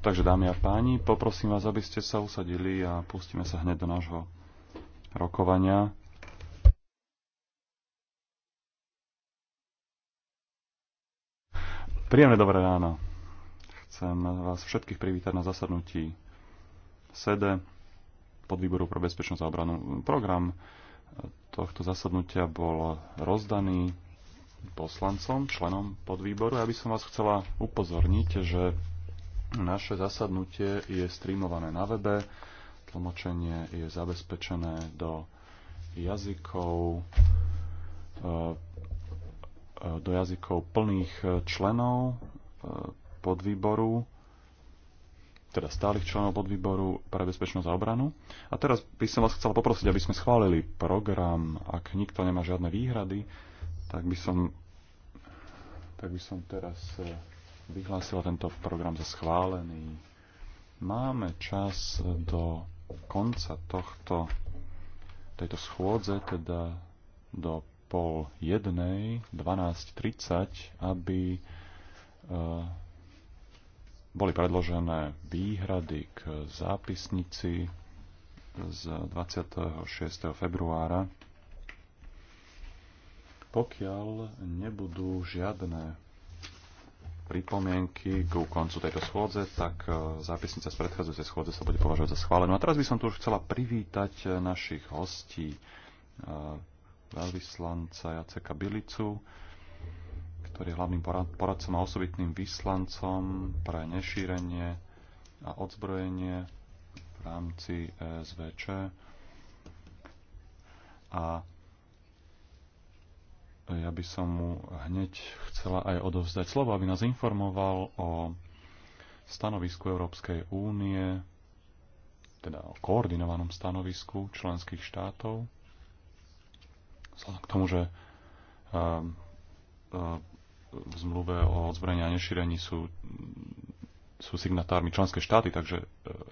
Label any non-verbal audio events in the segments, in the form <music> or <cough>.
Takže dámy a páni, poprosím vás, aby ste sa usadili a pustíme sa hneď do nášho rokovania. Príjemné dobré ráno. Chcem vás všetkých privítať na zasadnutí SEDE pod výboru pro bezpečnosť a obranu. Program tohto zasadnutia bol rozdaný poslancom, členom podvýboru. Ja by som vás chcela upozorniť, že naše zasadnutie je streamované na webe, tlmočenie je zabezpečené do jazykov e, e, do jazykov plných členov e, podvýboru, teda stálych členov podvýboru pre bezpečnosť a obranu. A teraz by som vás chcel poprosiť, aby sme schválili program, ak nikto nemá žiadne výhrady, tak by som, tak by som teraz e, vyhlásila tento program za schválený. Máme čas do konca tohto, tejto schôdze, teda do pol jednej, 12.30, aby uh, boli predložené výhrady k zápisnici z 26. februára pokiaľ nebudú žiadne pripomienky ku koncu tejto schôdze, tak e, zápisnica z predchádzajúcej schôdze sa bude považovať za schválenú. A teraz by som tu už chcela privítať e, našich hostí e, veľvyslanca Jaceka Bilicu, ktorý je hlavným poradcom a osobitným vyslancom pre nešírenie a odzbrojenie v rámci SVČ a ja by som mu hneď chcela aj odovzdať slovo, aby nás informoval o stanovisku Európskej únie, teda o koordinovanom stanovisku členských štátov, vzhľadom k tomu, že eh, eh, v zmluve o odzbrojení a nešírení sú sú signatármi členské štáty, takže e,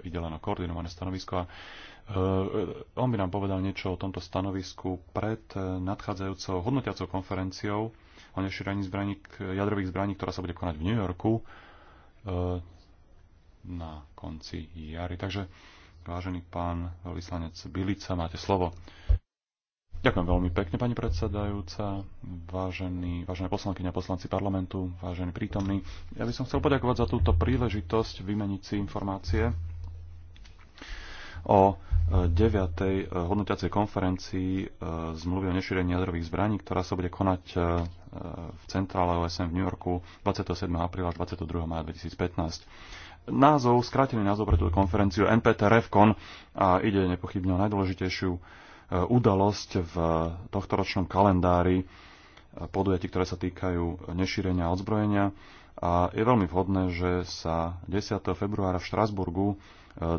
ide len o koordinované stanovisko. A e, on by nám povedal niečo o tomto stanovisku pred e, nadchádzajúcou hodnotiacou konferenciou o nešíraní zbraní, jadrových zbraní, ktorá sa bude konať v New Yorku na konci jary. Takže, vážený pán vyslanec Bilica, máte slovo. Ďakujem veľmi pekne, pani predsedajúca, vážení, vážené poslankyne a poslanci parlamentu, vážení prítomní. Ja by som chcel poďakovať za túto príležitosť vymeniť si informácie o 9. Eh, eh, hodnotiacej konferencii eh, zmluvy o nešírení jadrových zbraní, ktorá sa bude konať v centrále OSM v New Yorku 27. apríla 22. maja 2015 názov, skrátený názov pre túto konferenciu NPT REVCON a ide nepochybne o najdôležitejšiu udalosť v tohtoročnom kalendári podujatí, ktoré sa týkajú nešírenia a odzbrojenia. A je veľmi vhodné, že sa 10. februára v Štrasburgu e,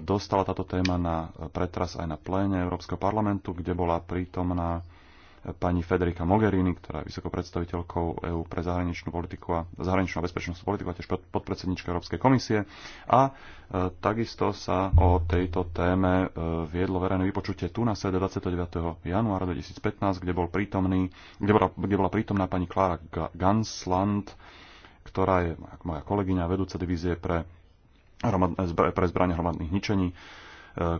dostala táto téma na pretras aj na pléne Európskeho parlamentu, kde bola prítomná pani Federica Mogherini, ktorá je vysokou predstaviteľkou EÚ pre zahraničnú politiku a zahraničnú a bezpečnostnú politiku a tiež podpredsednička Európskej komisie. A e, takisto sa o tejto téme e, viedlo verejné vypočutie tu na sede 29. januára 2015, kde, bol prítomný, kde, bola, kde bola prítomná pani Klára Gansland, ktorá je moja kolegyňa vedúca divízie pre, pre zbranie hromadných ničení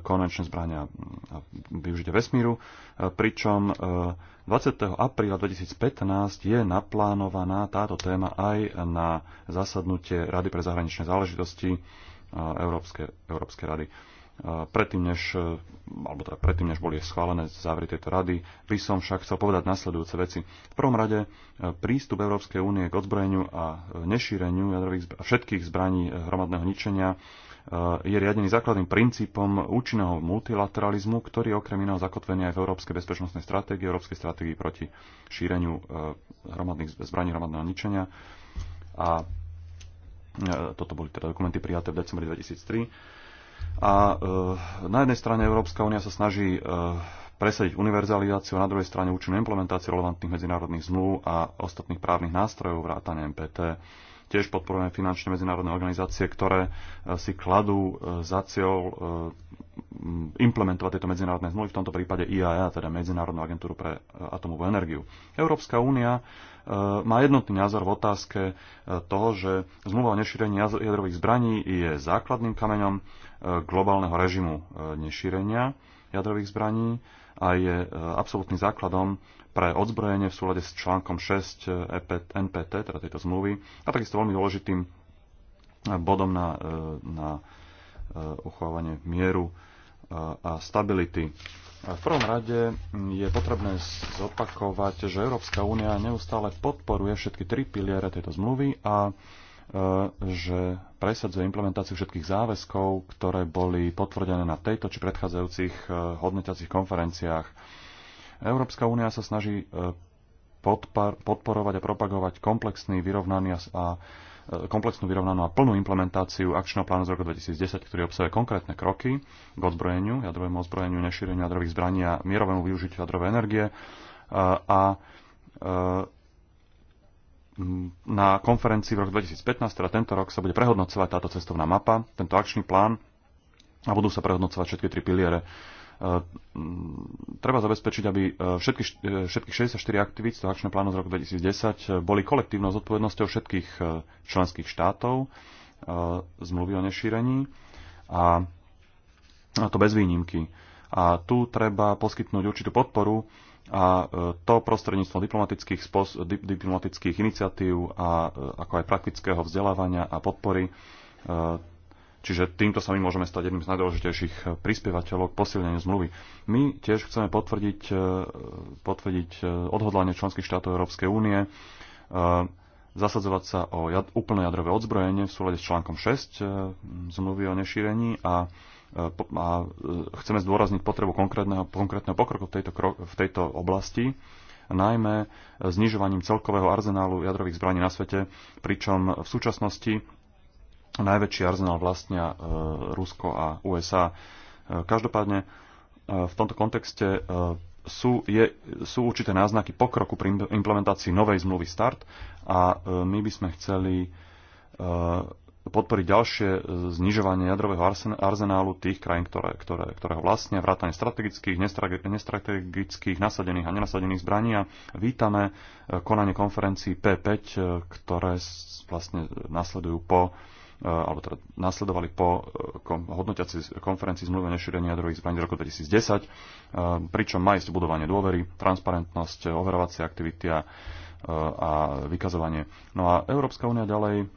konvenčné zbrania a využite vesmíru, e, pričom 20. E, apríla 2015 je naplánovaná táto téma aj na zasadnutie Rady pre zahraničné záležitosti e, Európskej, Európske rady. Predtým než, alebo teda predtým, než boli schválené závery tejto rady, by som však chcel povedať nasledujúce veci. V prvom rade prístup Európskej únie k odzbrojeniu a nešíreniu jadrových zbra- všetkých zbraní hromadného ničenia Eh, je riadený základným princípom účinného multilateralizmu, ktorý je okrem iného zakotvený aj v Európskej bezpečnostnej stratégii, Európskej stratégii proti šíreniu eh, hromadných zbraní hromadného ničenia. A eh, toto boli teda dokumenty prijaté v decembri 2003. A na jednej strane Európska únia sa snaží presadiť univerzalizáciu, a na druhej strane účinnú implementáciu relevantných medzinárodných zmluv a ostatných právnych nástrojov vrátane MPT. Tiež podporujeme finančné medzinárodné organizácie, ktoré e, si kladú e, za cieľ e, implementovať tieto medzinárodné zmluvy, v tomto prípade IAEA, teda Medzinárodnú agentúru pre atomovú energiu. Európska únia má jednotný názor v otázke toho, že zmluva o nešírení jadrových zbraní je základným kameňom globálneho režimu nešírenia jadrových zbraní a je e, absolútnym základom pre odzbrojenie v súlade s článkom 6 e, e NPT, teda tejto zmluvy, a takisto veľmi dôležitým bodom na, na uchovávanie mieru a stability. V prvom rade je potrebné zopakovať, že Európska únia neustále podporuje všetky tri piliere tejto zmluvy a E, že presadzuje implementáciu všetkých záväzkov, ktoré boli potvrdené na tejto či predchádzajúcich e, hodnotiacich konferenciách. Európska únia sa snaží e, podporovať a propagovať komplexný vyrovnaný a komplexnú vyrovnanú a plnú implementáciu akčného plánu z roku 2010, ktorý obsahuje konkrétne kroky k odzbrojeniu, jadrovému ozbrojeniu, nešíreniu jadrových zbraní a mierovému využitiu jadrovej energie a, a na konferencii v roku 2015, teda tento rok, sa bude prehodnocovať táto cestovná mapa, tento akčný plán a budú sa prehodnocovať všetky tri piliere. E, treba zabezpečiť, aby e, všetky, e, všetky 64 aktivít z toho akčného plánu z roku 2010 boli kolektívnou zodpovednosťou všetkých členských štátov zmluvy o nešírení a to bez výnimky. A tu treba poskytnúť určitú podporu a e, to prostredníctvom diplomatických, spos- diplomatických iniciatív a e, ako aj praktického vzdelávania a podpory. E, čiže týmto sa my môžeme stať jedným z najdôležitejších prispievateľov k posilneniu zmluvy. My tiež chceme potvrdiť, potvrdiť odhodlanie členských štátov Európskej únie zasadzovať sa o jad, úplné jadrové odzbrojenie v súlade s článkom 6 zmluvy o nešírení a a e, chceme zdôrazniť potrebu konkrétneho, konkrétneho pokroku v tejto, v tejto oblasti, najmä znižovaním celkového arzenálu jadrových zbraní na svete, pričom v súčasnosti najväčší arzenál vlastnia e, Rusko a USA. E, každopádne v tomto kontexte sú, je, sú určité náznaky pokroku pri implementácii novej zmluvy START a my by sme chceli podporiť ďalšie e, znižovanie jadrového arzenálu tých krajín, ktoré, ktoré, ktoré ho vlastnia, vrátane strategických, nestrategických, nasadených a nenasadených zbraní. A vítame e, konanie konferencií P5, e, ktoré vlastne nasledujú po alebo teda nasledovali po hodnotiacej konferencii zmluvy o nešírení jadrových zbraní z roku 2010, pričom má ísť budovanie dôvery, transparentnosť, overovacie aktivity a, a vykazovanie. No a Európska únia ďalej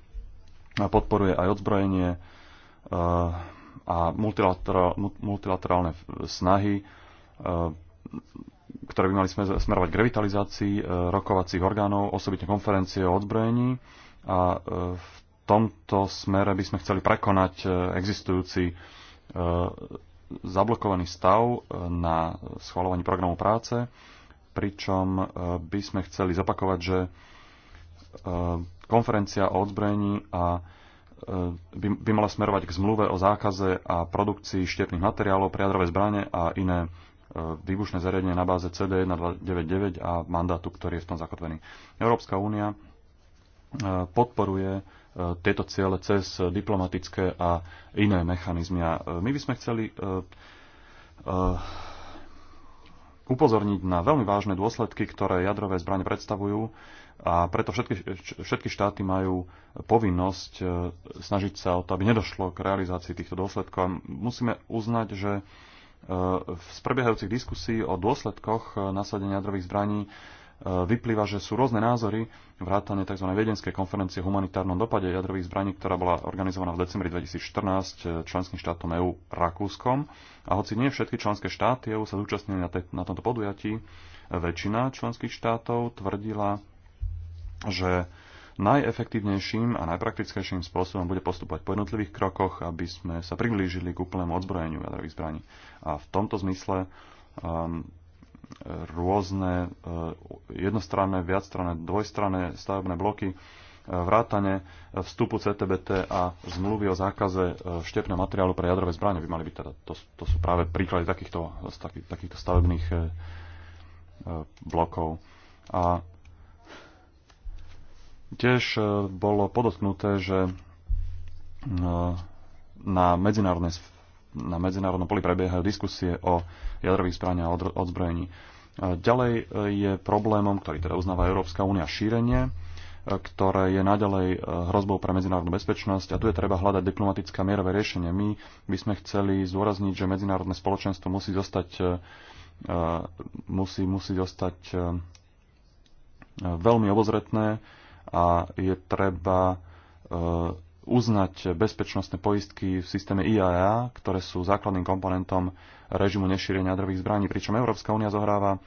podporuje aj odzbrojenie eh, a multilaterálne snahy, eh, ktoré by mali smerovať k revitalizácii eh, rokovacích orgánov, osobitne konferencie o odzbrojení. A v tomto smere by sme chceli prekonať existujúci zablokovaný stav na schvalovaní programu práce, pričom by sme chceli zopakovať, že konferencia o odzbrojení a e, by, by mala smerovať k zmluve o zákaze a produkcii štiepných materiálov pre jadrové zbranie a iné e, výbušné zariadenie na báze CD 1299 e a mandátu, ktorý je v tom zakotvený. Európska únia podporuje tieto ciele cez diplomatické a iné mechanizmy. A my by sme chceli upozorniť na veľmi vážne dôsledky, ktoré jadrové zbranie predstavujú a preto všetky, všetky štáty majú povinnosť e, snažiť sa o to, aby nedošlo k realizácii týchto dôsledkov. A musíme uznať, že e, z prebiehajúcich diskusí o dôsledkoch e, nasadenia jadrových zbraní vyplýva, že sú rôzne názory vrátane tzv. viedenskej konferencie o humanitárnom dopade jadrových zbraní, ktorá bola organizovaná v decembri 2014 členským štátom EÚ Rakúskom. A hoci nie všetky členské štáty EÚ sa zúčastnili na, te, na tomto podujatí, väčšina členských štátov tvrdila, že najefektívnejším a najpraktickejším spôsobom bude postupovať po jednotlivých krokoch, aby sme sa priblížili k úplnému odzbrojeniu jadrových zbraní. A v tomto zmysle um, rôzne uh, jednostranné, viacstranné, dvojstranné stavebné bloky, uh, vrátane vstupu CTBT a zmluvy o zákaze uh, štepného materiálu pre jadrové zbranie by mali byť teda, to, to sú práve príklady takýchto, takýchto stavebných blokov. A Tiež e, bolo podotknuté, že e, na, medzinárodnej, na medzinárodnom poli prebiehajú diskusie o jadrových zbraniach a odzbrojení. E, ďalej je problémom, ktorý teda uznáva Európska únia, šírenie, ktoré je naďalej hrozbou pre medzinárodnú bezpečnosť a tu je treba hľadať diplomatické mierové riešenie. My by sme chceli zdôrazniť, že medzinárodné spoločenstvo musí zostať, musí, musí zostať veľmi obozretné a je treba eh, uznať bezpečnostné poistky v systéme IAEA, ktoré sú základným komponentom režimu nešírenia jadrových zbraní, pričom Európska únia zohráva eh,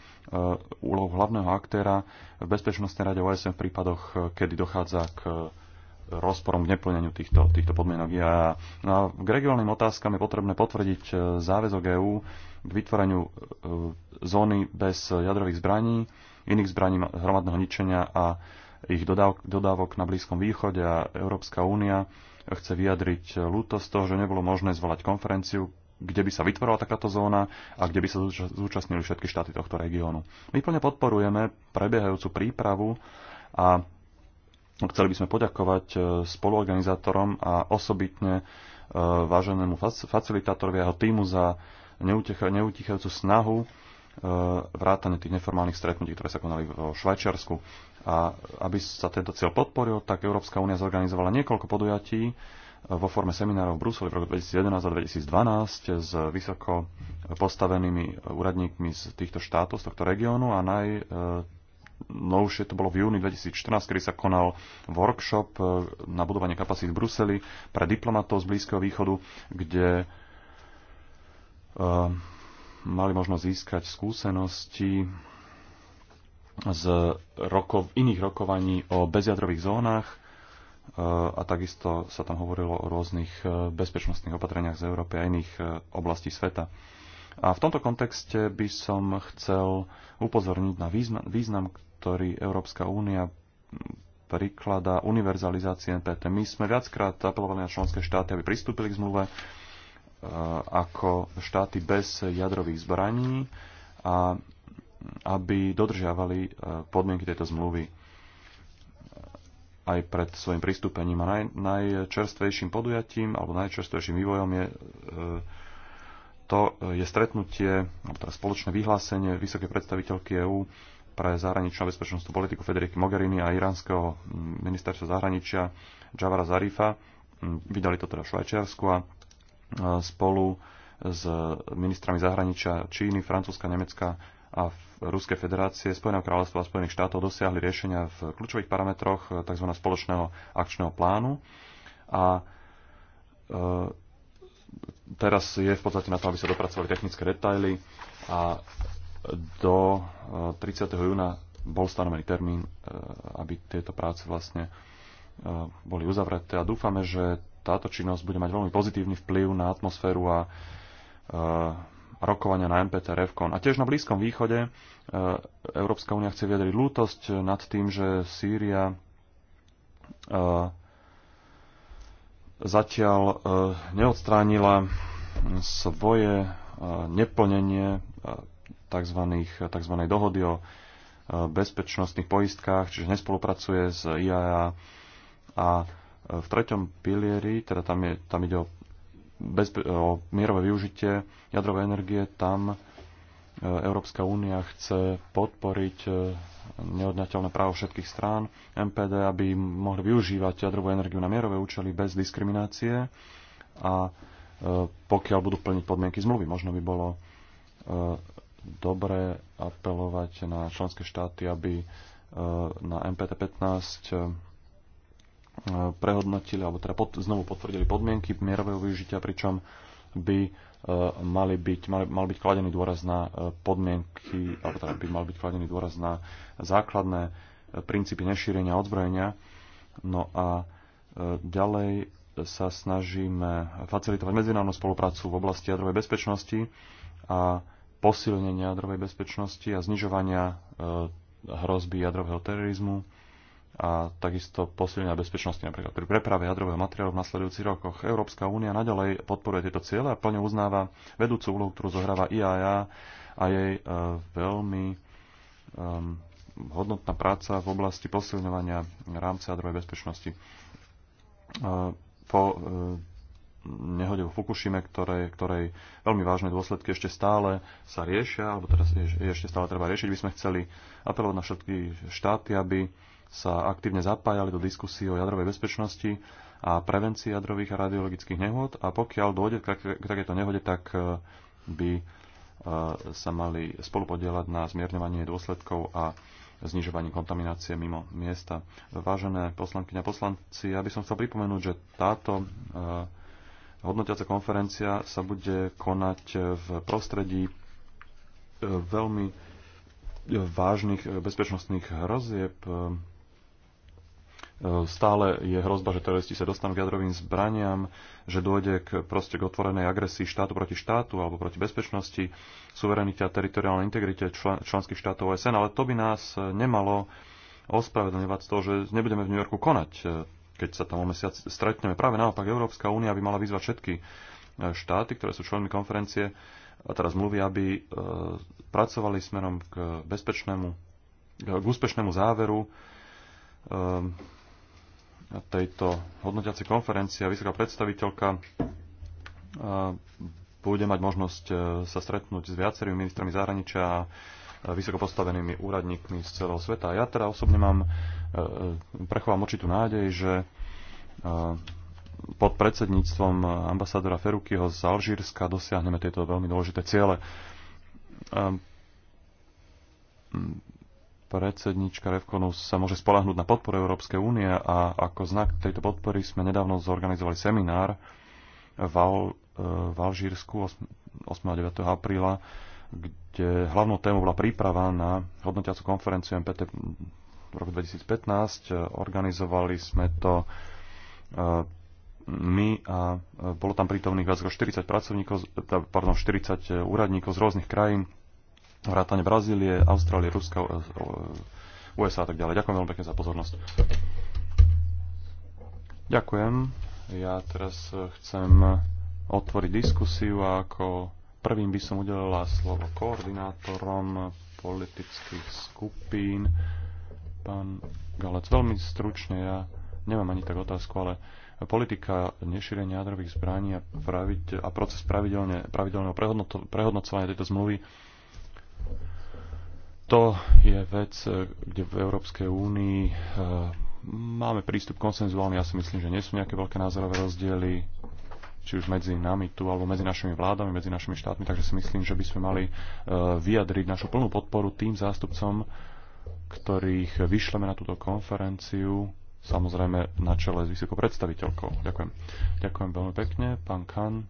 úlohu hlavného aktéra v Bezpečnostnej rade OSN v prípadoch, kedy dochádza k eh, rozporom k neplneniu týchto, týchto podmienok IAEA. No a k regionálnym otázkam je potrebné potvrdiť záväzok EÚ k vytvoreniu zóny bez jadrových zbraní, iných zbraní hromadného ničenia a ich dodávok na Blízkom východe a Európska únia chce vyjadriť lútosť toho, že nebolo možné zvolať konferenciu, kde by sa vytvorila takáto zóna a kde by sa zúčastnili všetky štáty tohto regiónu. My plne podporujeme prebiehajúcu prípravu a chceli by sme poďakovať e, spoluorganizátorom a osobitne e, váženému facilitátorovi a jeho týmu za neutichajúcu snahu E, vrátane tých neformálnych stretnutí, ktoré sa konali v Švajčiarsku. A aby sa tento cieľ podporil, tak Európska únia zorganizovala niekoľko podujatí e, vo forme seminárov v Bruseli v roku 2011 a 2012 s vysoko postavenými úradníkmi z týchto štátov, z tohto regiónu a naj, e, novšie to bolo v júni 2014, kedy sa konal workshop na budovanie kapacít v Bruseli pre diplomatov z Blízkeho východu, kde mali možnosť získať skúsenosti z rokov, iných rokovaní o bezjadrových zónach e, a takisto sa tam hovorilo o rôznych e, bezpečnostných opatreniach z Európy a iných e, oblastí sveta. A v tomto kontexte by som chcel upozorniť na význam, význam ktorý Európska únia prikladá univerzalizácii NPT. My sme viackrát apelovali na členské štáty, aby pristúpili k zmluve ako štáty bez jadrových zbraní a aby dodržiavali e, podmienky tejto zmluvy aj pred svojim pristúpením. A naj, najčerstvejším podujatím alebo najčerstvejším vývojom je e, to je stretnutie, alebo teda spoločné vyhlásenie vysokej predstaviteľky EÚ pre zahraničnú a bezpečnostnú politiku Federiky Mogherini a iránskeho mm, ministerstva zahraničia Javara Zarifa. Mm, vydali to teda v Švajčiarsku a spolu s ministrami zahraničia Číny, Francúzska, Nemecka a Ruskej federácie, Spojeného kráľovstva a Spojených štátov dosiahli riešenia v kľúčových parametroch e, tzv. spoločného akčného plánu. A e, teraz je v podstate na to, aby sa dopracovali technické detaily a do 30. E, júna bol stanovený termín, aby tieto práce vlastne boli uzavreté a dúfame, že táto činnosť bude mať veľmi pozitívny vplyv na atmosféru a e, rokovania na MPT Revcon. A tiež na Blízkom východe e, Európska únia chce vyjadriť lútosť nad tým, že Sýria e, zatiaľ neodstránila svoje neplnenie tzv. tzv. dohody o bezpečnostných poistkách, čiže nespolupracuje s IAA a v treťom pilieri, teda tam, je, tam ide o, bezpe- o mierové využitie jadrovej energie, tam e, Európska únia chce podporiť e, neodňateľné právo všetkých strán MPD, aby mohli využívať jadrovú energiu na mierové účely bez diskriminácie a e, pokiaľ budú plniť podmienky zmluvy. Možno by bolo dobre apelovať na členské štáty, aby na MPT 15 prehodnotili, alebo teda pod, znovu potvrdili podmienky mierového využitia, pričom by e, mali byť, mal, mal byť kladený dôraz na e, podmienky, alebo teda by mal byť kladený dôraz na základné e, princípy nešírenia a odzbrojenia. No a ďalej sa snažíme facilitovať medzinárodnú spoluprácu v oblasti jadrovej bezpečnosti a posilnenia jadrovej bezpečnosti a znižovania hrozby jadrového terorizmu a takisto posilnenia bezpečnosti napríklad pri preprave jadrového materiálu v nasledujúcich rokoch. Európska únia naďalej podporuje tieto ciele a plne uznáva vedúcu úlohu, ktorú zohráva IAA a jej e, veľmi um, hodnotná práca v oblasti posilňovania rámca jadrovej bezpečnosti. E, po e, nehode v Fukushime, ktorej, ktorej veľmi vážne dôsledky ešte stále sa riešia, alebo teraz je, ešte stále treba riešiť, by sme chceli apelovať na všetky štáty, aby sa aktívne zapájali do diskusie o jadrovej bezpečnosti a prevencii jadrových a radiologických nehôd a pokiaľ dôjde k takéto nehode, tak e, by e, sa mali spolupodielať na zmierňovanie dôsledkov a znižovaní kontaminácie mimo miesta. Vážené poslankyne a poslanci, ja by som chcel pripomenúť, že táto e, hodnotiaca konferencia sa bude konať v prostredí veľmi vážnych bezpečnostných hrozieb stále je hrozba, že teroristi sa dostanú k jadrovým zbraniam, že dôjde k, proste k otvorenej agresii štátu proti štátu alebo proti bezpečnosti, suverenite a teritoriálnej integrite člen, členských štátov OSN, ale to by nás e, nemalo ospravedlňovať z toho, že nebudeme v New Yorku konať, e, keď sa tam o mesiac stretneme. Práve naopak, Európska únia by mala vyzvať všetky e, štáty, ktoré sú členmi konferencie, a teraz mluví, aby pracovali smerom k bezpečnému, k úspešnému záveru ehm, tejto hodnotiacej konferencie a vysoká predstaviteľka bude mať možnosť e, sa stretnúť s viacerými ministrami zahraničia a vysokopostavenými úradníkmi z celého sveta. Ja teda osobne mám, e, e, prechovám určitú nádej, že pod predsedníctvom ambasádora Ferukyho z Alžírska dosiahneme tieto veľmi dôležité ciele predsednička Revkonu sa môže spolahnúť na podporu Európskej únie a ako znak tejto podpory sme nedávno zorganizovali seminár v, Al, e, v Alžírsku 8. a 9. apríla, kde hlavnou témou bola príprava na hodnotiacu konferenciu MPT v roku 2015. Organizovali sme to e, my a e, bolo tam prítomných viac ako 40 pracovníkov, pardon, 40 úradníkov z rôznych krajín vrátane Brazílie, Austrálie, Ruska, USA a tak ďalej. Ďakujem veľmi pekne za pozornosť. Ďakujem. Ja teraz e, chcem otvoriť diskusiu a ako prvým by som udelila slovo koordinátorom politických skupín. Pán Galec, veľmi stručne, ja nemám ani tak otázku, ale politika nešírenia jadrových zbraní a, praviť, a proces pravidelného prehodnocovania tejto zmluvy to je vec, kde v Európskej únii e, máme prístup konsenzuálny. Ja si myslím, že nie sú nejaké veľké názorové rozdiely, či už medzi nami tu, alebo medzi našimi vládami, medzi našimi štátmi. Takže si myslím, že by sme mali e, vyjadriť našu plnú podporu tým zástupcom, ktorých vyšleme na túto konferenciu, samozrejme na čele s vysokou predstaviteľkou. Ďakujem. Ďakujem veľmi pekne, pán Kan.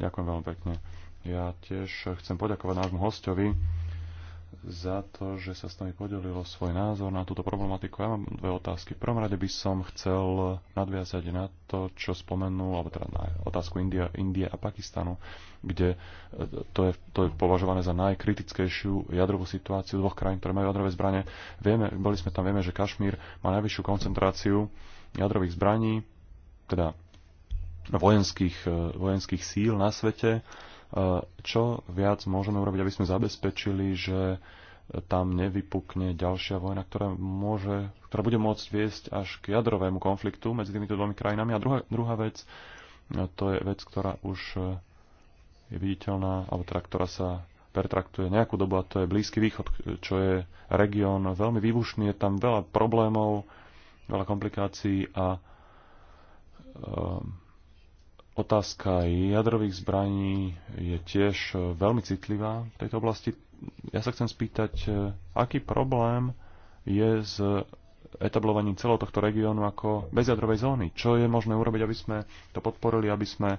Ďakujem veľmi pekne. Ja tiež chcem poďakovať nášmu hostovi za to, že sa s nami podelilo svoj názor na túto problematiku. Ja mám dve otázky. V prvom rade by som chcel nadviazať na to, čo spomenul, alebo teda na otázku India, Indie a Pakistanu, kde e, to je, to je považované za najkritickejšiu jadrovú situáciu dvoch krajín, ktoré majú jadrové zbranie. Vieme, boli sme tam, vieme, že Kašmír má najvyššiu koncentráciu jadrových zbraní, teda vojenských, e, vojenských síl na svete čo viac môžeme urobiť, aby sme zabezpečili, že tam nevypukne ďalšia vojna, ktorá, môže, ktorá bude môcť viesť až k jadrovému konfliktu medzi týmito dvomi krajinami. A druhá, druhá vec, to je vec, ktorá už je viditeľná, alebo teda, ktorá sa pertraktuje nejakú dobu a to je Blízky východ, čo je región veľmi výbušný, je tam veľa problémov, veľa komplikácií a um, Otázka jadrových zbraní je tiež e, veľmi citlivá v tejto oblasti. Ja sa chcem spýtať, e, aký problém je s etablovaním celého tohto regiónu ako bezjadrovej zóny. Čo je možné urobiť, aby sme to podporili, aby sme e,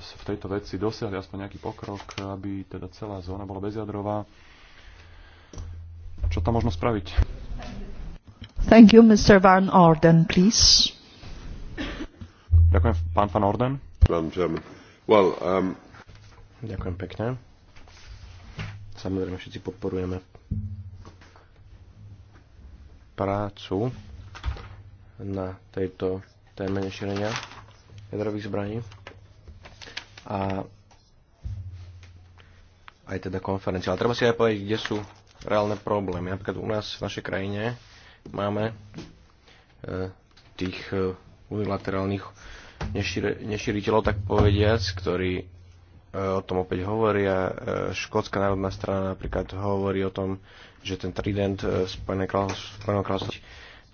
v tejto veci dosiahli aspoň nejaký pokrok, aby teda celá zóna bola bezjadrová. Čo tam možno spraviť? Thank you, Mr. Van Orden, please. Ďakujem, pán Van Orden. Well, um... Ďakujem pekne. Samozrejme, všetci podporujeme prácu na tejto téme nešírenia jadrových zbraní. A aj teda konferencia. Ale treba si aj povedať, kde sú reálne problémy. Napríklad u nás v našej krajine máme e, tých e, unilaterálnych nešir, neširiteľov, tak povediac, ktorí e, o tom opäť hovoria. E, Škótska národná strana napríklad hovorí o tom, že ten trident e, Spojeného kráľovstva.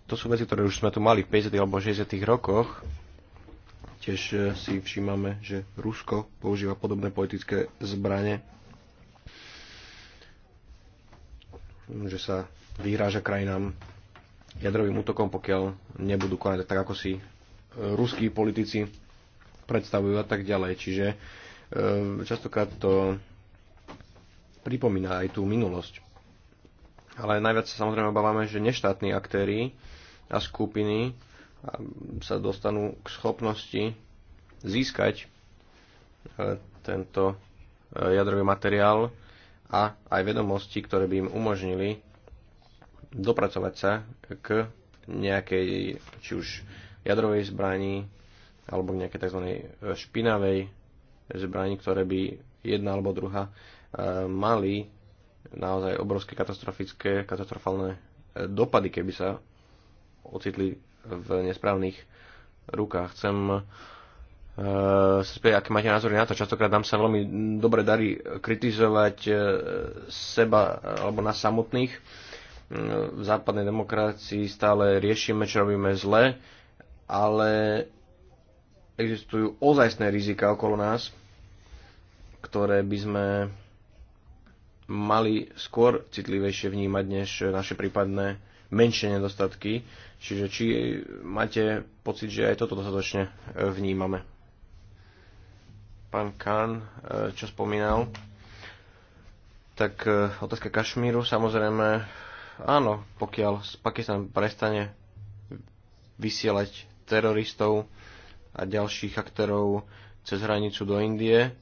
To sú veci, ktoré už sme tu mali v 50. alebo 60. rokoch. Tiež e, si všímame, že Rusko používa podobné politické zbranie. Že sa vyhráža krajinám jadrovým útokom, pokiaľ nebudú konať tak, ako si ruskí politici predstavujú a tak ďalej. Čiže e, častokrát to pripomína aj tú minulosť. Ale najviac sa samozrejme obávame, že neštátni aktéry a skupiny sa dostanú k schopnosti získať e, tento e, jadrový materiál a aj vedomosti, ktoré by im umožnili dopracovať sa k nejakej či už jadrovej zbrani alebo k nejakej tzv. špinavej zbrani, ktoré by jedna alebo druhá e, mali naozaj obrovské katastrofické, katastrofálne e, dopady, keby sa ocitli v nesprávnych rukách. Chcem e, sa spýtať, aké máte názory na to. Častokrát nám sa veľmi dobre darí kritizovať seba alebo nás samotných. V západnej demokracii stále riešime, čo robíme zle, ale existujú ozajstné rizika okolo nás, ktoré by sme mali skôr citlivejšie vnímať než naše prípadné menšie nedostatky. Čiže či máte pocit, že aj toto dostatočne e, vnímame? Pán Kán, e, čo spomínal? Tak e, otázka Kašmíru, samozrejme, áno, pokiaľ Pakistan prestane vysielať teroristov a ďalších aktérov cez hranicu do Indie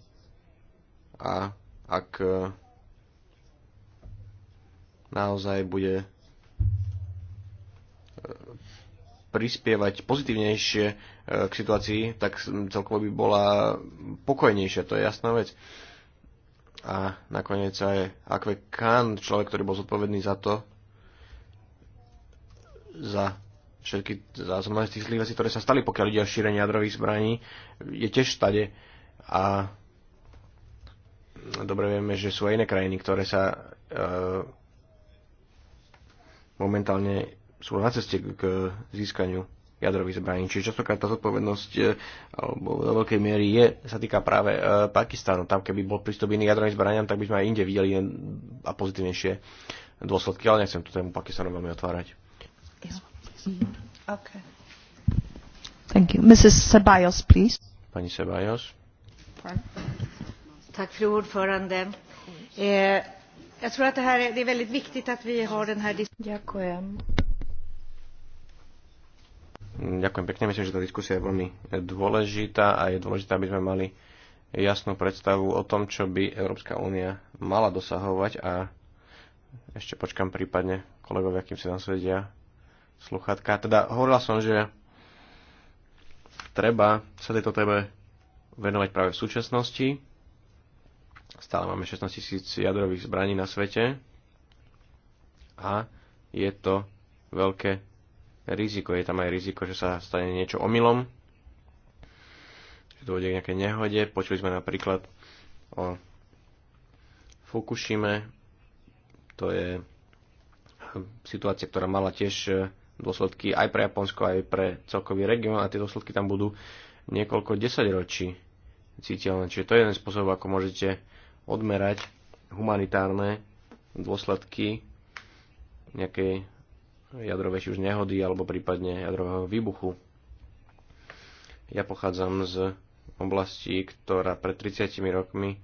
a ak e, naozaj bude e, prispievať pozitívnejšie e, k situácii, tak celkovo by bola pokojnejšia, to je jasná vec. A nakoniec aj Akve Khan, človek, ktorý bol zodpovedný za to, za všetky zásobné z tých zlých vecí, ktoré sa stali, pokiaľ ide o šírenie jadrových zbraní, je tiež stade. A dobre vieme, že sú aj iné krajiny, ktoré sa e, momentálne sú na ceste k získaniu jadrových zbraní. Čiže častokrát tá zodpovednosť e, alebo do veľkej miery je, sa týka práve e, Pakistanu. Tam keby bol prístup iný jadrovým zbraniam, tak by sme aj inde videli a pozitívnejšie dôsledky, ale nechcem tú tému Pakistanu veľmi otvárať. Ja. Mm-hmm. Okay. Thank you. Mrs. Ceballos, please. Pani Ceballos. Tack, fru ordförande. Eh, jag tror att det, här är, det är väldigt viktigt att vi har den här diskussionen. Mm, ďakujem pekne. Myslím, že tá diskusia je veľmi eh, dôležitá a je dôležité, aby sme mali jasnú predstavu o tom, čo by Európska únia mala dosahovať a ešte počkam prípadne kolegovia, kým si nám svedia sluchatka. Teda hovorila som, že treba sa tejto téme venovať práve v súčasnosti. Stále máme 16 tisíc jadrových zbraní na svete a je to veľké riziko. Je tam aj riziko, že sa stane niečo omylom, že dôjde k nejakej nehode. Počuli sme napríklad o Fukushime, to je situácia, ktorá mala tiež dôsledky aj pre Japonsko, aj pre celkový región a tie dôsledky tam budú niekoľko desaťročí cítelné. Čiže to je jeden spôsob, ako môžete odmerať humanitárne dôsledky nejakej jadrovej či už nehody alebo prípadne jadrového výbuchu. Ja pochádzam z oblasti, ktorá pred 30 rokmi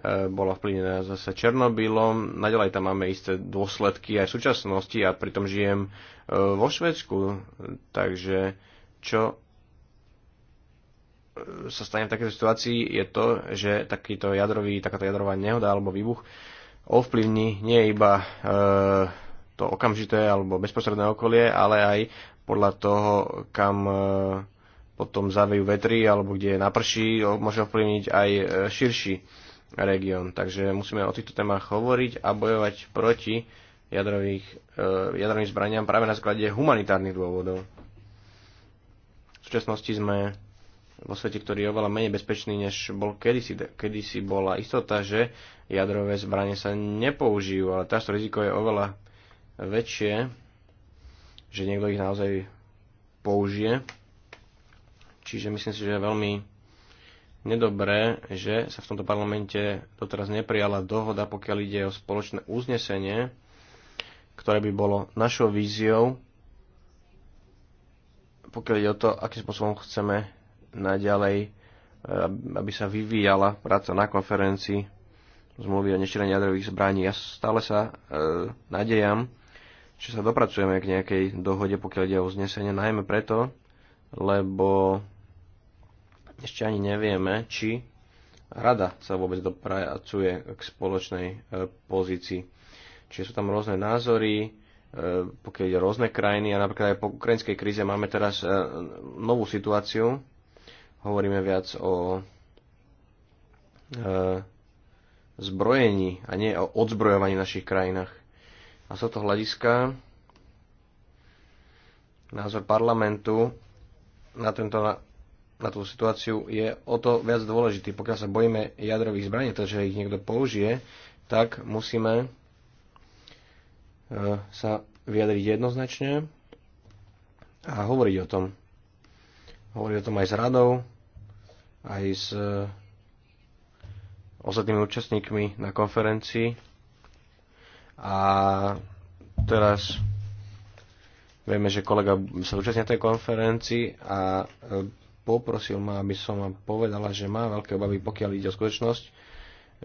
E, bola vplyvnená zase Černobylom. Naďalej tam máme isté dôsledky aj v súčasnosti a ja pritom žijem e, vo Švedsku. Takže čo e, sa stane v takejto situácii je to, že takýto jadrový, takáto jadrová nehoda alebo výbuch ovplyvní nie iba e, to okamžité alebo bezprostredné okolie, ale aj podľa toho, kam e, potom zavejú vetry alebo kde je naprší, môže ovplyvniť aj e, širší región. Takže musíme o týchto témach hovoriť a bojovať proti jadrových, e, jadrovým zbraniam práve na základe humanitárnych dôvodov. V súčasnosti sme vo svete, ktorý je oveľa menej bezpečný, než bol kedysi. Kedysi bola istota, že jadrové zbranie sa nepoužijú, ale táto riziko je oveľa väčšie, že niekto ich naozaj použije. Čiže myslím si, že je veľmi nedobré, že sa v tomto parlamente doteraz neprijala dohoda, pokiaľ ide o spoločné uznesenie, ktoré by bolo našou víziou, pokiaľ ide o to, akým spôsobom chceme naďalej, e, aby sa vyvíjala práca na konferencii zmluvy o nešírení jadrových zbraní. Ja stále sa e, nadejam, že sa dopracujeme k nejakej dohode, pokiaľ ide o uznesenie, najmä preto, lebo ešte ani nevieme, či rada sa vôbec dopracuje k spoločnej e, pozícii. Čiže sú tam rôzne názory, e, pokiaľ ide rôzne krajiny a napríklad aj po ukrajinskej kríze máme teraz e, novú situáciu. Hovoríme viac o zbrojení a nie o odzbrojovaní v našich krajinách. A z toho hľadiska názor parlamentu na tento na tú situáciu je o to viac dôležitý. Pokiaľ sa bojíme jadrových zbraní, takže ich niekto použije, tak musíme e, sa vyjadriť jednoznačne a hovoriť o tom. Hovoriť o tom aj s radou, aj s e, ostatnými účastníkmi na konferencii. A teraz vieme, že kolega sa účastnia tej konferencii a e, poprosil ma, aby som vám povedala, že má veľké obavy, pokiaľ ide o skutočnosť,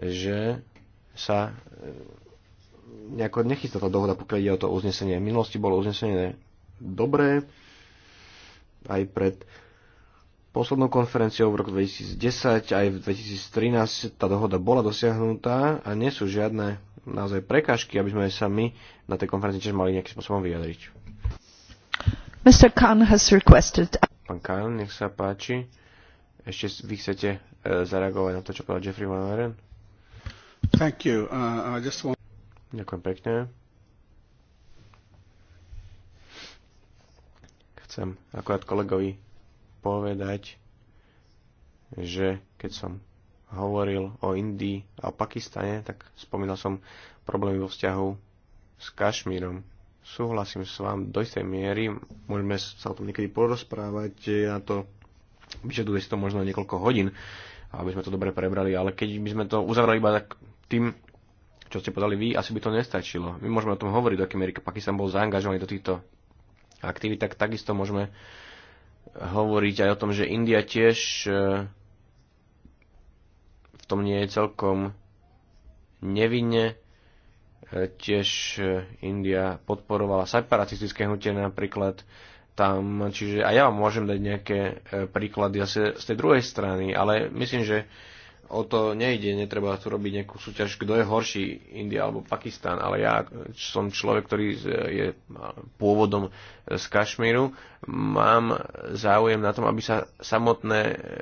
že sa e, nejako nechystá tá dohoda, pokiaľ ide o to uznesenie. V minulosti bolo uznesenie dobré, aj pred poslednou konferenciou v roku 2010, aj v 2013 tá dohoda bola dosiahnutá a nie sú žiadne naozaj prekážky, aby sme sa my na tej konferencii tiež mali nejakým spôsobom vyjadriť. Mr. Khan has requested Pán Kyle, nech sa páči. Ešte vy chcete uh, zareagovať na to, čo povedal Jeffrey Van Aren? Thank you. Uh, I just want... Ďakujem pekne. Chcem akorát kolegovi povedať, že keď som hovoril o Indii a o Pakistane, tak spomínal som problémy vo vzťahu s Kašmírom súhlasím s vám do istej miery, môžeme sa o tom niekedy porozprávať, na to vyžaduje si to možno niekoľko hodín, aby sme to dobre prebrali, ale keď by sme to uzavrali iba tak tým, čo ste podali vy, asi by to nestačilo. My môžeme o tom hovoriť, do akej miery Pakistan bol zaangažovaný do týchto aktivít, tak takisto môžeme hovoriť aj o tom, že India tiež e, v tom nie je celkom nevinne tiež e, India podporovala separatistické hnutie napríklad tam, čiže a ja vám môžem dať nejaké e, príklady zase z tej druhej strany, ale myslím, že o to nejde, netreba tu robiť nejakú súťaž, kto je horší, India alebo Pakistan, ale ja som človek, ktorý je pôvodom z Kašmíru, mám záujem na tom, aby sa samotné, e,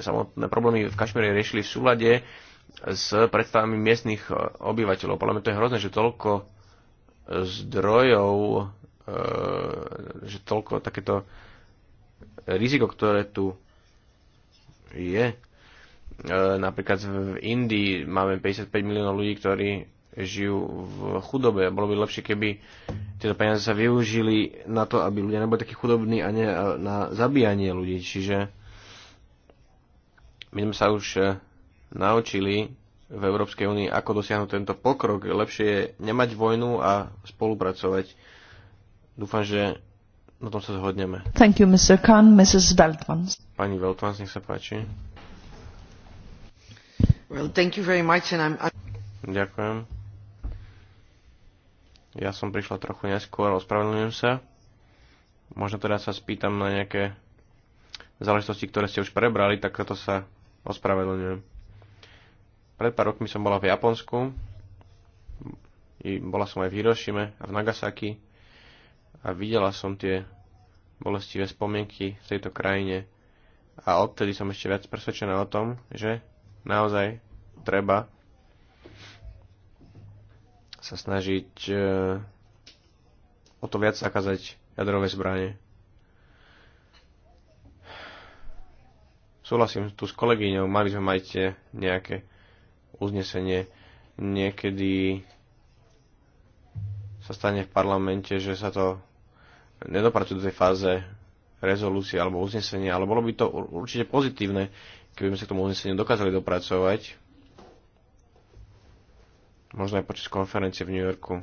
samotné problémy v Kašmíre riešili v súlade s predstavami miestnych e, obyvateľov. Podľa mňa to je hrozné, že toľko e, zdrojov, e, že toľko takéto riziko, ktoré tu je. Napríklad v Indii máme 55 miliónov ľudí, ktorí žijú v chudobe. Bolo by lepšie, keby tieto peniaze sa využili na to, aby ľudia neboli takí chudobní a ne na zabíjanie ľudí. Čiže my sme sa už naučili v Európskej únii, ako dosiahnuť tento pokrok. Lepšie je nemať vojnu a spolupracovať. Dúfam, že na tom sa zhodneme. Thank you, Mr. Khan. Mrs. Veltmans. Pani Veltmans, nech sa páči. Well, thank you very much and I'm... Ďakujem. Ja som prišla trochu neskôr, ospravedlňujem sa. Možno teda sa spýtam na nejaké záležitosti, ktoré ste už prebrali, tak toto sa ospravedlňujem. Pred pár rokmi som bola v Japonsku, i bola som aj v Hirošime a v Nagasaki a videla som tie bolestivé spomienky v tejto krajine a odtedy som ešte viac presvedčená o tom, že naozaj treba sa snažiť e, o to viac zakázať jadrové zbranie. Súhlasím tu s kolegyňou, mali sme mať nejaké uznesenie. Niekedy sa stane v parlamente, že sa to nedopracuje do tej fáze rezolúcie alebo uznesenia, ale bolo by to určite pozitívne, keby sme sa k tomu uzneseniu dokázali dopracovať. Možno aj počas konferencie v New Yorku.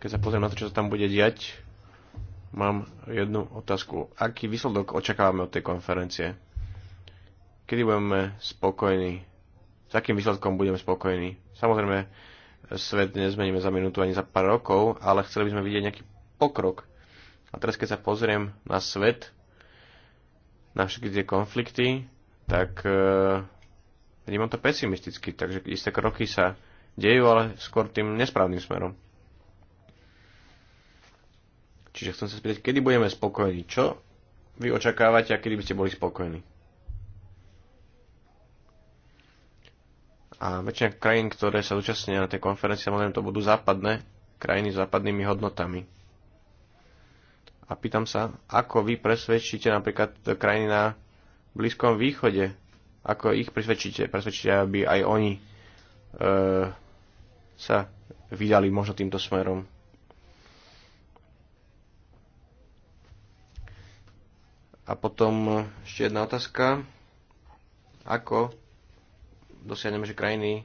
Keď sa pozriem na to, čo sa tam bude diať, mám jednu otázku. Aký výsledok očakávame od tej konferencie? Kedy budeme spokojní? S akým výsledkom budeme spokojní? Samozrejme, svet nezmeníme za minútu ani za pár rokov, ale chceli by sme vidieť nejaký pokrok. A teraz, keď sa pozriem na svet, na všetky tie konflikty, tak e, vidím to pesimisticky. Takže isté kroky sa dejú, ale skôr tým nesprávnym smerom. Čiže chcem sa spýtať, kedy budeme spokojní? Čo vy očakávate a kedy by ste boli spokojní? A väčšina krajín, ktoré sa zúčastnia na tej konferencii, samozrejme to budú západné krajiny s západnými hodnotami. A pýtam sa, ako vy presvedčíte napríklad krajiny na Blízkom východe, ako ich presvedčíte, presvedčíte, aby aj oni e, sa vydali možno týmto smerom. A potom e, ešte jedna otázka. Ako dosiahneme, že krajiny e,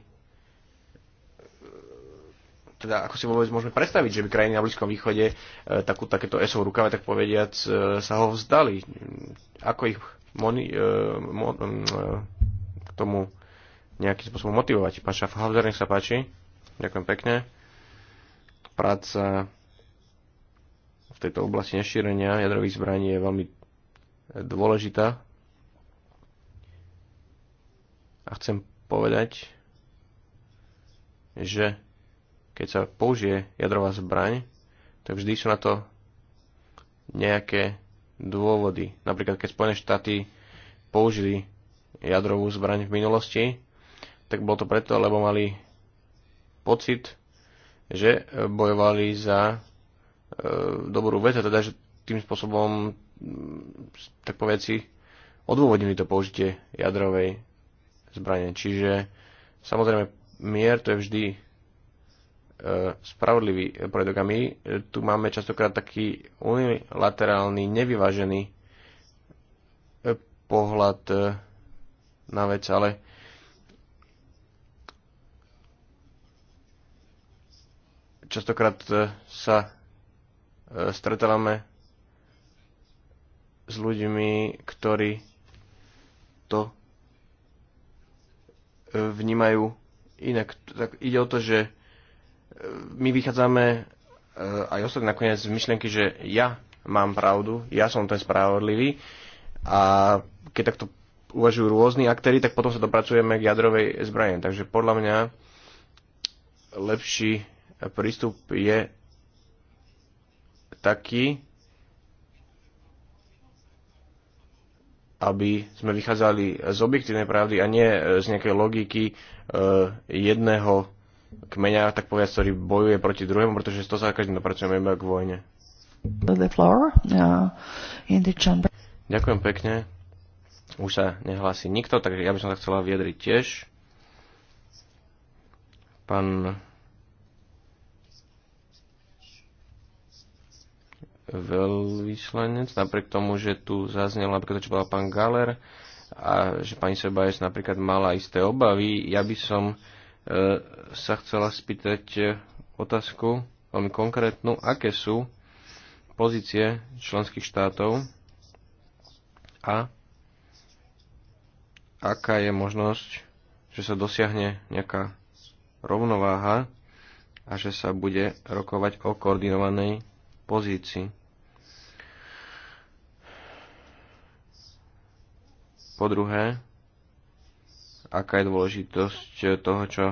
teda ako si vôbec môžeme predstaviť, že by krajiny na Blízkom východe e, takú, takéto ESO rukave, tak povediac, e, sa ho vzdali. Ako ich moni, e, mo, e, k tomu nejakým spôsobom motivovať. Pán Schaffhauser, nech sa páči. Ďakujem pekne. Práca v tejto oblasti nešírenia jadrových zbraní je veľmi dôležitá. A chcem povedať, že keď sa použije jadrová zbraň, tak vždy sú na to nejaké dôvody. Napríklad, keď Spojené štáty použili jadrovú zbraň v minulosti, tak bolo to preto, lebo mali pocit, že bojovali za e, dobrú vec a teda, že tým spôsobom, tak povedať si, odôvodnili to použitie jadrovej zbranie. Čiže samozrejme mier to je vždy e, spravodlivý predok a my e, tu máme častokrát taký unilaterálny, nevyvážený e, pohľad e, na vec, ale častokrát e, sa e, stretávame s ľuďmi, ktorí to vnímajú inak. Tak ide o to, že e, my vychádzame e, aj osobne nakoniec z myšlienky, že ja mám pravdu, ja som ten spravodlivý a keď takto uvažujú rôzni aktéry, tak potom sa dopracujeme k jadrovej zbrane. Takže podľa mňa lepší prístup je taký, aby sme vychádzali z objektívnej pravdy a nie e, z nejakej logiky e, jedného kmeňa, tak povedať, ktorý bojuje proti druhému, pretože to sa každým dopracujeme iba k vojne. The floor, uh, in the chamber. Ďakujem pekne. Už sa nehlási nikto, takže ja by som sa chcela vyjadriť tiež. Pán veľvyslanec, napriek tomu, že tu zaznel napríklad, čo bola pán Galer a že pani Sebajec napríklad mala isté obavy, ja by som e, sa chcela spýtať e, otázku veľmi konkrétnu, aké sú pozície členských štátov a aká je možnosť, že sa dosiahne nejaká rovnováha a že sa bude rokovať o koordinovanej pozícii. Po druhé, aká je dôležitosť toho, čo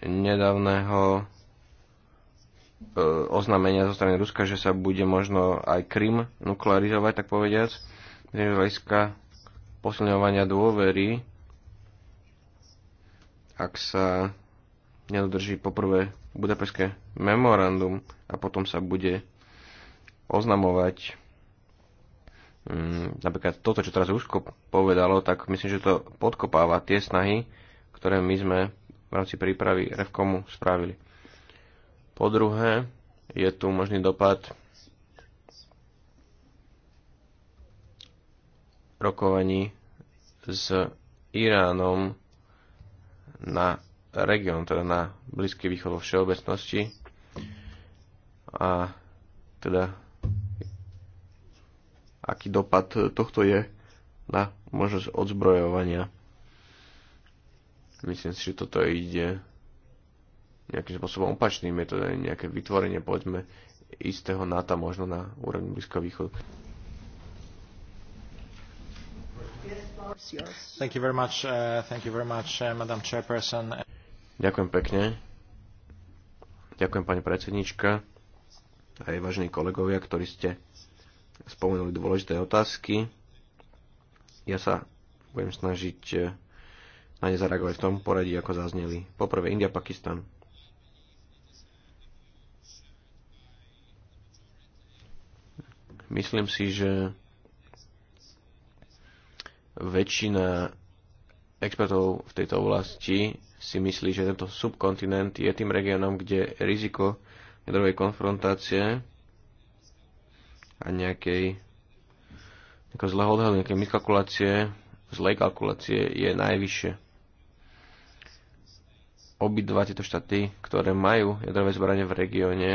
nedávneho e, oznámenia zo strany Ruska, že sa bude možno aj Krym nuklearizovať, tak povediac, z hľadiska posilňovania dôvery, ak sa nedodrží poprvé budapeské memorandum a potom sa bude oznamovať Mm, napríklad toto, čo teraz Rusko povedalo, tak myslím, že to podkopáva tie snahy, ktoré my sme v rámci prípravy Revkomu spravili. Po druhé, je tu možný dopad rokovaní s Iránom na región, teda na Blízky východ vo všeobecnosti. A teda aký dopad tohto je na možnosť odzbrojovania. Myslím si, že toto ide nejakým spôsobom opačným. metodom, to nejaké vytvorenie, povedzme, istého NATO možno na úrovni Blízkoho východu. Thank you very much, uh, thank you very much, uh, Madam Chairperson. Ďakujem pekne. Ďakujem pani predsednička aj vážení kolegovia, ktorí ste spomenuli dôležité otázky. Ja sa budem snažiť eh, na ne zareagovať v tom poradí, ako zazneli. Poprvé India, Pakistan. Myslím si, že väčšina expertov v tejto oblasti si myslí, že tento subkontinent je tým regiónom, kde riziko jadrovej konfrontácie a nejakej nejakého zlého odhadu, nejaké miskalkulácie, zlej kalkulácie je najvyššie. Obidva tieto štáty, ktoré majú jadrové zbranie v regióne,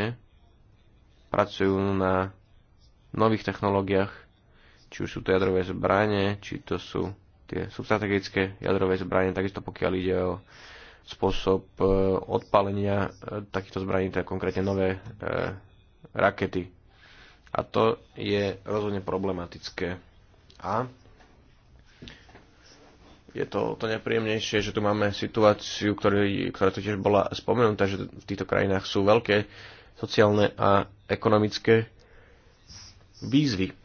pracujú na nových technológiách, či už sú to jadrové zbranie, či to sú tie substrategické jadrové zbranie, takisto pokiaľ ide o spôsob e, odpalenia e, takýchto zbraní, teda konkrétne nové e, rakety a to je rozhodne problematické. A je to to nepríjemnejšie, že tu máme situáciu, ktorý, ktorá tu tiež bola spomenutá, že v týchto krajinách sú veľké sociálne a ekonomické výzvy.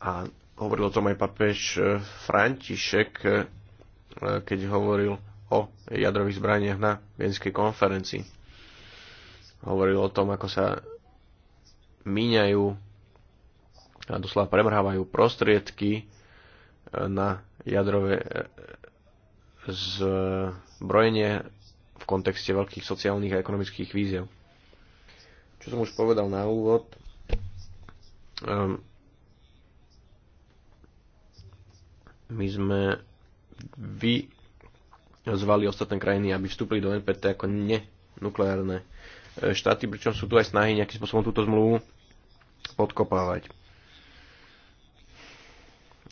A hovoril o tom aj papež František, keď hovoril o jadrových zbraniach na Vienskej konferencii. Hovoril o tom, ako sa míňajú a doslova premrhávajú prostriedky e, na jadrové e, zbrojenie v kontexte veľkých sociálnych a ekonomických víziev. Čo som už povedal na úvod, um, my sme vy zvali ostatné krajiny, aby vstúpili do NPT ako nenukleárne e, štáty, pričom sú tu aj snahy nejakým spôsobom túto zmluvu podkopávať.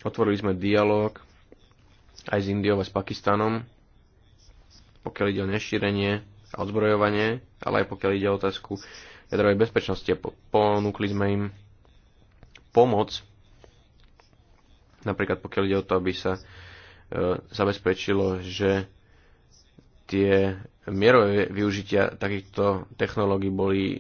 Otvorili sme dialog aj s Indiou a s Pakistanom, pokiaľ ide o nešírenie a odzbrojovanie, ale aj pokiaľ ide o otázku jadrovej bezpečnosti. Ponúkli sme im pomoc, napríklad pokiaľ ide o to, aby sa e, zabezpečilo, že tie mierové využitia takýchto technológií boli e,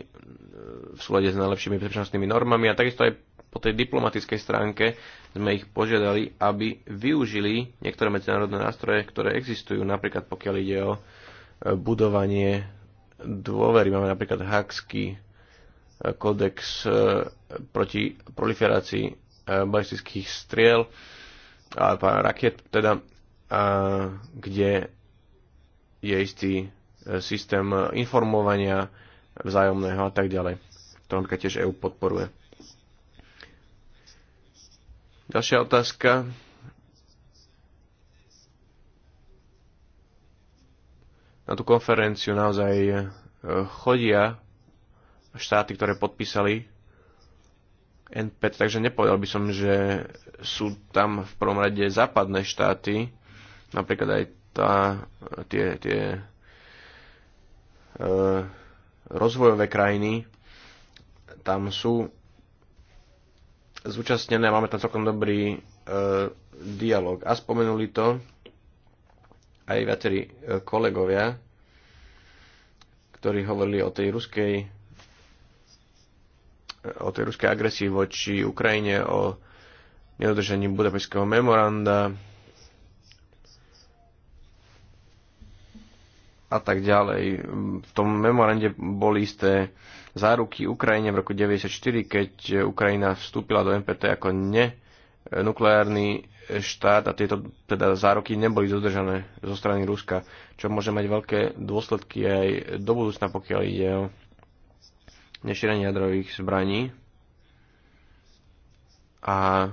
v súlade s najlepšími bezpečnostnými normami a takisto aj po tej diplomatickej stránke sme ich požiadali, aby využili niektoré medzinárodné nástroje, ktoré existujú, napríklad pokiaľ ide o e, budovanie dôvery. Máme napríklad Hakský e, kódex proti proliferácii balistických striel a rakiet, teda, a, kde je istý e, systém e, informovania vzájomného a tak ďalej. To napríklad tiež EU podporuje. Ďalšia otázka. Na tú konferenciu naozaj e, chodia štáty, ktoré podpísali NPT, takže nepovedal by som, že sú tam v prvom rade západné štáty, Napríklad aj tá, tie, tie e, rozvojové krajiny, tam sú zúčastnené, máme tam celkom dobrý e, dialog. A spomenuli to aj viacerí e, kolegovia, ktorí hovorili o tej ruskej o tej ruskej agresii voči Ukrajine, o nedodržaní Budapešského memoranda, a tak ďalej. V tom memorande boli isté záruky Ukrajine v roku 1994, keď Ukrajina vstúpila do NPT ako nenukleárny štát a tieto teda zároky neboli dodržané zo strany Ruska, čo môže mať veľké dôsledky aj do budúcna, pokiaľ ide o nešírenie jadrových zbraní. A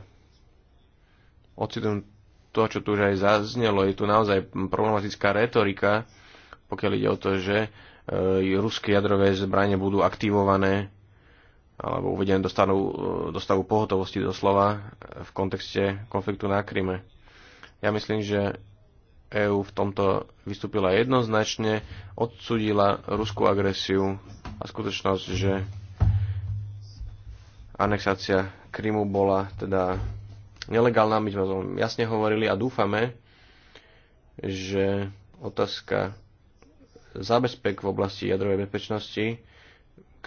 ocitujem to, čo tu už aj zaznelo, je tu naozaj problematická retorika, pokiaľ ide o to, že e, ruské jadrové zbranie budú aktivované alebo uvedené do stavu, e, do stavu pohotovosti doslova e, v kontexte konfliktu na Kryme. Ja myslím, že EÚ v tomto vystúpila jednoznačne, odsudila ruskú agresiu a skutočnosť, že anexácia Krymu bola teda nelegálna, my sme o tom jasne hovorili a dúfame, že otázka zabezpek v oblasti jadrovej bezpečnosti,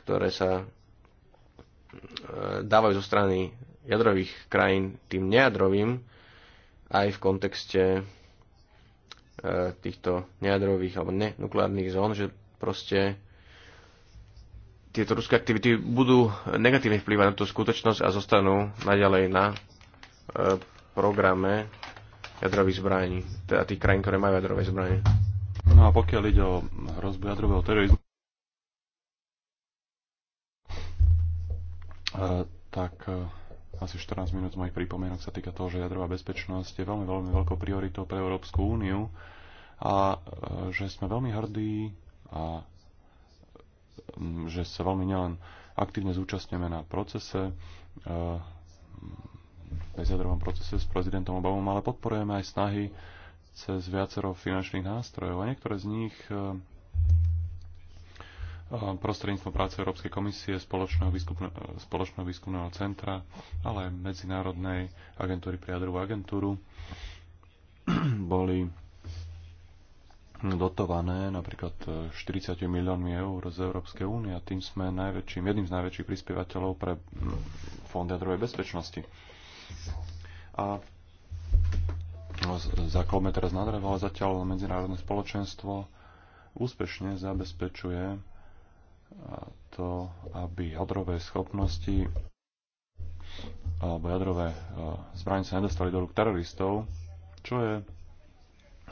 ktoré sa e, dávajú zo strany jadrových krajín tým nejadrovým aj v kontexte e, týchto nejadrových alebo nenukleárnych zón, že proste tieto ruské aktivity budú negatívne vplývať na tú skutočnosť a zostanú naďalej na e, programe jadrových zbraní, teda tých krajín, ktoré majú jadrové zbranie. No a pokiaľ ide o hrozbu jadrového terorizmu, eh, tak eh, asi 14 minút z mojich pripomienok sa týka toho, že jadrová bezpečnosť je veľmi, veľmi veľkou prioritou pre Európsku úniu a eh, že sme veľmi hrdí a mm, že sa veľmi nielen aktívne zúčastňujeme na procese, bezjadrovom mm, procese s prezidentom Obamom, ale podporujeme aj snahy cez viacero finančných nástrojov a niektoré z nich eh, eh, prostredníctvom práce Európskej komisie, Spoločného, výskupne, Spoločného výskumného centra, ale aj Medzinárodnej agentúry pre jadrovú agentúru <clears throat> boli dotované napríklad 40 eh, miliónmi eur z Európskej únie a tým sme najväčším, jedným z najväčších prispievateľov pre hm, Fond jadrovej bezpečnosti. A No, zaklome teraz na drevo, ale zatiaľ medzinárodné spoločenstvo úspešne zabezpečuje to, aby jadrové schopnosti alebo jadrové zbranie sa nedostali do rúk teroristov, čo je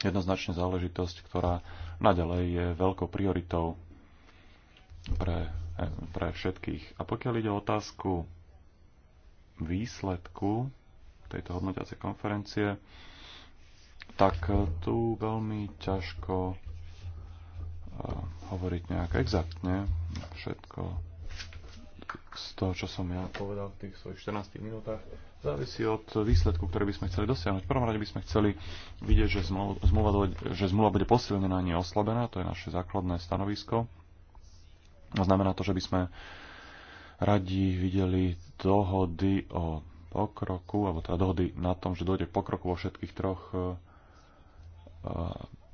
jednoznačne záležitosť, ktorá naďalej je veľkou prioritou pre, e, pre všetkých. A pokiaľ ide o otázku výsledku tejto hodnotiacej konferencie, tak e, tu veľmi ťažko e, hovoriť nejak exaktne všetko z toho, čo som ja povedal v tých svojich 14 minútach, závisí od výsledku, ktorý by sme chceli dosiahnuť. V prvom rade by sme chceli vidieť, že zmluva, že zmluva bude posilnená, nie oslabená. To je naše základné stanovisko. To znamená to, že by sme radi videli dohody o pokroku, alebo teda dohody na tom, že dojde k pokroku vo všetkých troch e,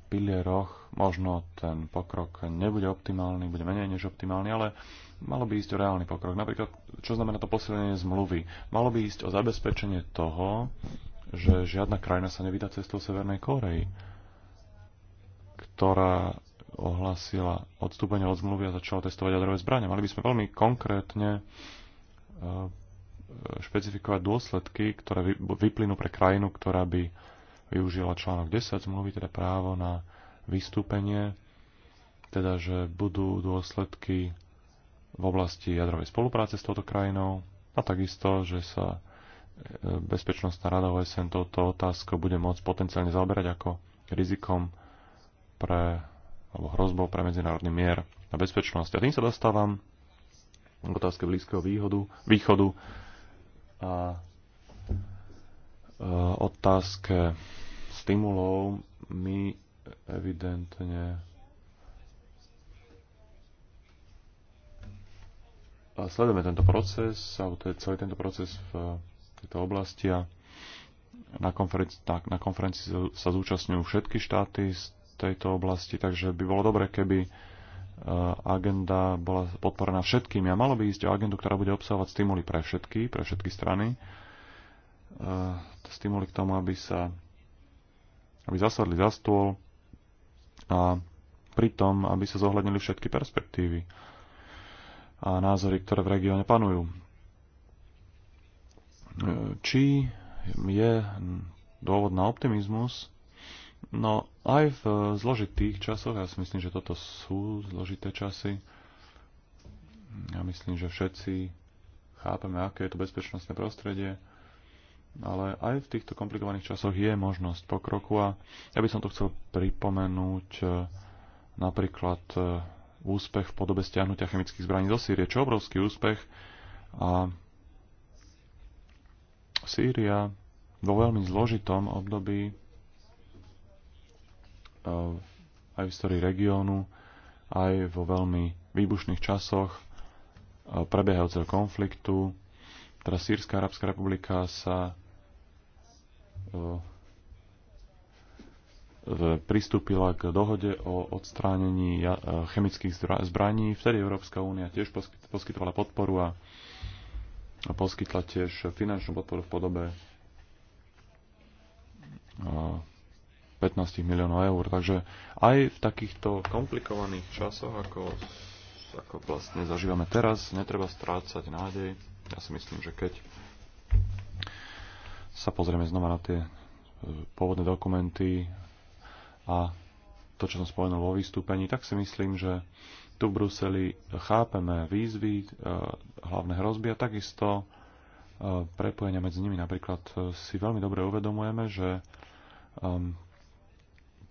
pilieroch možno ten pokrok nebude optimálny, bude menej než optimálny, ale malo by ísť o reálny pokrok. Napríklad, čo znamená to posilnenie zmluvy? Malo by ísť o zabezpečenie toho, že žiadna krajina sa nevydá cestou Severnej Korei, ktorá ohlasila odstúpenie od zmluvy a začala testovať jadrové zbranie. Mali by sme veľmi konkrétne e, e, špecifikovať dôsledky, ktoré vyplynú pre krajinu, ktorá by využila článok 10 zmluvy, teda právo na vystúpenie, teda že budú dôsledky v oblasti jadrovej spolupráce s touto krajinou a takisto, že sa e, Bezpečnostná rada OSN touto otázkou bude môcť potenciálne zaoberať ako rizikom pre, alebo hrozbou pre medzinárodný mier a bezpečnosť. A tým sa dostávam k otázke Blízkeho východu a Eh, otázke stimulov my evidentne sledujeme tento proces, alebo celý tento proces v tejto oblasti a na, konferencii, na, na konferencii sa zúčastňujú všetky štáty z tejto oblasti, takže by bolo dobre, keby eh, agenda bola podporená všetkými a malo by ísť o agendu, ktorá bude obsahovať stimuly pre všetky, pre všetky strany stimuli k tomu, aby sa aby zasadli za stôl a pritom, aby sa zohľadnili všetky perspektívy a názory, ktoré v regióne panujú. Či je dôvod na optimizmus? No aj v zložitých časoch, ja si myslím, že toto sú zložité časy. Ja myslím, že všetci chápeme, aké je to bezpečnostné prostredie ale aj v týchto komplikovaných časoch je možnosť pokroku a ja by som to chcel pripomenúť e, napríklad e, úspech v podobe stiahnutia chemických zbraní zo Sýrie, čo obrovský úspech a Sýria vo veľmi zložitom období e, aj v histórii regiónu, aj vo veľmi výbušných časoch prebiehajúceho konfliktu teda Sýrska arabská republika sa e, pristúpila k dohode o odstránení e, chemických zbraní. Vtedy Európska únia tiež poskytovala podporu a poskytla tiež finančnú podporu v podobe 15 e, miliónov eur. Takže aj v takýchto komplikovaných časoch, ako, ako vlastne zažívame teraz, netreba strácať nádej. Ja si myslím, že keď sa pozrieme znova na tie e, pôvodné dokumenty a to, čo som spomenul vo vystúpení, tak si myslím, že tu v Bruseli chápeme výzvy, e, hlavné hrozby a takisto e, prepojenia medzi nimi. Napríklad si veľmi dobre uvedomujeme, že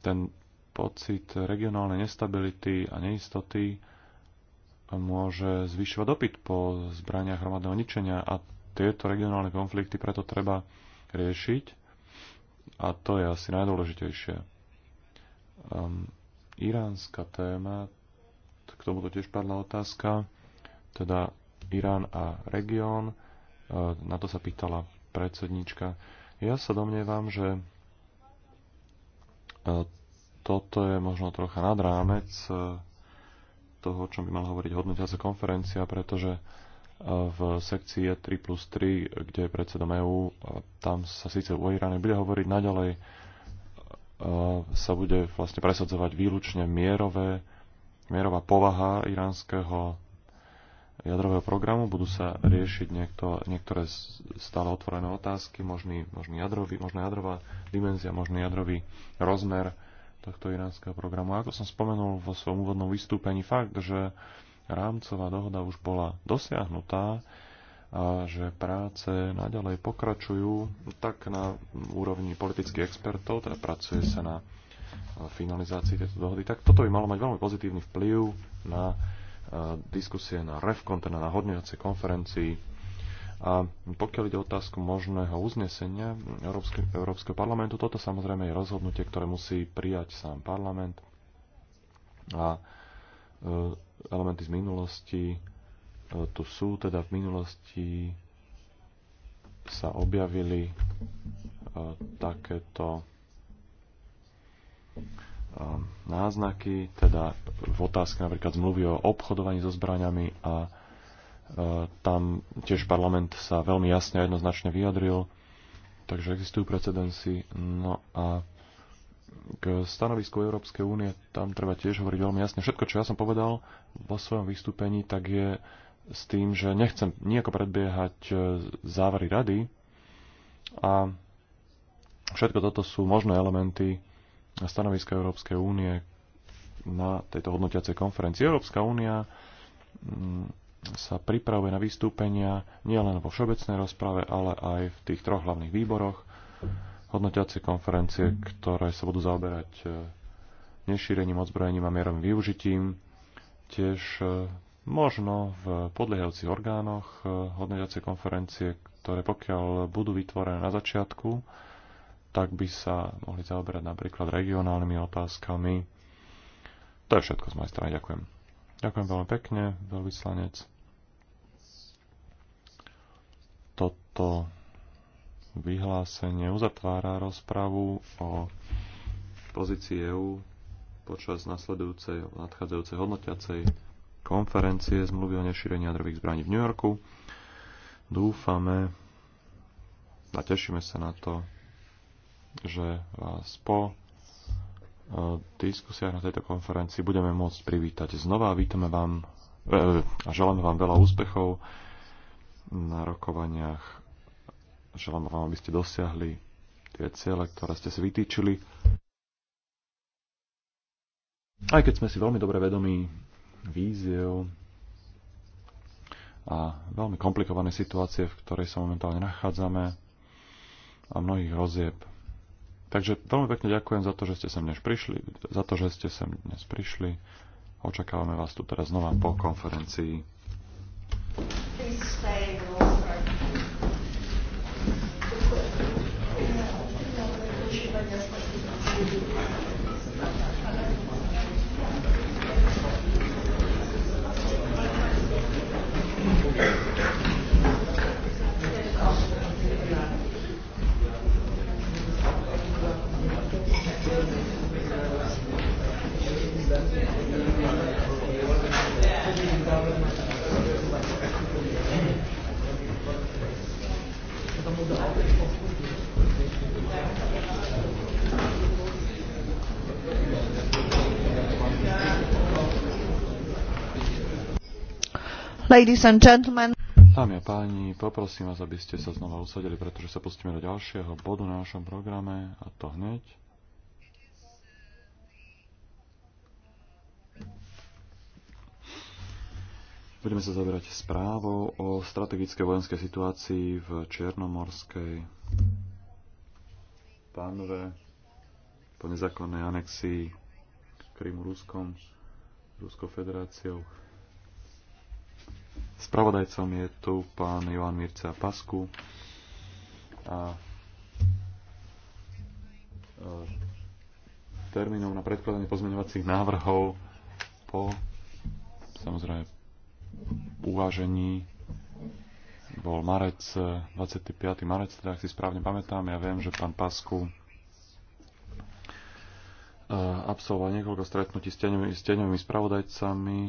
ten pocit regionálnej nestability a neistoty môže zvyšovať dopyt po zbraniach hromadného ničenia a tieto regionálne konflikty preto treba riešiť a to je asi najdôležitejšie. Um, iránska téma, k tomuto tiež padla otázka, teda Irán a región, e, na to sa pýtala predsednička. Ja sa domnievam, že e, toto je možno trocha nad rámec e, toho, čo by mal hovoriť hodnotiaca konferencia, pretože e, v sekcii 3 plus 3, kde je predsedom EÚ, tam sa síce o Iráne bude hovoriť naďalej, e, sa bude vlastne presadzovať výlučne mierové, mierová povaha iránskeho jadrového programu. Budú sa riešiť niekto, niektoré stále otvorené otázky, možný, možný jadrový, možná jadrová dimenzia, možný jadrový rozmer tohto iránskeho programu. ako som spomenul vo svojom úvodnom vystúpení, fakt, že rámcová dohoda už bola dosiahnutá a že práce naďalej pokračujú tak na úrovni politických expertov, teda pracuje sa na finalizácii tejto dohody, tak toto by malo mať veľmi pozitívny vplyv na e, diskusie na REFCON, teda na hodnotiacej konferencii a pokiaľ ide o otázku možného uznesenia Európske, Európskeho parlamentu, toto samozrejme je rozhodnutie, ktoré musí prijať sám parlament. A e, elementy z minulosti e, tu sú, teda v minulosti sa objavili e, takéto náznaky, teda v otázke napríklad zmluvy o obchodovaní so zbraniami a Eh, tam tiež parlament sa veľmi jasne a jednoznačne vyjadril, takže existujú precedenci. No a k stanovisku Európskej únie tam treba tiež hovoriť veľmi jasne. Všetko, čo ja som povedal vo svojom vystúpení, tak je s tým, že nechcem nejako predbiehať eh, závery rady a všetko toto sú možné elementy stanoviska Európskej únie na tejto hodnotiacej konferencii. Európska únia mm, sa pripravuje na vystúpenia nielen vo všeobecnej rozprave, ale aj v tých troch hlavných výboroch, Hodnotiacie konferencie, ktoré sa budú zaoberať e, nešírením, odzbrojením a mierovým využitím, tiež e, možno v podliehajúcich orgánoch e, hodnotiacie konferencie, ktoré pokiaľ budú vytvorené na začiatku, tak by sa mohli zaoberať napríklad regionálnymi otázkami. To je všetko z mojej strany. Ďakujem. Ďakujem veľmi pekne, veľvyslanec. Toto vyhlásenie uzatvára rozpravu o pozícii EÚ počas nasledujúcej, nadchádzajúcej hodnotiacej konferencie zmluvy o nešírení jadrových zbraní v New Yorku. Dúfame a tešíme sa na to, že vás po diskusiách na tejto konferencii budeme môcť privítať znova. Vítame vám e, e, a želáme vám veľa úspechov na rokovaniach. Želáme vám, aby ste dosiahli tie ciele, ktoré ste si vytýčili. Aj keď sme si veľmi dobre vedomí víziev a veľmi komplikované situácie, v ktorej sa momentálne nachádzame a mnohých rozieb Takže veľmi pekne ďakujem za to, že ste sem dnes prišli. Za to, že ste sem dnes prišli. Očakávame vás tu teraz znova po konferencii. Ladies and gentlemen. Dámy a páni, poprosím vás, aby ste sa znova usadili, pretože sa pustíme do ďalšieho bodu na našom programe a to hneď. Budeme sa zaberať správou o strategickej vojenskej situácii v Černomorskej pánve po nezákonnej anexii Krymu Ruskom, Ruskou federáciou. Spravodajcom je tu pán Ivan Mirca Pasku a termínom na predkladanie pozmeňovacích návrhov po samozrejme uvážení bol marec, 25. marec, teda ak si správne pamätám, ja viem, že pán Pasku e, absolvoval niekoľko stretnutí s tieňovými, s tieňovými spravodajcami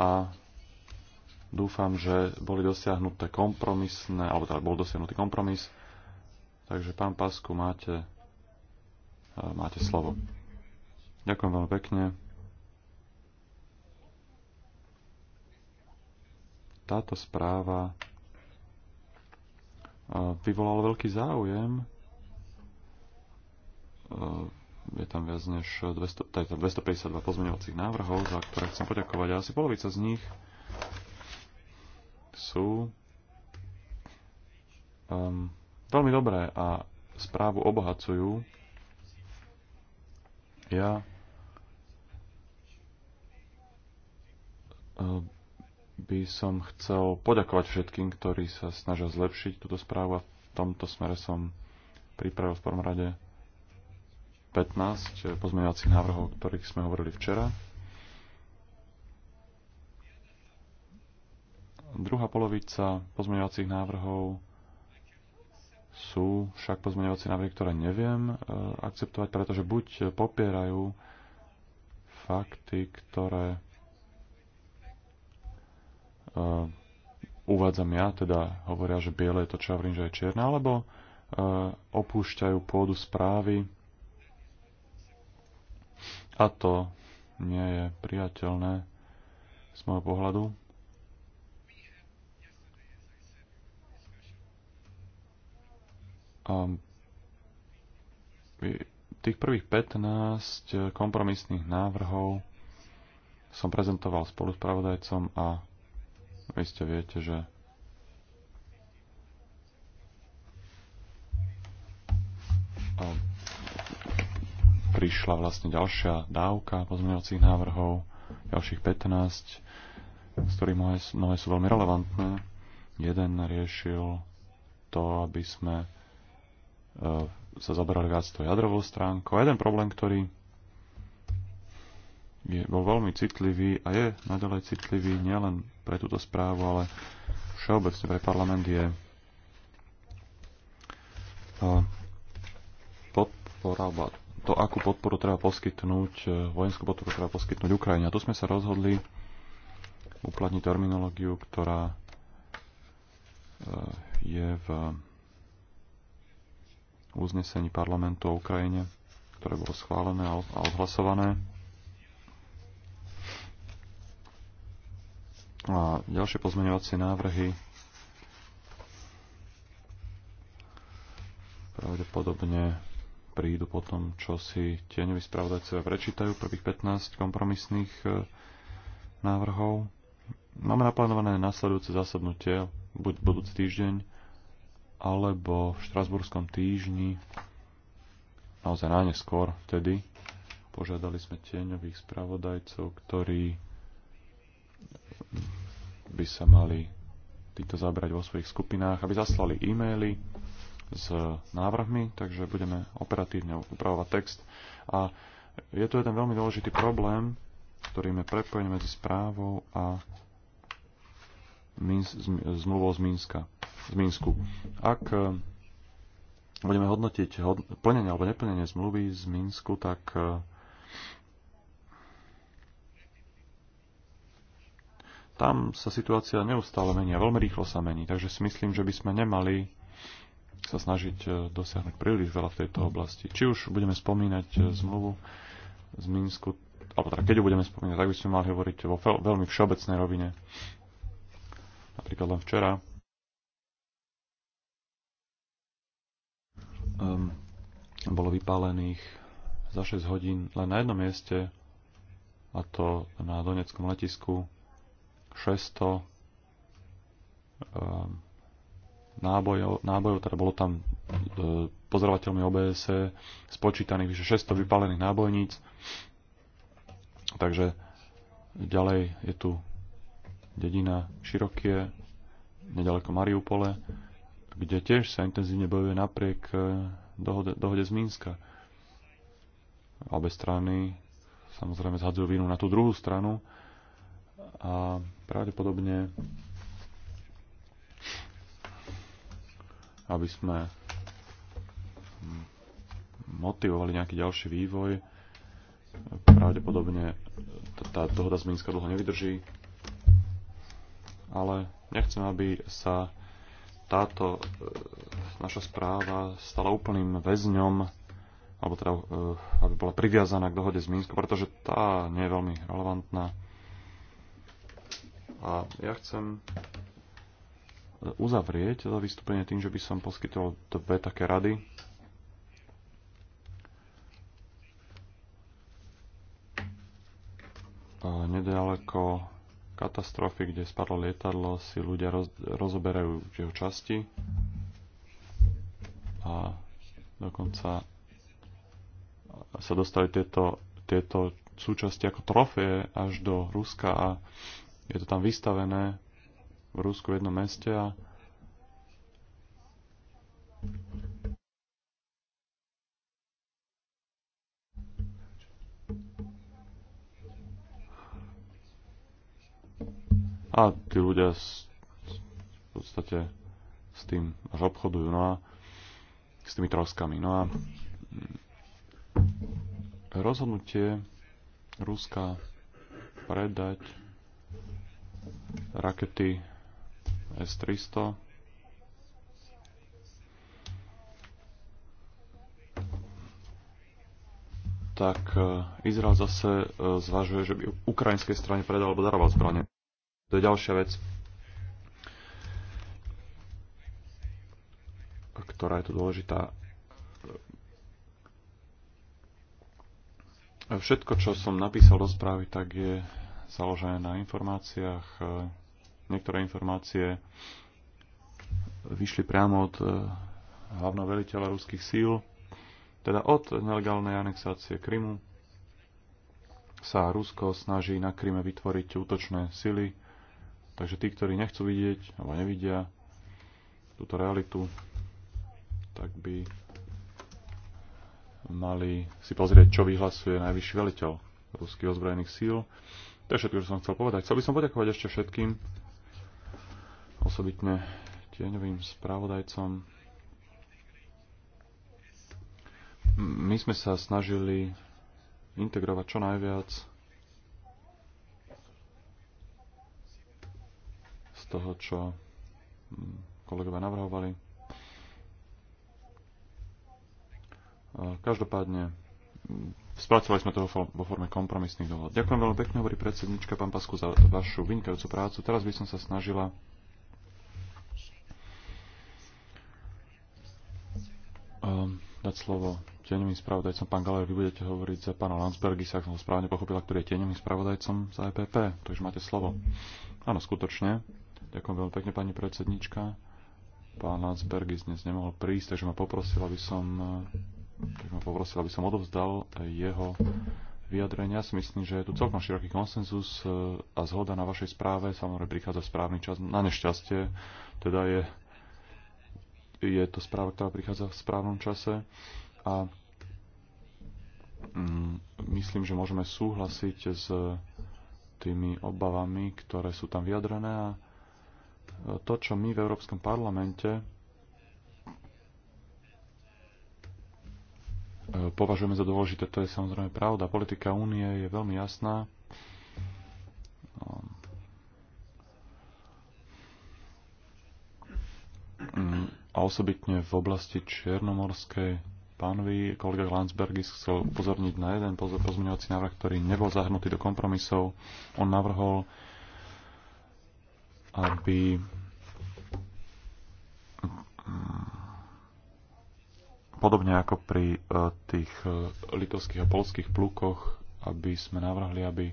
a dúfam, že boli dosiahnuté kompromisné, alebo teda bol dosiahnutý kompromis. Takže pán Pasku, máte, e, máte slovo. Ďakujem veľmi pekne. táto správa e, vyvolala veľký záujem. E, je tam viac než 200, teda 252 pozmeňovacích návrhov, za ktoré chcem poďakovať. A asi polovica z nich sú um, veľmi dobré a správu obohacujú. Ja e, by som chcel poďakovať všetkým, ktorí sa snažia zlepšiť túto správu a v tomto smere som pripravil v prvom rade 15 eh, pozmeňovacích návrhov, o ktorých sme hovorili včera. Druhá polovica pozmeňovacích návrhov sú však pozmeňovacie návrhy, ktoré neviem eh, akceptovať, pretože buď popierajú fakty, ktoré uh, uvádzam ja, teda hovoria, že biele je to že je čierna, alebo uh, opúšťajú pôdu správy a to nie je priateľné z môjho pohľadu. Um, tých prvých 15 kompromisných návrhov som prezentoval pravodajcom a Iste viete, že a prišla vlastne ďalšia dávka pozmeňovacích návrhov, ďalších 15, z ktorých mnohé, mnohé sú veľmi relevantné. Jeden riešil to, aby sme e, sa zaberali viac to jadrovou stránkou. A jeden problém, ktorý je, bol veľmi citlivý a je naďalej citlivý nielen pre túto správu, ale všeobecne pre parlament je podpora, alebo to, akú podporu treba poskytnúť, e, vojenskú podporu treba poskytnúť Ukrajine. A tu sme sa rozhodli uplatniť terminológiu, ktorá e, je v uznesení parlamentu o Ukrajine, ktoré bolo schválené a odhlasované. A ďalšie pozmeňovacie návrhy pravdepodobne prídu po tom, čo si tieňoví spravodajcovia prečítajú, prvých 15 kompromisných e, návrhov. Máme naplánované nasledujúce zasadnutie, buď budúci týždeň, alebo v štrasburskom týždni, naozaj najneskôr vtedy, požiadali sme tieňových spravodajcov, ktorí by sa mali títo zabrať vo svojich skupinách, aby zaslali e-maily s návrhmi, takže budeme operatívne upravovať text. A je tu jeden veľmi dôležitý problém, ktorým je prepojenie medzi správou a zmluvou z, Minska, z Minsku. Ak eh, budeme hodnotiť plnenie alebo neplnenie zmluvy z Minsku, tak eh, tam sa situácia neustále mení a veľmi rýchlo sa mení. Takže si myslím, že by sme nemali sa snažiť e, dosiahnuť príliš veľa v tejto oblasti. Či už budeme spomínať e, zmluvu z Minsku, alebo teda keď ju budeme spomínať, tak by sme mali hovoriť vo veľmi všeobecnej rovine. Napríklad len včera. Um, bolo vypálených za 6 hodín len na jednom mieste, a to na Doneckom letisku 600 ehm, nábojov, nábojov teda bolo tam e, pozorovateľmi OBS spočítaných vyše 600 vypálených nábojníc. Takže ďalej je tu dedina Širokie, nedaleko Mariupole, kde tiež sa intenzívne bojuje napriek e, dohode, dohode z Mínska. Obe strany samozrejme zhadzujú vinu na tú druhú stranu, a pravdepodobne, aby sme motivovali nejaký ďalší vývoj, pravdepodobne tá dohoda z Minska dlho nevydrží, ale nechcem, aby sa táto e, naša správa stala úplným väzňom, alebo teda e, aby bola priviazaná k dohode z Minsku, pretože tá nie je veľmi relevantná. A ja chcem uzavrieť to vystúpenie tým, že by som poskytol dve také rady. A nedaleko katastrofy, kde spadlo lietadlo, si ľudia roz, rozoberajú jeho časti a dokonca sa dostali tieto, tieto súčasti ako trofie až do Ruska a je to tam vystavené v Rusku v jednom meste a A tí ľudia s, v podstate s tým až obchodujú, no a s tými troskami. No a rozhodnutie Ruska predať rakety S-300. tak e, Izrael zase e, zvažuje, že by ukrajinskej strane predal alebo daroval zbranie. To je ďalšia vec, ktorá je tu dôležitá. Všetko, čo som napísal do správy, tak je založené na informáciách. E, niektoré informácie vyšli priamo od e, hlavného veliteľa ruských síl, teda od nelegálnej anexácie Krymu sa Rusko snaží na Kryme vytvoriť útočné sily, takže tí, ktorí nechcú vidieť alebo nevidia túto realitu, tak by mali si pozrieť, čo vyhlasuje najvyšší veliteľ ruských ozbrojených síl. To je všetko, čo som chcel povedať. Chcel by som poďakovať ešte všetkým, osobitne tieňovým spravodajcom. My sme sa snažili integrovať čo najviac z toho, čo kolegovia navrhovali. Každopádne Spracovali sme to vo forme kompromisných dohod. Ďakujem veľmi pekne, hovorí predsednička pán Pasku za vašu vynikajúcu prácu. Teraz by som sa snažila um, dať slovo tieňovým spravodajcom. Pán Galer, vy budete hovoriť za pána Landsbergisa, ak som ho správne pochopila, ktorý je tieňovým spravodajcom za EPP. Takže máte slovo. Áno, skutočne. Ďakujem veľmi pekne, pani predsednička. Pán Landsbergis dnes nemohol prísť, takže ma poprosil, aby som tak ma poprosil, aby som odovzdal jeho vyjadrenia. Ja si myslím, že je tu celkom široký konsenzus e, a zhoda na vašej správe. Samozrejme prichádza správny čas. Na nešťastie teda je, je to správa, ktorá prichádza v správnom čase. A mm, myslím, že môžeme súhlasiť s tými obavami, ktoré sú tam vyjadrené. A e, to, čo my v Európskom parlamente považujeme za dôležité, to je samozrejme pravda. Politika únie je veľmi jasná. A osobitne v oblasti Čiernomorskej pánvy kolega Landsbergis chcel upozorniť na jeden pozmeňovací návrh, ktorý nebol zahrnutý do kompromisov. On navrhol, aby podobne ako pri e, tých e, litovských a polských plukoch, aby sme navrhli, aby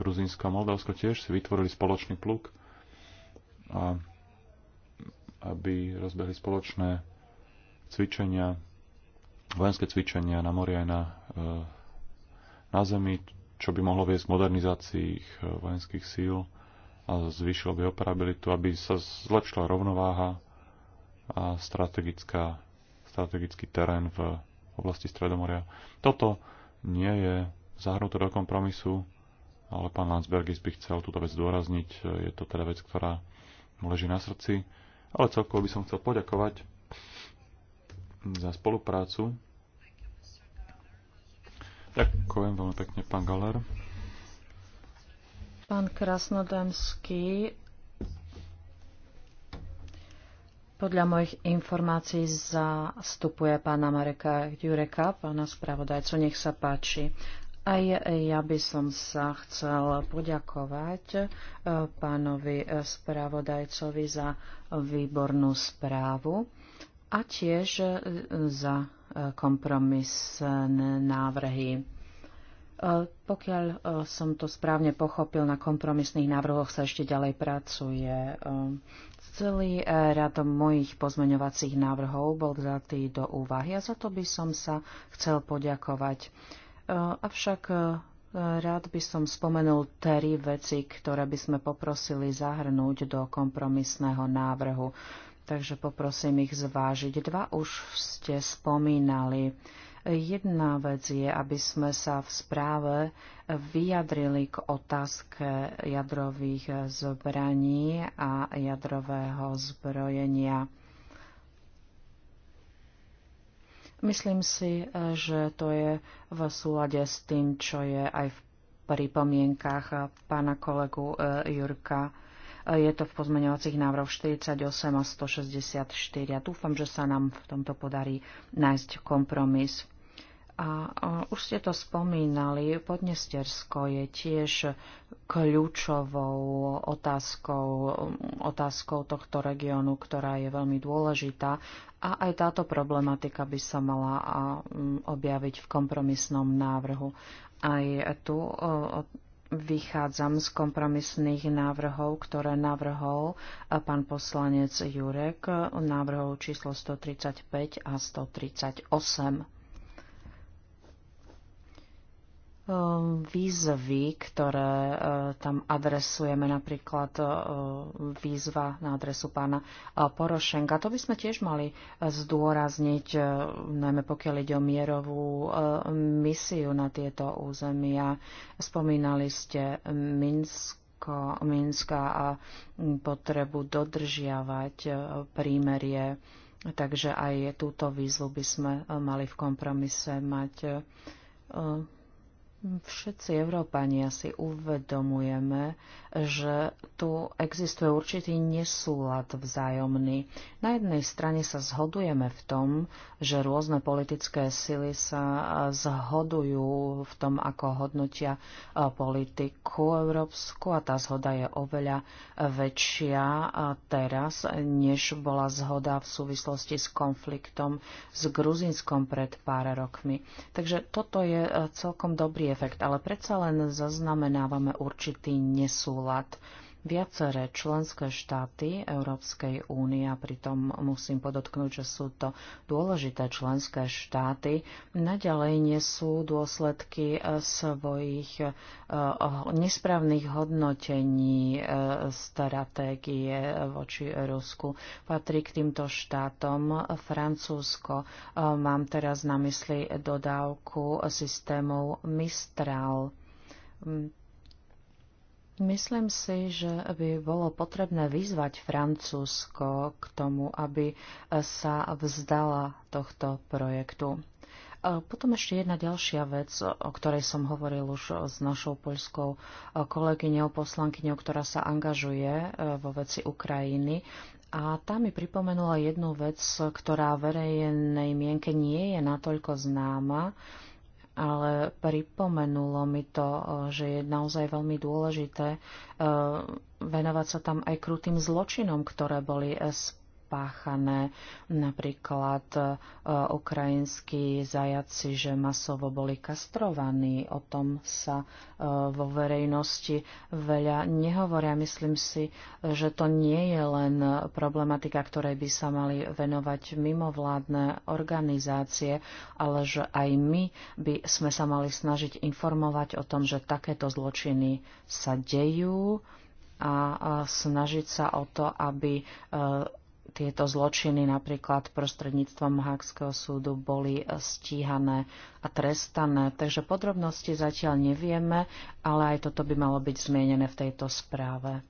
Gruzínsko a Moldavsko tiež si vytvorili spoločný pluk a aby rozbehli spoločné cvičenia, vojenské cvičenia na mori aj na, e, na zemi, čo by mohlo viesť k modernizácii ich vojenských síl a zvýšilo by operabilitu, aby sa zlepšila rovnováha a strategická strategický terén v oblasti Stredomoria. Toto nie je zahrnuté do kompromisu, ale pán Landsbergis by chcel túto vec zdôrazniť. Je to teda vec, ktorá mu leží na srdci. Ale celkovo by som chcel poďakovať za spoluprácu. Ďakujem veľmi pekne, pán Galer. Pán Krasnodemský Podľa mojich informácií zastupuje pána Mareka Jureka, pána spravodajcu. Nech sa páči. Aj ja by som sa chcel poďakovať e, pánovi spravodajcovi za výbornú správu a tiež e, za e, kompromisné návrhy. Pokiaľ som to správne pochopil, na kompromisných návrhoch sa ešte ďalej pracuje. Celý e, rad mojich pozmeňovacích návrhov bol vzatý do úvahy a za to by som sa chcel poďakovať. E, avšak e, rád by som spomenul tri veci, ktoré by sme poprosili zahrnúť do kompromisného návrhu. Takže poprosím ich zvážiť. Dva už ste spomínali. Jedna vec je, aby sme sa v správe vyjadrili k otázke jadrových zbraní a jadrového zbrojenia. Myslím si, že to je v súlade s tým, čo je aj v pripomienkách pána kolegu e, Jurka. E, je to v pozmeňovacích návrhoch 48 a 164 a dúfam, že sa nám v tomto podarí nájsť kompromis. A už ste to spomínali, Podnestersko je tiež kľúčovou otázkou, otázkou tohto regiónu, ktorá je veľmi dôležitá. A aj táto problematika by sa mala objaviť v kompromisnom návrhu. Aj tu vychádzam z kompromisných návrhov, ktoré navrhol pán poslanec Jurek, návrhov číslo 135 a 138. Ehm, výzvy, ktoré eh, tam adresujeme, napríklad eh, výzva na adresu pána eh, Porošenka. To by sme tiež mali zdôrazniť, najmä pokiaľ ide o mierovú misiu na tieto územia. Spomínali ste Minsk Minska a hm, potrebu dodržiavať prímerie. Takže aj túto výzvu by sme mali v kompromise mať Všetci Európania si uvedomujeme, že tu existuje určitý nesúlad vzájomný. Na jednej strane sa zhodujeme v tom, že rôzne politické sily sa zhodujú v tom, ako hodnotia politiku európsku a tá zhoda je oveľa väčšia teraz, než bola zhoda v súvislosti s konfliktom s Gruzinskom pred pár rokmi. Takže toto je celkom dobrý efekt, ale predsa len zaznamenávame určitý nesúlad súlad. Viaceré členské štáty Európskej únie, a pritom musím podotknúť, že sú to dôležité členské štáty, naďalej nesú dôsledky eh, svojich eh, nesprávnych hodnotení eh, stratégie voči Rusku. Patrí k týmto štátom Francúzsko. Mám teraz na mysli dodávku systémov Mistral mm, Myslím si, že by bolo potrebné vyzvať Francúzsko k tomu, aby e, sa vzdala tohto projektu. E, potom ešte jedna ďalšia vec, o ktorej som hovoril už s našou poľskou e, kolegyňou, poslankyňou, ktorá sa angažuje vo veci Ukrajiny. A tá mi pripomenula jednu vec, ktorá verejnej mienke nie je natoľko známa, ale pripomenulo mi to, eh, že je naozaj veľmi dôležité eh, venovať sa tam aj krutým zločinom, ktoré boli eh, spáchané Napríklad e, ukrajinskí zajaci, že masovo boli kastrovaní. O tom sa e, vo verejnosti veľa nehovoria. Myslím si, že to nie je len problematika, ktorej by sa mali venovať mimovládne organizácie, ale že aj my by sme sa mali snažiť informovať o tom, že takéto zločiny sa dejú a snažiť sa o to, aby e, tieto zločiny napríklad prostredníctvom Hákského súdu boli stíhané a trestané. Takže podrobnosti zatiaľ nevieme, ale aj toto by malo byť zmienené v tejto správe.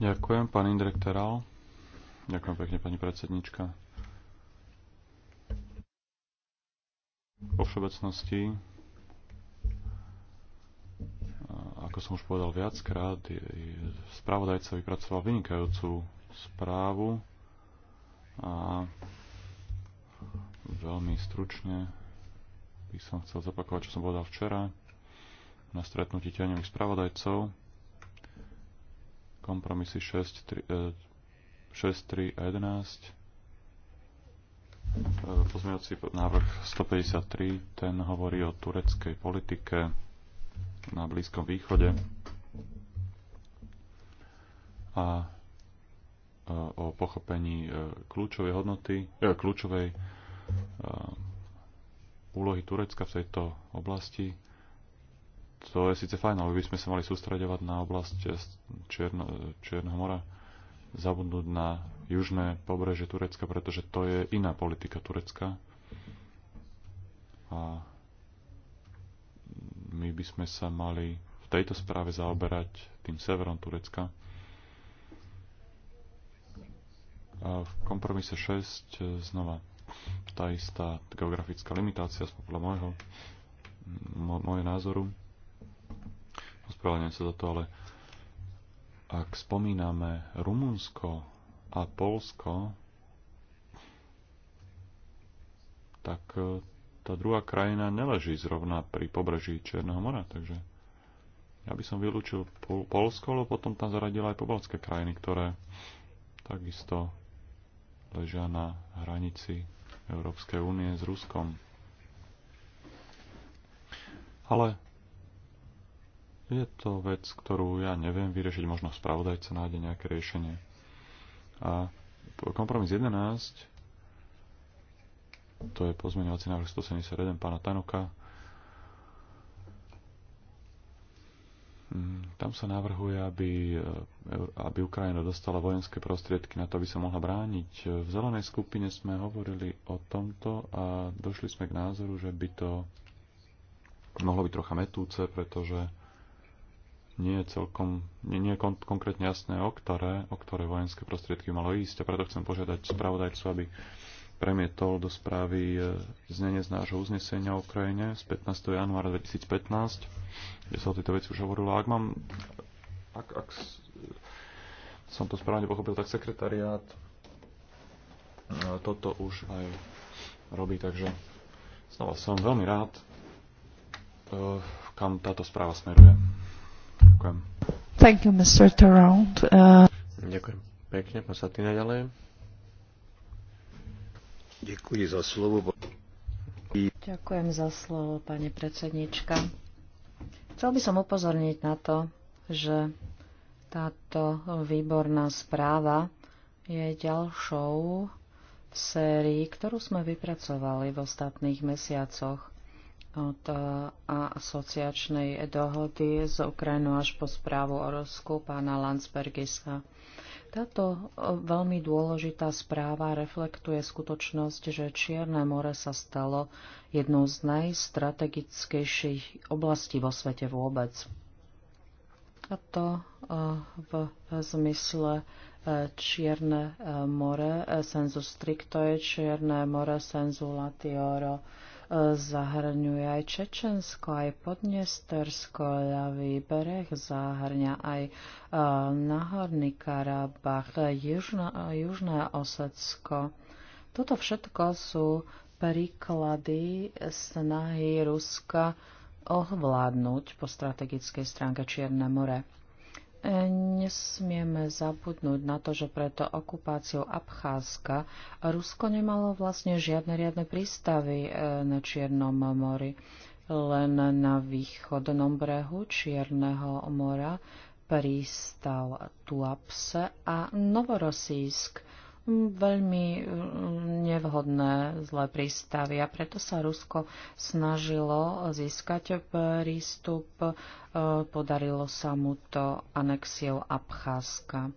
Ďakujem, pán Indrek Teral. Ďakujem pekne, pani predsednička. Po všeobecnosti, ako som už povedal viackrát, spravodajca vypracoval vynikajúcu správu a veľmi stručne by som chcel zapakovať, čo som povedal včera na stretnutí tieňových spravodajcov. Kompromisy 6, 3, 6, 3 a 11. E, Pozmeňovací návrh 153, ten hovorí o tureckej politike na Blízkom východe. A o pochopení e, kľúčovej hodnoty, e, kľúčovej e, úlohy Turecka v tejto oblasti. To je síce fajn, ale by sme sa mali sústredovať na oblasť Čierno, Čierneho mora, zabudnúť na južné pobreže Turecka, pretože to je iná politika Turecka. A my by sme sa mali v tejto správe zaoberať tým severom Turecka. v kompromise 6 e, znova tá istá geografická limitácia z podľa môjho môjho názoru. Ospravedlňujem sa za to, ale ak spomíname Rumunsko a Polsko, tak e, tá druhá krajina neleží zrovna pri pobreží Černého mora, takže ja by som vylúčil Polsko, lebo potom tam zaradila aj pobalské krajiny, ktoré takisto ležia na hranici Európskej únie s Ruskom. Ale je to vec, ktorú ja neviem vyriešiť, možno spravodajca nájde nejaké riešenie. A kompromis 11, to je pozmeňovací návrh 171 pána Tanuka, Mhm. Tam sa navrhuje, aby, e, aby Ukrajina dostala vojenské prostriedky na to, aby sa mohla brániť. V zelenej skupine sme hovorili o tomto a došli sme k názoru, že by to mohlo byť trocha metúce, pretože nie je celkom, nie, nie je kon, konkrétne jasné, o ktoré, o ktoré vojenské prostriedky malo ísť. A preto chcem požiadať spravodajcu, aby premietol do správy e, znenie z nášho uznesenia o Ukrajine z 15. januára 2015, kde sa o tejto veci už hovorilo. Ak mám, ak, ak som to správne pochopil, tak sekretariát e, toto už aj robí, takže znova som veľmi rád, e, kam táto správa smeruje. Ďakujem. Thank you, Mr. Tarant. Uh... Ďakujem pekne, pán Satina ďalej. Ďakujem za slovo. Ďakujem za slovo, pani predsednička. Chcel by som upozorniť na to, že táto výborná správa je ďalšou v sérii, ktorú sme vypracovali v ostatných mesiacoch od e, asociačnej dohody z Ukrajinu až po správu o Rusku pána Landsbergisa. Táto e, veľmi dôležitá správa reflektuje skutočnosť, že Čierne more sa stalo jednou z najstrategickejších oblastí vo svete vôbec. A to e, v zmysle e, Čierne more sensu stricto je Čierne more sensu latioro zahrňuje aj Čečensko, aj Podnestersko, ľavý breh, zahrňa aj e, Nahorný Karabach, Južná, Južné Osecko. Toto všetko sú príklady snahy Ruska ohvládnuť po strategickej stránke Čierne more. E, nesmieme zabudnúť na to, že preto okupáciou Abcházska Rusko nemalo vlastne žiadne riadne prístavy e, na Čiernom mori, len na východnom brehu Čierneho mora prístav Tuapse a Novorosísk – veľmi mm, nevhodné, zlé prístavy a preto sa Rusko snažilo získať prístup. E, podarilo sa mu to anexiou Abcházska.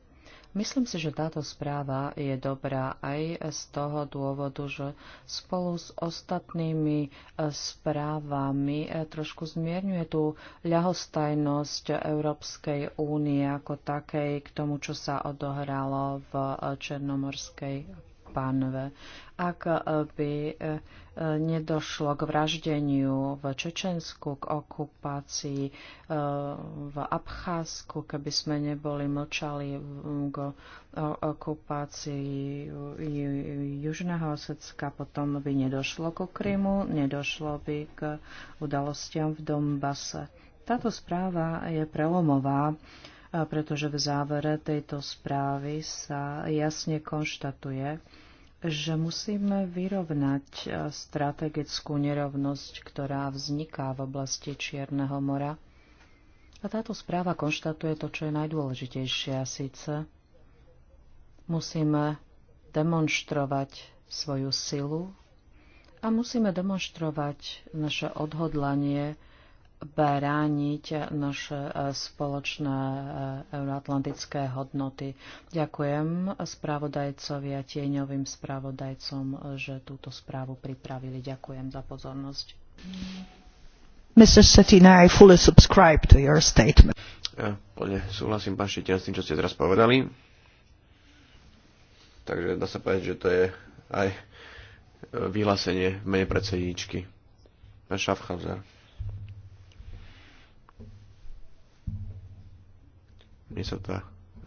Myslím si, že táto správa je dobrá aj z toho dôvodu, že spolu s ostatnými e, správami e, trošku zmierňuje tú ľahostajnosť Európskej únie ako takej k tomu, čo sa odohralo v e, Černomorskej pánve. Ak e, by e, nedošlo k vraždeniu v Čečensku, k okupácii e, v Abcházsku, keby sme neboli mlčali k okupácii Južného Osecka, potom by nedošlo ku Krymu, nedošlo by k udalostiam v Donbase. Táto správa je prelomová pretože v závere tejto správy sa jasne konštatuje, že musíme vyrovnať e, strategickú nerovnosť, ktorá vzniká v oblasti Čierneho mora. A táto správa konštatuje to, čo je najdôležitejšie, a síce musíme demonstrovať svoju silu a musíme demonstrovať naše odhodlanie brániť naše e, spoločné e, euroatlantické hodnoty. Ďakujem spravodajcovi a tieňovým spravodajcom, e, že túto správu pripravili. Ďakujem za pozornosť. Mr. Setina, I fully subscribe to your statement. Ja, súhlasím, pán Šetina, s tým, čo ste teraz povedali. Takže dá sa povedať, že to je aj vyhlásenie menej mene predsedničky. Pán Schaffhauser. Mne sa tá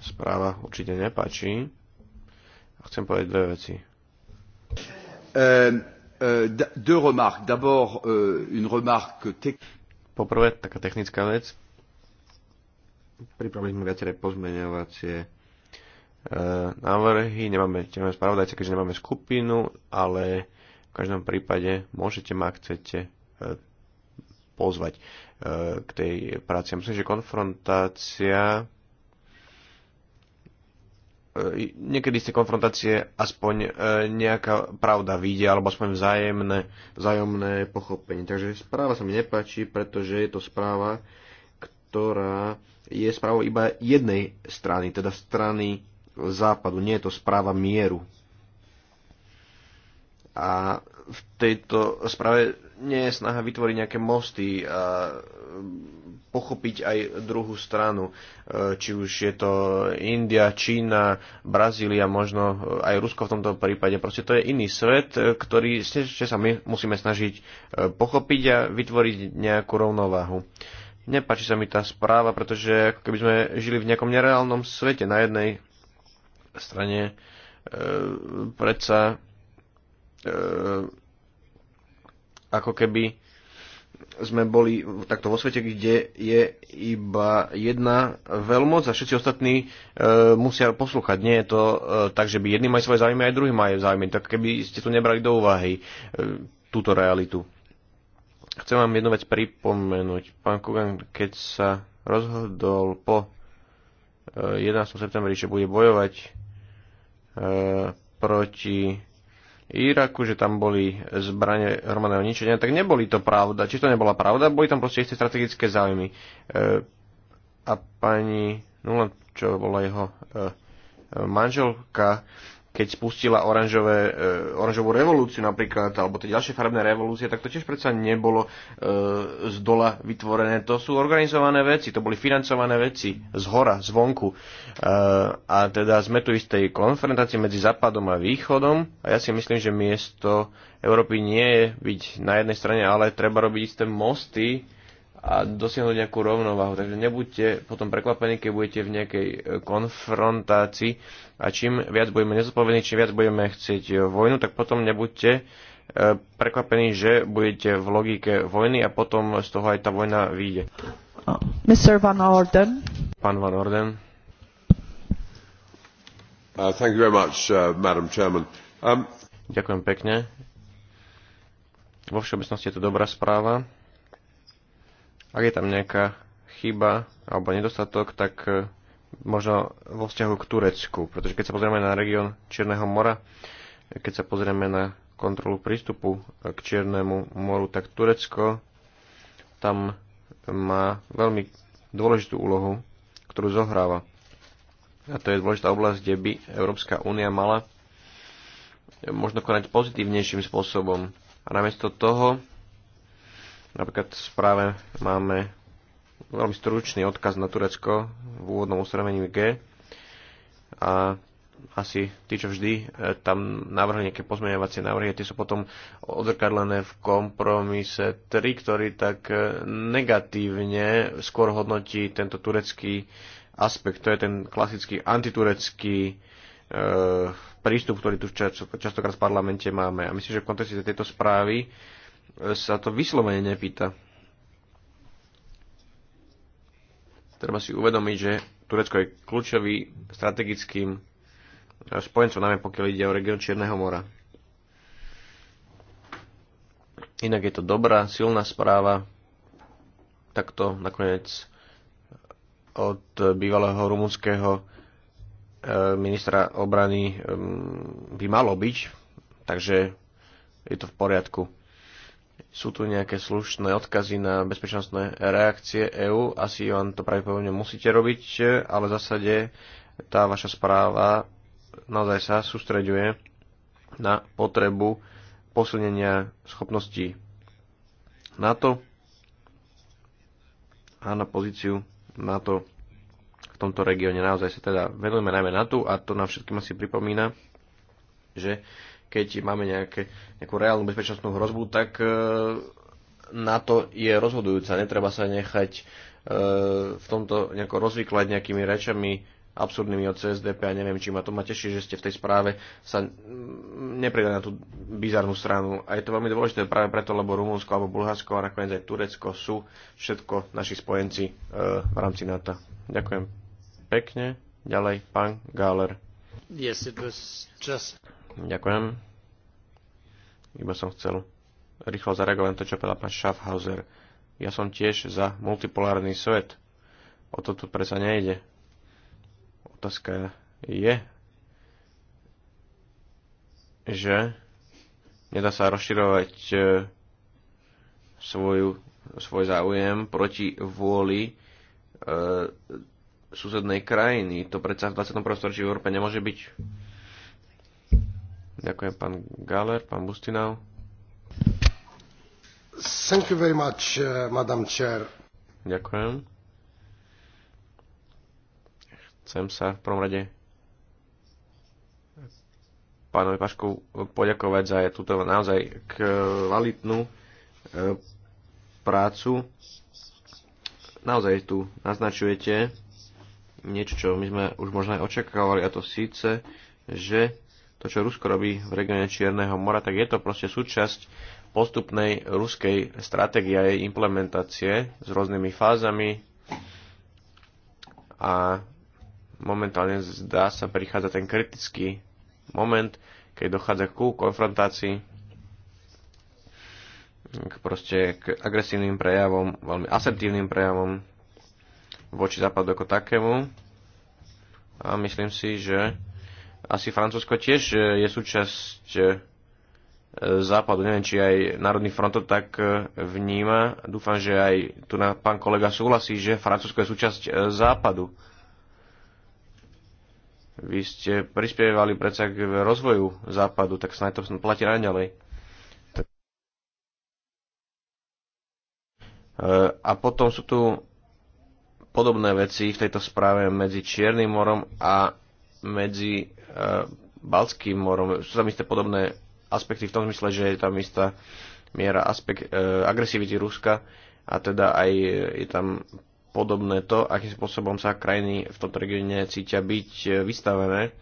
správa určite nepáči. A chcem povedať dve veci. Um, uh, uh, Poprvé, taká technická vec. Pripravili sme viaceré pozmeňovacie uh, návrhy, nemáme, nemáme spravodajce, keďže nemáme skupinu, ale v každom prípade môžete ma, ak chcete, pozvať k tej práci. Myslím, že konfrontácia E, niekedy z tej konfrontácie aspoň e, nejaká pravda vyjde, alebo aspoň vzájemné, vzájomné pochopenie. Takže správa sa mi nepáči, pretože je to správa, ktorá je správou iba jednej strany, teda strany západu. Nie je to správa mieru. A v tejto správe nie je snaha vytvoriť nejaké mosty a e, pochopiť aj druhú stranu. E, či už je to India, Čína, Brazília, možno e, aj Rusko v tomto prípade. Proste to je iný svet, ktorý ste sa my musíme snažiť pochopiť a vytvoriť nejakú rovnováhu. Nepáči sa mi tá správa, pretože ako keby sme žili v nejakom nereálnom svete. Na jednej strane e, predsa e, ako keby sme boli takto vo svete, kde je iba jedna veľmoc a všetci ostatní e, musia poslúchať. Nie je to e, tak, že by jedný mali svoje záujmy, aj druhý majú záujmy. Tak keby ste to nebrali do úvahy, e, túto realitu. Chcem vám jednu vec pripomenúť. Pán Kugan, keď sa rozhodol po e, 11. septembri, že bude bojovať e, proti Iraku, že tam boli zbranie hromadného ničenia, tak neboli to pravda. Či to nebola pravda, boli tam proste isté strategické záujmy. E, a pani Nuland, čo bola jeho e, e manželka, keď spustila oranžové, e, oranžovú revolúciu napríklad, alebo tie ďalšie farebné revolúcie, tak to tiež predsa nebolo e, z dola vytvorené. To sú organizované veci, to boli financované veci z hora, zvonku. E, a teda sme tu istej konfrontácii medzi západom a východom a ja si myslím, že miesto Európy nie je byť na jednej strane, ale treba robiť isté mosty, a dosiahnuť nejakú rovnováhu. Takže nebuďte potom prekvapení, keď budete v nejakej konfrontácii a čím viac budeme nezodpovední, čím viac budeme chcieť vojnu, tak potom nebuďte e, prekvapení, že budete v logike vojny a potom z toho aj tá vojna vyjde. Mr. Van Orden. Pán Van Orden. Uh, thank you very much, uh, Madam Chairman. Um... Ďakujem pekne. Vo všeobecnosti je to dobrá správa. Ak je tam nejaká chyba alebo nedostatok, tak e, možno vo vzťahu k Turecku, pretože keď sa pozrieme na región Čierneho mora, keď sa pozrieme na kontrolu prístupu k Čiernemu moru, tak Turecko tam má veľmi dôležitú úlohu, ktorú zohráva. A to je dôležitá oblasť, kde by Európska únia mala možno konať pozitívnejším spôsobom. A namiesto toho, napríklad v správe máme veľmi stručný odkaz na Turecko v úvodnom ustanovení G a asi tí, čo vždy e, tam navrhli nejaké pozmeňovacie návrhy, tie sú potom odrkadlené v kompromise 3, ktorý tak e, negatívne skôr hodnotí tento turecký aspekt. To je ten klasický antiturecký e, prístup, ktorý tu častokrát v parlamente máme. A myslím, že v kontexte tejto správy e, sa to vyslovene nepýta treba si uvedomiť, že Turecko je kľúčový strategickým eh, spojencom, najmä pokiaľ ide o región Čierneho mora. Inak je to dobrá, silná správa. Takto nakoniec eh, od bývalého rumunského eh, ministra obrany mm, by malo byť, takže je to v poriadku. Sú tu nejaké slušné odkazy na bezpečnostné reakcie EÚ. Asi vám to pravdepodobne musíte robiť, ale v zásade tá vaša správa naozaj sa sústreďuje na potrebu posunenia schopností NATO a na pozíciu NATO v tomto regióne. Naozaj sa teda venujeme najmä NATO a to nám všetkým asi pripomína, že keď máme nejaké, nejakú reálnu bezpečnostnú hrozbu, tak e, na to je rozhodujúca. Netreba sa nechať e, v tomto nejako rozvyklať nejakými rečami absurdnými od CSDP a neviem, či ma to ma teší, že ste v tej správe sa nepridali na tú bizarnú stranu. A je to veľmi dôležité práve preto, lebo Rumunsko alebo Bulharsko a nakoniec aj Turecko sú všetko naši spojenci e, v rámci NATO. Ďakujem pekne. Ďalej, pán Gáler. Yes, it was just... Ďakujem. Iba som chcel rýchlo zareagovať na to, čo povedal pán Schaffhauser. Ja som tiež za multipolárny svet. O to tu predsa nejde. Otázka je, že nedá sa rozširovať e, svoju, svoj záujem proti vôli e, susednej krajiny. To predsa v 21. storočí v Európe nemôže byť. Ďakujem pán Galer, pán Bustinov. Thank you very much, uh, Madam Chair. Ďakujem. Chcem sa v prvom rade pánovi Pašku poďakovať za túto naozaj kvalitnú uh, prácu. Naozaj tu naznačujete niečo, čo my sme už možno aj očakávali, a to síce, že to, čo Rusko robí v regióne Čierneho mora, tak je to proste súčasť postupnej ruskej stratégie a jej implementácie s rôznymi fázami a momentálne zdá sa prichádza ten kritický moment, keď dochádza ku konfrontácii k proste k agresívnym prejavom, veľmi asertívnym prejavom voči západu ako takému. A myslím si, že asi Francúzsko tiež e, je súčasť e, západu. Neviem, či aj Národný front to tak e, vníma. Dúfam, že aj tu na pán kolega súhlasí, že Francúzsko je súčasť západu. Vy ste prispievali predsa k rozvoju západu, tak snáď to platí ďalej. A potom sú tu podobné veci v tejto správe medzi Čiernym morom a medzi Eh, Balckým morom. Sú tam isté podobné aspekty v tom zmysle, že je tam istá miera aspekt, e, eh, agresivity Ruska a teda aj je tam podobné to, akým spôsobom sa krajiny v tomto regióne cítia byť eh, vystavené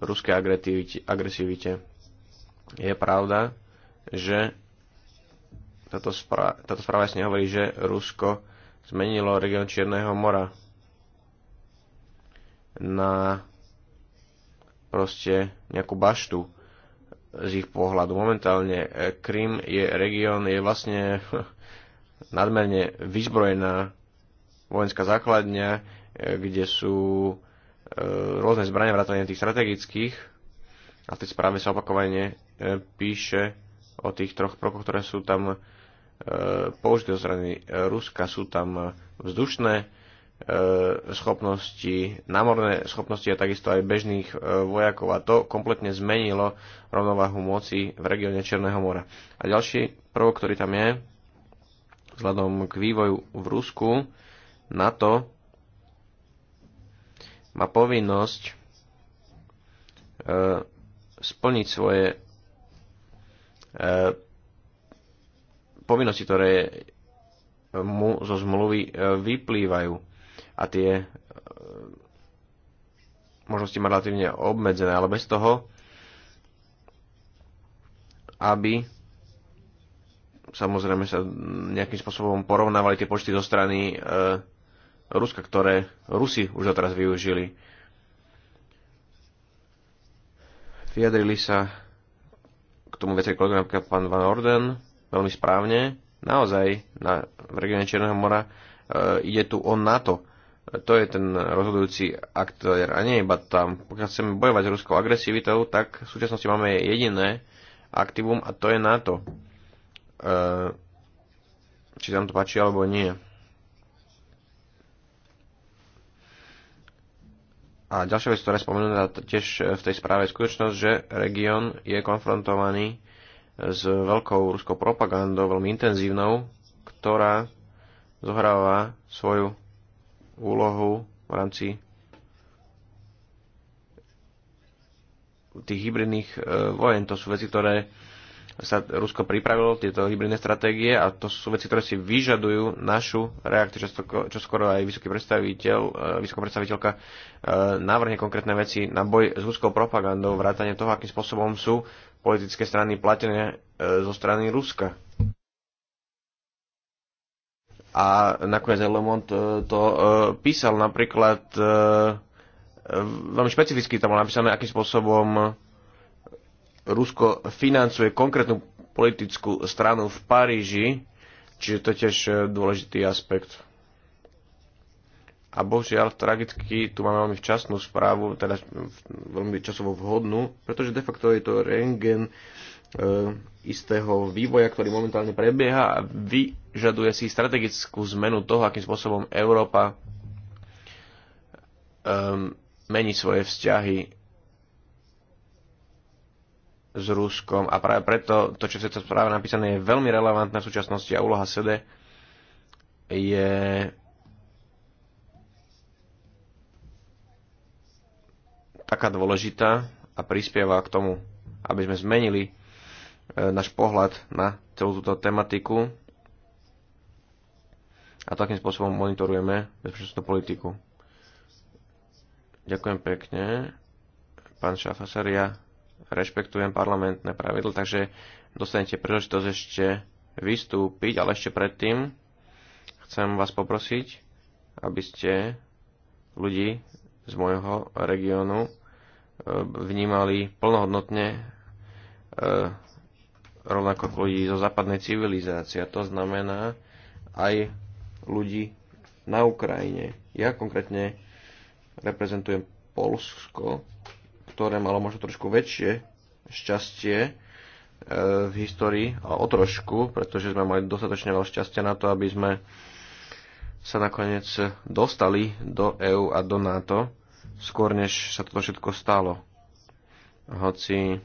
ruskej agresivite. Je pravda, že táto, spra- táto správa jasne hovorí, že Rusko zmenilo región Čierneho mora na proste nejakú baštu z ich pohľadu. Momentálne eh, Krym je región, je vlastne <laughs> nadmerne vyzbrojená vojenská základňa, eh, kde sú eh, rôzne zbrania vrátane tých strategických a v tej správe sa opakovane píše o tých troch prokoch, ktoré sú tam použité zo strany Ruska. Sú tam vzdušné E, schopnosti, námorné schopnosti a takisto aj bežných e, vojakov a to kompletne zmenilo rovnováhu moci v regióne Černého mora. A ďalší prvok, ktorý tam je, vzhľadom k vývoju v Rusku, NATO má povinnosť e, splniť svoje povinnosti, ktoré mu zo zmluvy vyplývajú a tie e, možnosti má relatívne obmedzené, ale bez toho, aby samozrejme sa nejakým spôsobom porovnávali tie počty zo strany e, Ruska, ktoré Rusi už doteraz využili. Vyjadrili sa k tomu veci kolegovia, napríklad pán Van Orden, veľmi správne. Naozaj na, v regióne Černého mora e, ide tu o NATO to je ten rozhodujúci aktér a nie iba tam. Pokiaľ chceme bojovať s ruskou agresivitou, tak v súčasnosti máme jediné aktivum a to je NATO. E, či nám to páči alebo nie. A ďalšia vec, ktorá je spomenutá tiež v tej správe, je skutočnosť, že región je konfrontovaný s veľkou ruskou propagandou, veľmi intenzívnou, ktorá zohráva svoju úlohu v rámci tých hybridných e, vojen. To sú veci, ktoré sa Rusko pripravilo, tieto hybridné stratégie a to sú veci, ktoré si vyžadujú našu reakciu, čo skoro aj vysoký predstaviteľ, e, vysoká predstaviteľka e, navrhne konkrétne veci na boj s ruskou propagandou, vrátanie toho, akým spôsobom sú politické strany platené zo strany Ruska a nakoniec aj Lemont e, to e, písal napríklad e, veľmi špecificky tam bolo napísané, akým spôsobom Rusko financuje konkrétnu politickú stranu v Paríži, čiže to je tiež dôležitý aspekt. A bohužiaľ, tragicky, tu máme veľmi včasnú správu, teda veľmi časovo vhodnú, pretože de facto je to rengen E, istého vývoja, ktorý momentálne prebieha a vyžaduje si strategickú zmenu toho, akým spôsobom Európa e, mení svoje vzťahy s Ruskom a práve preto to, čo je to správe napísané, je veľmi relevantné v súčasnosti a úloha SEDE je taká dôležitá a prispieva k tomu, aby sme zmenili E, náš pohľad na celú túto tematiku a takým spôsobom monitorujeme bezpečnostnú politiku. Ďakujem pekne. Pán Šafasar, ja rešpektujem parlamentné pravidlo, takže dostanete príležitosť ešte vystúpiť, ale ešte predtým chcem vás poprosiť, aby ste ľudí z môjho regiónu e, vnímali plnohodnotne e, rovnako ako ľudí zo západnej civilizácie. To znamená aj ľudí na Ukrajine. Ja konkrétne reprezentujem Polsko, ktoré malo možno trošku väčšie šťastie e, v histórii, a o trošku, pretože sme mali dostatočne veľa šťastia na to, aby sme sa nakoniec dostali do EÚ a do NATO, skôr než sa toto všetko stalo. Hoci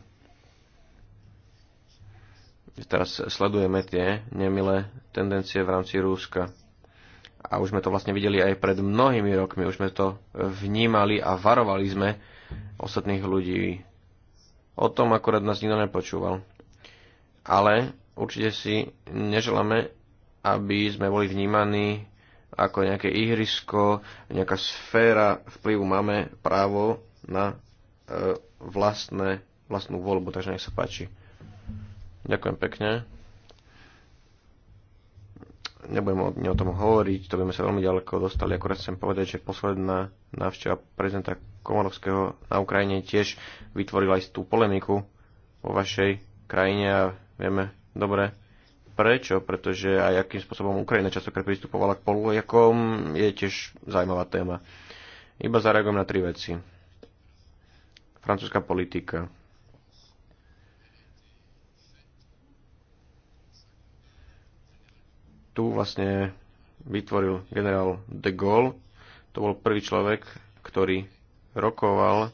teraz sledujeme tie nemilé tendencie v rámci Rúska. A už sme to vlastne videli aj pred mnohými rokmi, už sme to vnímali a varovali sme ostatných ľudí. O tom akurát nás nikto nepočúval. Ale určite si neželáme, aby sme boli vnímaní ako nejaké ihrisko, nejaká sféra vplyvu. Máme právo na e, vlastné, vlastnú voľbu, takže nech sa páči. Ďakujem pekne. Nebudem o, ne o tom hovoriť, to by sme sa veľmi ďaleko dostali. Akorát chcem povedať, že posledná návšteva prezidenta Komorovského na Ukrajine tiež vytvorila istú polemiku vo vašej krajine a vieme dobre prečo, pretože aj akým spôsobom Ukrajina častokrát pristupovala k polujakom je tiež zaujímavá téma. Iba zareagujem na tri veci. Francúzska politika. tu vlastne vytvoril generál de Gaulle. To bol prvý človek, ktorý rokoval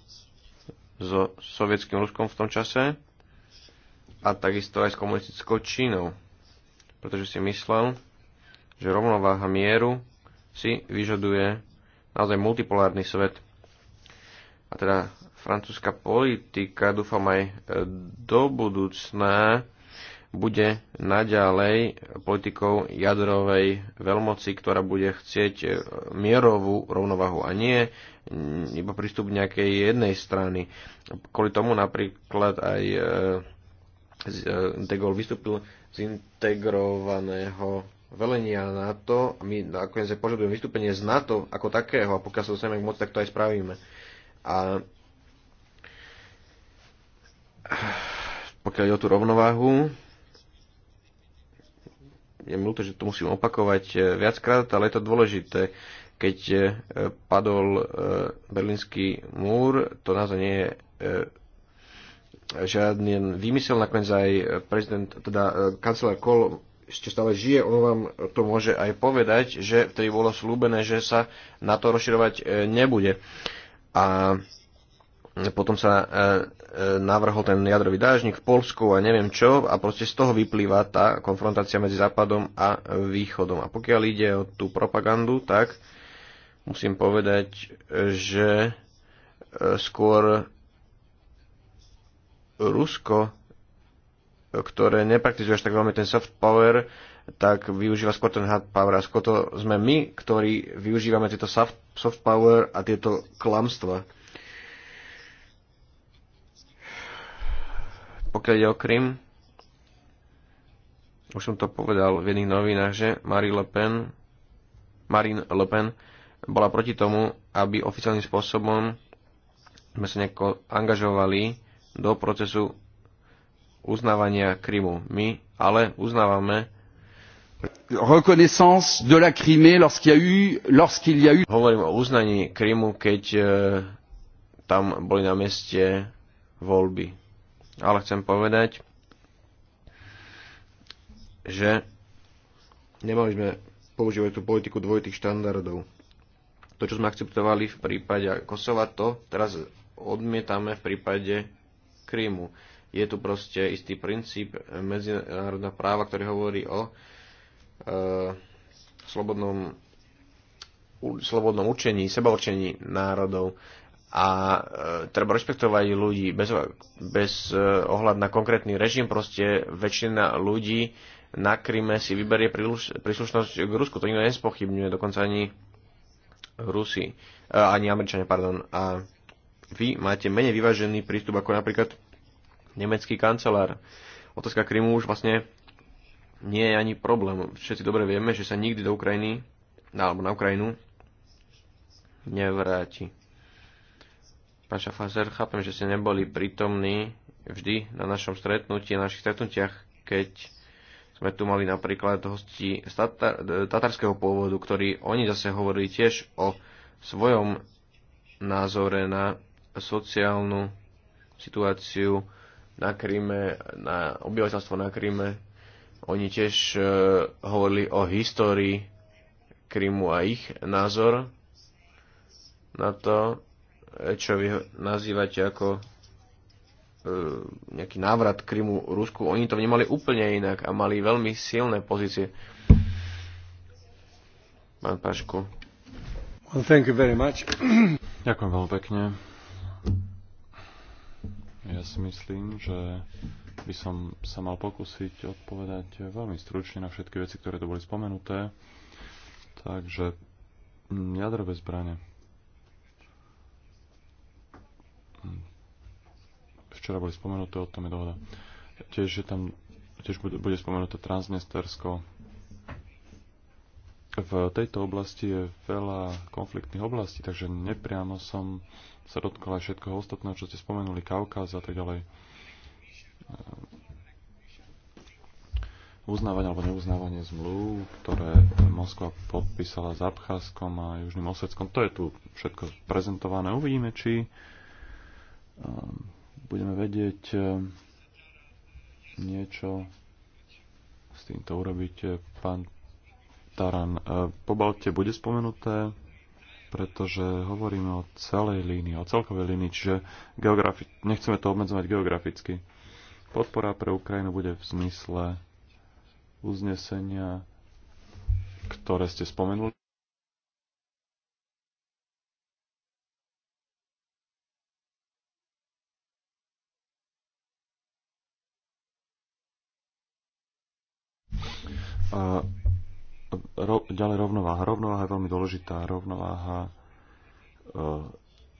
so sovietským Ruskom v tom čase a takisto aj s komunistickou Čínou, pretože si myslel, že rovnováha mieru si vyžaduje naozaj multipolárny svet. A teda francúzska politika, dúfam aj do budúcna, bude naďalej politikou jadrovej veľmoci, ktorá bude chcieť e, mierovú rovnovahu a nie mm, iba prístup nejakej jednej strany. Kvôli tomu napríklad aj De Gaulle vystúpil z integrovaného velenia NATO a my nakoniec aj požadujeme vystúpenie z NATO ako takého a pokiaľ sa dostaneme k moci, tak to aj spravíme. A pokiaľ je o tú rovnováhu, je mi ľúto, že to musím opakovať eh, viackrát, ale je to dôležité. Keď eh, padol eh, berlínsky múr, to naozaj nie je žiadny výmysel, nakoniec aj prezident, teda kancelár Kohl ešte stále žije, on vám to môže aj povedať, že vtedy bolo slúbené, že sa na to rozširovať nebude. A potom sa e, e, navrhol ten jadrový dážnik v Polsku a neviem čo a proste z toho vyplýva tá konfrontácia medzi Západom a Východom. A pokiaľ ide o tú propagandu, tak musím povedať, že e, skôr Rusko, ktoré nepraktizuje až tak veľmi ten soft power, tak využíva skôr ten hard power. A skôr to sme my, ktorí využívame tieto soft, soft power a tieto klamstva. Pokiaľ ide o Krym, už som to povedal v jedných novinách, že Marie Le Pen, Marine Le Pen bola proti tomu, aby oficiálnym spôsobom sme sa nejako angažovali do procesu uznávania Krymu. My ale uznávame reconnaissance de la Crimée lorsqu'il y a eu lorsqu'il y a eu Hovorím o uznaní Krymu, keď e, tam boli na meste voľby ale chcem povedať, že nemali sme používať tú politiku dvojitých štandardov. To, čo sme akceptovali v prípade Kosova, to teraz odmietame v prípade Krímu. Je tu proste istý princíp medzinárodného práva, ktorý hovorí o e, slobodnom, u, slobodnom učení, sebaurčení národov a e, treba rešpektovať ľudí bez, bez e, ohľad na konkrétny režim. Proste väčšina ľudí na Kryme si vyberie príluš, príslušnosť k Rusku. To nikto nespochybňuje, dokonca ani Rusi, e, ani Američania, pardon. A vy máte menej vyvážený prístup ako napríklad nemecký kancelár. Otázka Krymu už vlastne nie je ani problém. Všetci dobre vieme, že sa nikdy do Ukrajiny, alebo na Ukrajinu, nevráti Pán Šafazer, chápem, že ste neboli prítomní vždy na našom stretnutí, na našich stretnutiach, keď sme tu mali napríklad hosti z tatar, tatarského pôvodu, ktorí oni zase hovorili tiež o svojom názore na sociálnu situáciu na Kríme, na obyvateľstvo na Kríme. Oni tiež uh, hovorili o histórii Krímu a ich názor na to čo vy nazývate ako e, nejaký návrat Krymu Rusku. Oni to vnímali úplne inak a mali veľmi silné pozície. Pán Pašku. Well, thank you very much. <clears throat> Ďakujem veľmi pekne. Ja si myslím, že by som sa mal pokúsiť odpovedať veľmi stručne na všetky veci, ktoré tu boli spomenuté. Takže mm, jadrové zbranie. včera boli spomenuté, o tom je dohoda. Tiež, že tam tiež bude, bude spomenuté Transnestersko. V tejto oblasti je veľa konfliktných oblastí, takže nepriamo som sa dotkol aj všetkoho ostatného, čo ste spomenuli, Kaukaz a tak ďalej. Uznávanie alebo neuznávanie zmluv, ktoré Moskva podpísala s Abcházkom a Južným Oseckom, to je tu všetko prezentované. Uvidíme, či Ehm, budeme vedieť ehm, niečo s týmto urobiť. Pán Taran, ehm, po Balte bude spomenuté, pretože hovoríme o celej línii, o celkovej línii, čiže geografi- nechceme to obmedzovať geograficky. Podpora pre Ukrajinu bude v zmysle uznesenia, ktoré ste spomenuli. ro, ďalej rovnováha. Rovnováha je veľmi dôležitá. Rovnováha e,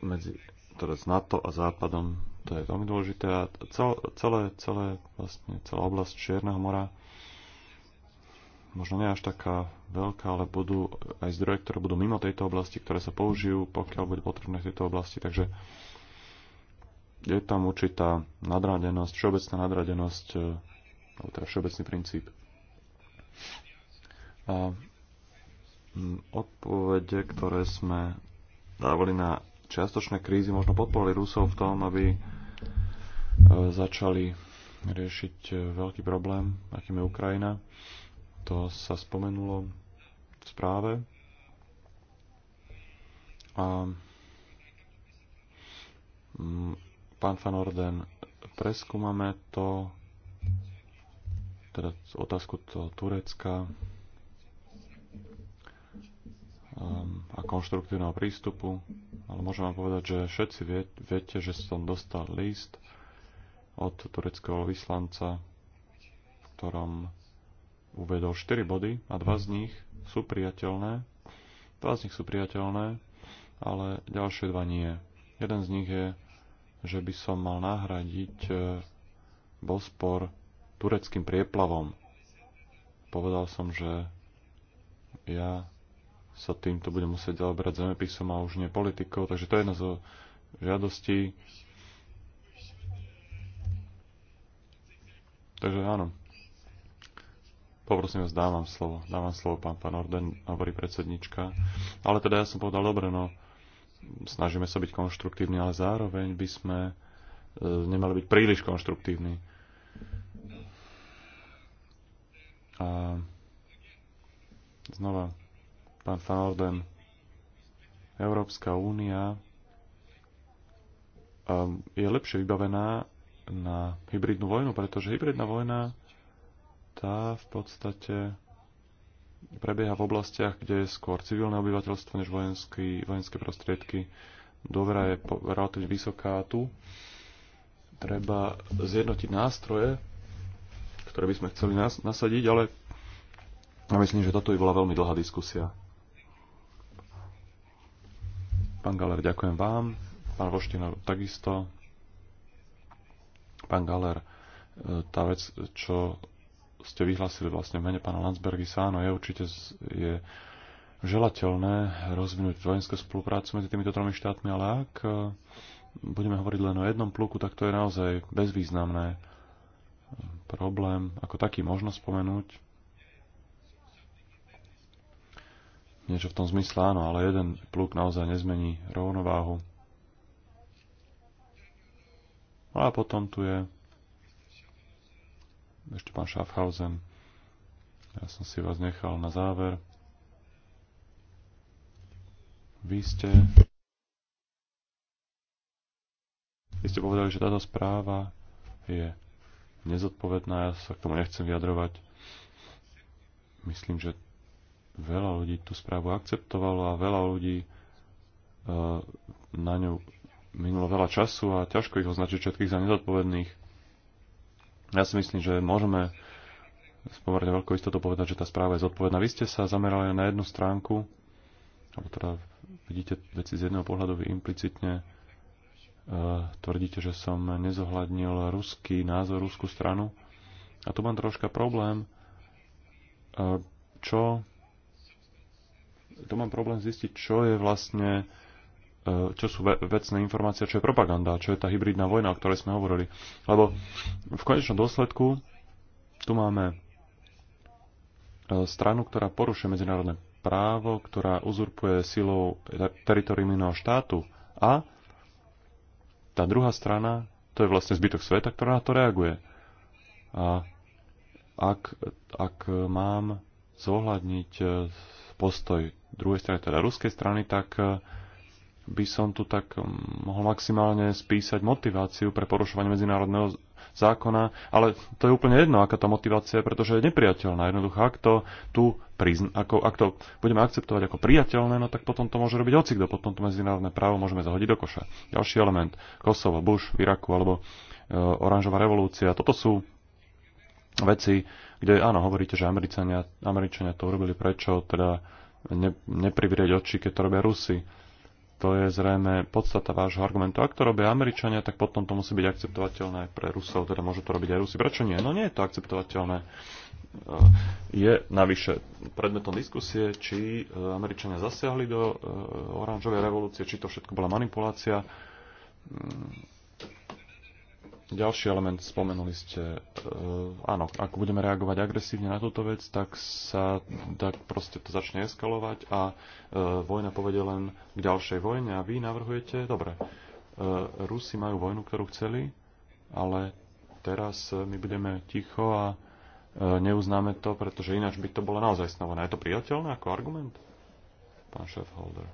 medzi teda s NATO a Západom, to je veľmi dôležité. A cel, celé, celé, vlastne, celá oblasť Čierneho mora, možno nie až taká veľká, ale budú aj zdroje, ktoré budú mimo tejto oblasti, ktoré sa použijú, pokiaľ bude potrebné v tejto oblasti. Takže je tam určitá nadradenosť, všeobecná nadradenosť, e, alebo teda všeobecný princíp a odpovede, ktoré sme dávali na čiastočné krízy, možno podporili Rusov v tom, aby e, začali riešiť e, veľký problém, akým je Ukrajina. To sa spomenulo v správe. A pán Van Orden, preskúmame to teda otázku to Turecka um, a konštruktívneho prístupu, ale môžem vám povedať, že všetci vie, viete, že som dostal list od tureckého vyslanca, v ktorom uvedol 4 body a dva z nich sú priateľné. Dva z nich sú priateľné, ale ďalšie dva nie. Jeden z nich je, že by som mal nahradiť eh, Bospor tureckým prieplavom. Povedal som, že ja sa týmto budem musieť zaoberať zemepisom a už nie politikou, takže to je jedna zo žiadostí. Takže áno. Poprosím vás, dávam slovo. Dávam slovo pán pán Orden, hovorí predsednička. Ale teda ja som povedal, dobre, no snažíme sa byť konštruktívni, ale zároveň by sme e, nemali byť príliš konštruktívni. A znova, pán Van Orden, Európska únia ehm, je lepšie vybavená na hybridnú vojnu, pretože hybridná vojna tá v podstate prebieha v oblastiach, kde je skôr civilné obyvateľstvo než vojenský, vojenské prostriedky. Dôvera je relatívne vysoká tu. Treba zjednotiť nástroje, ktoré by sme chceli nasadiť, ale ja myslím, že toto by bola veľmi dlhá diskusia. Pán Galer, ďakujem vám. Pán Voštinov, takisto. Pán Galer, e, tá vec, čo ste vyhlásili vlastne v mene pána Landsbergisa, áno, je určite je želateľné rozvinúť vojenskú spoluprácu medzi týmito tromi štátmi, ale ak e, budeme hovoriť len o jednom pluku, tak to je naozaj bezvýznamné problém ako taký možno spomenúť. Niečo v tom zmysle áno, ale jeden pluk naozaj nezmení rovnováhu. No a potom tu je ešte pán Schaffhausen. Ja som si vás nechal na záver. Vy ste... Vy ste povedali, že táto správa je nezodpovedná, ja sa k tomu nechcem vyjadrovať. Myslím, že veľa ľudí tú správu akceptovalo a veľa ľudí e, na ňu minulo veľa času a ťažko ich označiť všetkých za nezodpovedných. Ja si myslím, že môžeme s pomerne veľkou istotou povedať, že tá správa je zodpovedná. Vy ste sa zamerali na jednu stránku, alebo teda vidíte veci z jedného pohľadu, vy implicitne tvrdíte, že som nezohľadnil ruský názor, ruskú stranu. A tu mám troška problém, čo... Tu mám problém zistiť, čo je vlastne e, čo sú vecné informácie, čo je propaganda, čo je tá hybridná vojna, o ktorej sme hovorili. Lebo v konečnom dôsledku tu máme e, stranu, ktorá porušuje medzinárodné právo, ktorá uzurpuje silou teritorium iného štátu a tá druhá strana, to je vlastne zbytok sveta, ktorá na to reaguje. A ak, ak mám zohľadniť e, postoj druhej strany, teda ruskej strany, tak e, by som tu tak mohol maximálne spísať motiváciu pre porušovanie medzinárodného zákona, ale to je úplne jedno, aká tá motivácia je, pretože je nepriateľná. Jednoducho, ak to tu prizn- ako, ak to budeme akceptovať ako priateľné, no tak potom to môže robiť hocikto, no potom to medzinárodné právo môžeme zahodiť do koša. Ďalší element, Kosovo, Bush v Iraku alebo e, oranžová revolúcia, toto sú veci, kde áno, hovoríte, že Američania, Američania to urobili prečo, teda ne, neprivrieť oči, keď to robia Rusy to je zrejme podstata vášho argumentu. Ak to robia Američania, tak potom to musí byť akceptovateľné aj pre Rusov, teda môžu to robiť aj Rusi. Prečo nie? No nie je to akceptovateľné. E, je navyše predmetom diskusie, či e, Američania zasiahli do e, oranžovej revolúcie, či to všetko bola manipulácia mm, ďalší element spomenuli ste. E, áno, ak budeme reagovať agresívne na túto vec, tak sa tak proste to začne eskalovať a e, vojna povede len k ďalšej vojne a vy navrhujete, dobre, e, Rusi majú vojnu, ktorú chceli, ale teraz my budeme ticho a neuznáme to, pretože ináč by to bolo naozaj snované. Je to priateľné ako argument? Pán Holder.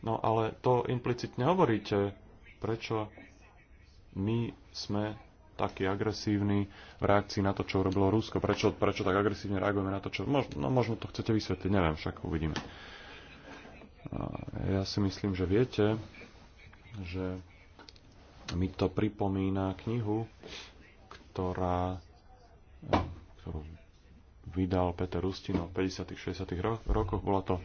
No ale to implicitne hovoríte. Prečo my sme taký agresívny v reakcii na to, čo urobilo Rusko. Prečo, prečo tak agresívne reagujeme na to, čo... Možno, no, možno to chcete vysvetliť, neviem, však uvidíme. Ja si myslím, že viete, že mi to pripomína knihu, ktorá, ktorú vydal Peter Rustin v 50. 60. rokoch. Bola to,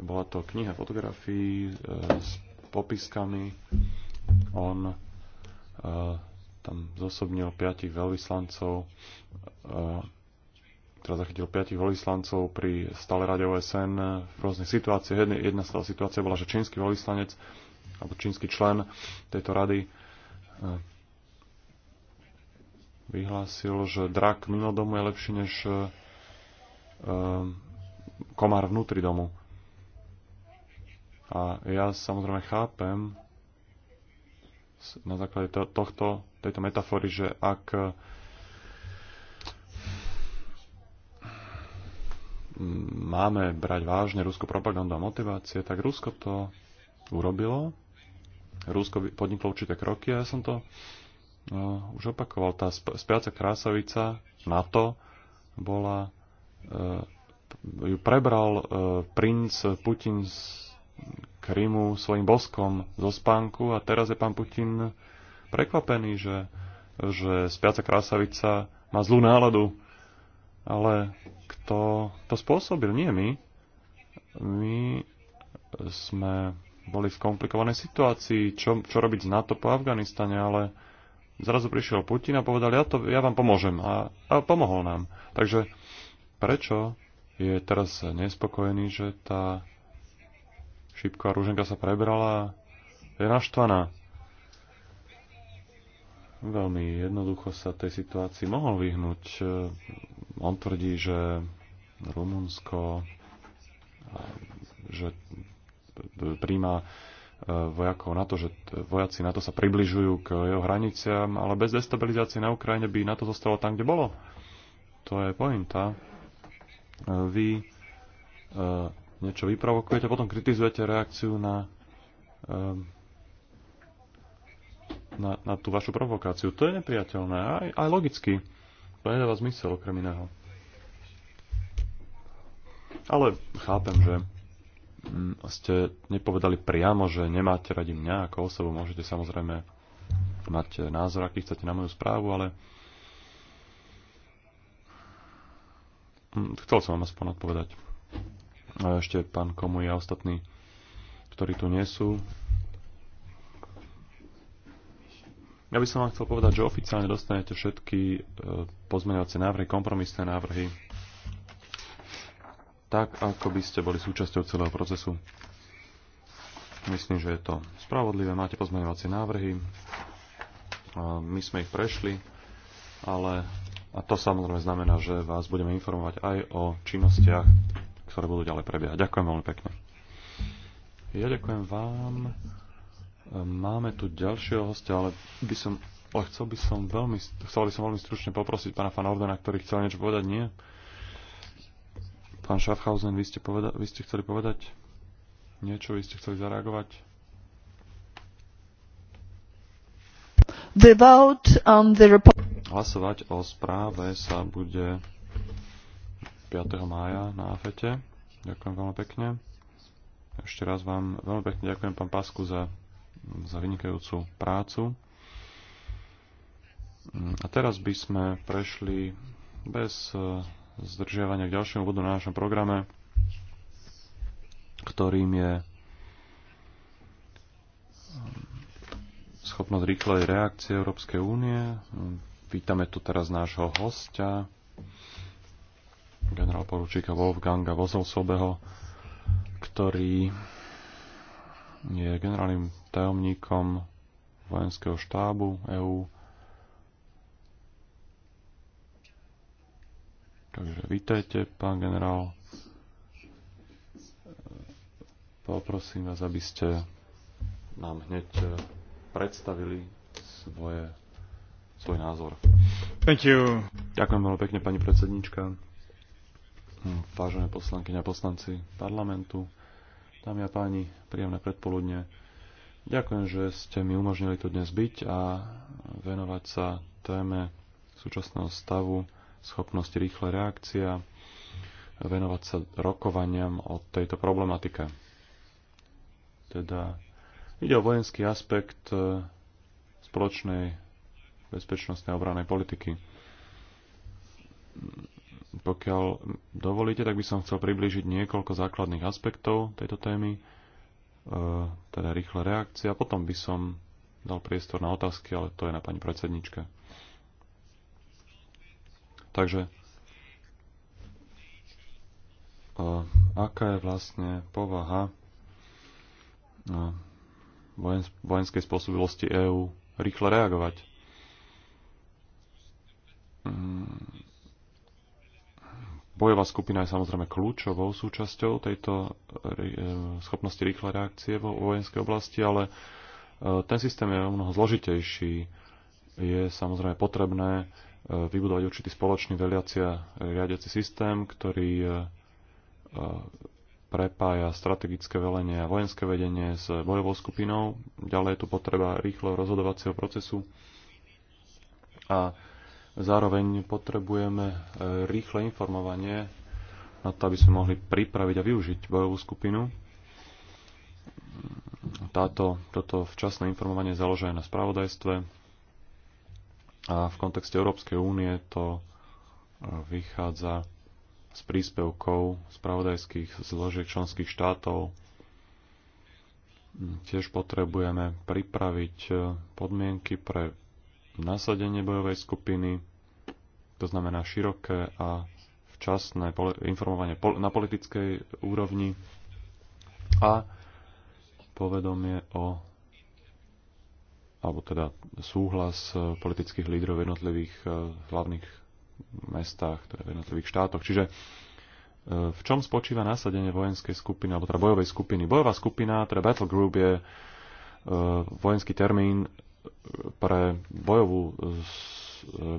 bola to kniha fotografií e, s popiskami. On tam zosobnil piatich veľvyslancov, teda zachytil piatich veľvyslancov pri stále rade OSN v rôznych situáciách. Jedna, jedna z situácia bola, že čínsky veľvyslanec alebo čínsky člen tejto rady e, vyhlásil, že drak mimo domu je lepší než e, e, komár vnútri domu. A ja samozrejme chápem, na základe to, tohto, tejto metafory, že ak mm, máme brať vážne rúsku propagandu a motivácie, tak Rusko to urobilo. Rusko podniklo určité kroky a ja som to no, už opakoval. Tá spiaca krásavica NATO bola, e, ju prebral e, princ Putin z Krymu svojim boskom zo spánku a teraz je pán Putin prekvapený, že, že spiaca krásavica má zlú náladu. Ale kto to spôsobil? Nie my. My sme boli v komplikovanej situácii, čo, čo robiť z NATO po Afganistane, ale zrazu prišiel Putin a povedal, ja, to, ja vám pomôžem a, a pomohol nám. Takže prečo je teraz nespokojený, že tá Šipko a Ruženka sa prebrala. Je naštvaná. Veľmi jednoducho sa tej situácii mohol vyhnúť. On tvrdí, že Rumunsko že príjma e, vojakov na to, že vojaci na to sa približujú k jeho hraniciam, ale bez destabilizácie na Ukrajine by na to zostalo tam, kde bolo. To je pointa. E, vy e, niečo vyprovokujete, potom kritizujete reakciu na, ehm, na, na tú vašu provokáciu. To je nepriateľné, aj, aj logicky. To nedáva zmysel okrem iného. Ale chápem, že mm, ste nepovedali priamo, že nemáte radi mňa ako osobu. Môžete samozrejme mať názor, aký chcete na moju správu, ale mm, chcel som vám aspoň odpovedať a ešte pán komu a ostatní, ktorí tu nie sú. Ja by som vám chcel povedať, že oficiálne dostanete všetky e, pozmeňovacie návrhy, kompromisné návrhy, tak ako by ste boli súčasťou celého procesu. Myslím, že je to spravodlivé. Máte pozmeňovacie návrhy. My sme ich prešli, ale a to samozrejme znamená, že vás budeme informovať aj o činnostiach ktoré budú ďalej prebiehať. Ďakujem veľmi pekne. Ja ďakujem vám. Máme tu ďalšieho hostia, ale by som, ale chcel by som veľmi, chcel by som veľmi stručne poprosiť pána Fan Ordena, ktorý chcel niečo povedať, nie? Pán Schaffhausen, vy ste, poveda- vy ste chceli povedať niečo, vy ste chceli zareagovať? The vote on the report. Hlasovať o správe sa bude 5. mája na AFETE. Ďakujem veľmi pekne. Ešte raz vám veľmi pekne ďakujem pán Pasku za, za vynikajúcu prácu. A teraz by sme prešli bez eh, zdržiavania k ďalšiemu bodu na našom programe, ktorým je eh, schopnosť rýchlej reakcie Európskej únie. Vítame tu teraz nášho hostia, generál poručíka Wolfganga Vozelsobeho, ktorý je generálnym tajomníkom vojenského štábu EÚ. Takže vítajte, pán generál. Poprosím vás, aby ste nám hneď eh, predstavili svoje, svoj názor. Thank you. Ďakujem veľmi pekne, pani predsednička vážené poslankyne a poslanci parlamentu, dámy a páni, príjemné predpoludne. Ďakujem, že ste mi umožnili tu dnes byť a venovať sa téme súčasného stavu, schopnosti rýchle reakcie a venovať sa rokovaniam o tejto problematike. Teda ide o vojenský aspekt e, spoločnej bezpečnostnej obranej politiky pokiaľ dovolíte, tak by som chcel priblížiť niekoľko základných aspektov tejto témy, e, teda rýchla reakcia. Potom by som dal priestor na otázky, ale to je na pani predsedničke. Takže, e, aká je vlastne povaha e, vojenskej spôsobilosti EÚ rýchle reagovať? Mm, Bojová skupina je samozrejme kľúčovou súčasťou tejto e, e, schopnosti rýchlej reakcie vo vojenskej oblasti, ale e, ten systém je o mnoho zložitejší. Je samozrejme potrebné vybudovať určitý spoločný veliacia riadiaci systém, ktorý prepája strategické velenie a vojenské vedenie s bojovou skupinou. Ďalej je tu potreba rýchleho rozhodovacieho procesu a Zároveň potrebujeme e, rýchle informovanie na to, aby sme mohli pripraviť a využiť bojovú skupinu. Táto, toto včasné informovanie je založené na spravodajstve a v kontexte Európskej únie to e, vychádza z príspevkov spravodajských zložiek členských štátov. Tiež potrebujeme pripraviť e, podmienky pre nasadenie bojovej skupiny, to znamená široké a včasné informovanie na politickej úrovni a povedomie o alebo teda súhlas politických lídrov v jednotlivých eh, hlavných mestách, teda v jednotlivých štátoch. Čiže eh, v čom spočíva nasadenie vojenskej skupiny, alebo teda bojovej skupiny? Bojová skupina, teda battle group je eh, vojenský termín pre bojovú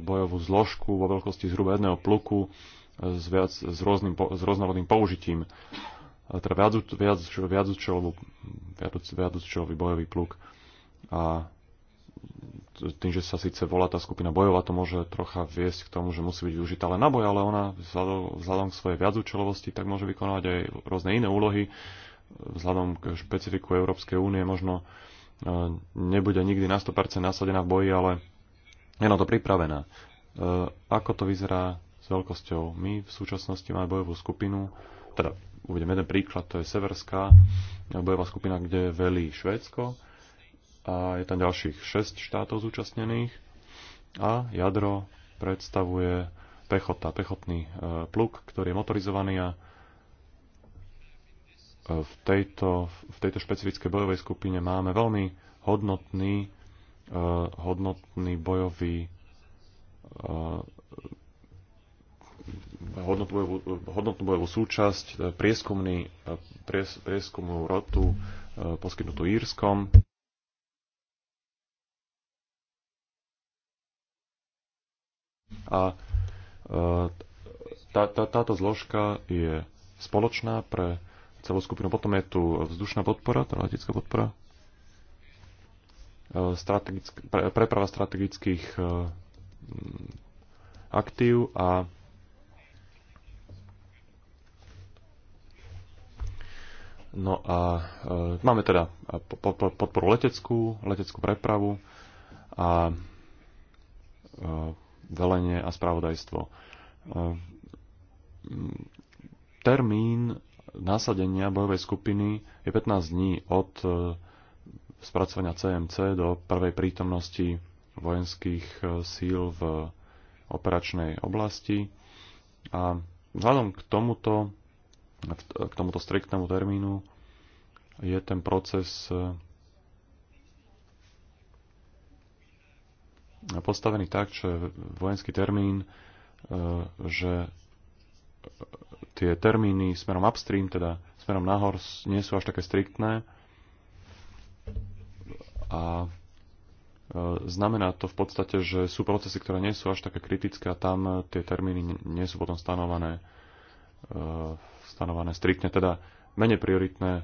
bojovú zložku vo veľkosti zhruba jedného pluku s, viac, s, rôznym, s rôznorodným použitím. Teda viac, viac, viacúčelový viac, viac bojový pluk. A tým, že sa síce volá tá skupina bojová, to môže trocha viesť k tomu, že musí byť využitá len na boj, ale ona vzhľadom, vzhľadom k svojej viacúčelovosti tak môže vykonávať aj rôzne iné úlohy. Vzhľadom k špecifiku Európskej únie možno e, nebude nikdy na 100% nasadená v boji, ale je na to pripravená. E, ako to vyzerá s veľkosťou? My v súčasnosti máme bojovú skupinu, teda uvedem jeden príklad, to je severská bojová skupina, kde velí Švédsko a je tam ďalších 6 štátov zúčastnených a jadro predstavuje pechota, pechotný e, pluk, ktorý je motorizovaný a e, v tejto, v tejto špecifickej bojovej skupine máme veľmi hodnotný Eh, hodnotný bojový eh, hodnotnú bojovú, hodnotnú bojovú súčasť, eh, prieskumný, pries, prieskumnú rotu poskytnutú Írskom. A tá, tá, táto zložka je spoločná pre celú skupinu. Potom je tu vzdušná podpora, teda letecká podpora, strategick, pre, preprava strategických eh, mm, aktív a No a e, máme teda eh, podporu leteckú, leteckú prepravu a e, velenie a spravodajstvo. E, termín nasadenia bojovej skupiny je 15 dní od e, spracovania CMC do prvej prítomnosti vojenských e, síl v operačnej oblasti. A vzhľadom k tomuto, k tomuto striktnému termínu je ten proces e, postavený tak, že vojenský termín, e, že tie termíny smerom upstream, teda smerom nahor, nie sú až také striktné, a e, Znamená to v podstate, že sú procesy, ktoré nie sú až také kritické a tam tie termíny nie sú potom stanované, e, stanované striktne. Teda menej prioritné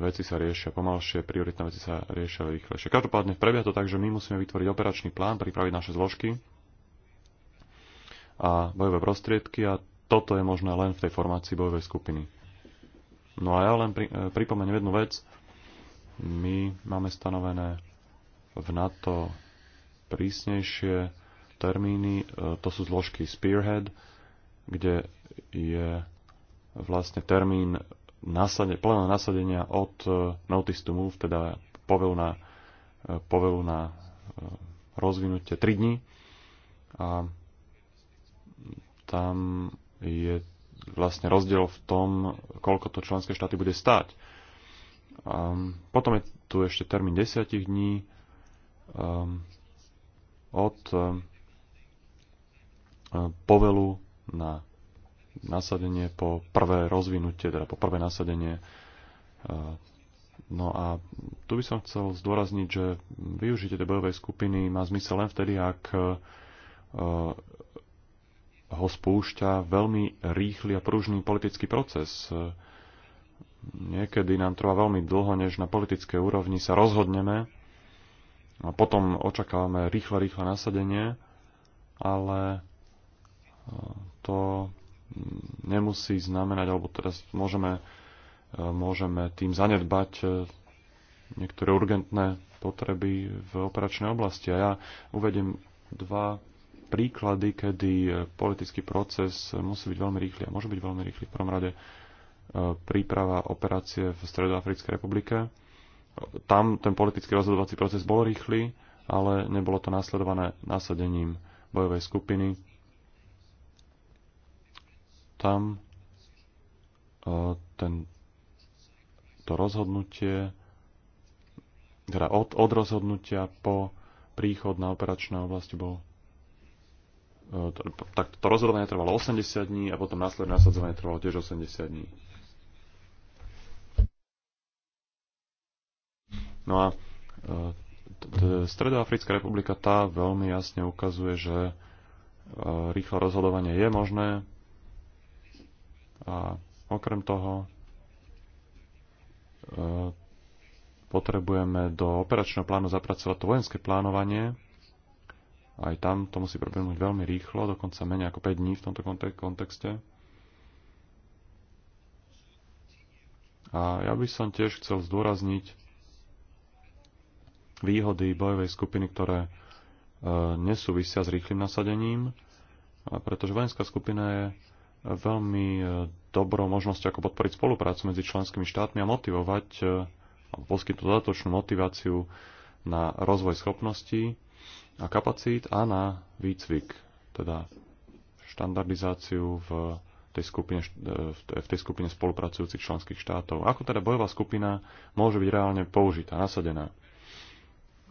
veci sa riešia pomalšie, prioritné veci sa riešia rýchlejšie. Každopádne prebieha to tak, že my musíme vytvoriť operačný plán, pripraviť naše zložky a bojové prostriedky a toto je možné len v tej formácii bojovej skupiny. No a ja len pri, e, pripomeniem jednu vec my máme stanovené v NATO prísnejšie termíny, e, to sú zložky Spearhead, kde je vlastne termín nasade, plného nasadenia od e, notice to move, teda povelu na, e, povelu na rozvinutie 3 dní. A tam je vlastne rozdiel v tom, koľko to členské štáty bude stáť. Um, potom je tu ešte termín desiatich dní um, od um, povelu na nasadenie po prvé rozvinutie, teda po prvé nasadenie. no a tu by som chcel zdôrazniť, že využitie tej bojovej skupiny má zmysel len vtedy, ak e, ho spúšťa veľmi rýchly a pružný politický proces niekedy nám trvá veľmi dlho, než na politickej úrovni sa rozhodneme a potom očakávame rýchle, rýchle nasadenie, ale e, to nemusí znamenať, alebo teraz môžeme, e, môžeme tým zanedbať e, niektoré urgentné potreby v operačnej oblasti. A ja uvediem dva príklady, kedy politický proces musí byť veľmi rýchly a môže byť veľmi rýchly v prvom rade E, príprava operácie v Stredoafrickej republike. Tam ten politický rozhodovací proces bol rýchly, ale nebolo to následované nasadením bojovej skupiny. Tam e, ten, to rozhodnutie, teda od, od rozhodnutia po príchod na operačné oblasti bol e, tak to rozhodovanie trvalo 80 dní a potom následné nasadzovanie trvalo tiež 80 dní. No a e, Stredoafrická republika tá veľmi jasne ukazuje, že e, rýchle rozhodovanie je možné a okrem toho e, potrebujeme do operačného plánu zapracovať to vojenské plánovanie. Aj tam to musí prebehnúť veľmi rýchlo, dokonca menej ako 5 dní v tomto kontexte. A ja by som tiež chcel zdôrazniť výhody bojovej skupiny, ktoré e, nesúvisia s rýchlým nasadením, e, pretože vojenská skupina je e, veľmi dobrou možnosťou, ako podporiť spoluprácu medzi členskými štátmi a motivovať, alebo poskytnúť dodatočnú motiváciu na rozvoj schopností a kapacít a na výcvik, teda štandardizáciu v tej skupine, v tej skupine spolupracujúcich členských štátov. Ako teda bojová skupina môže byť reálne použitá, nasadená?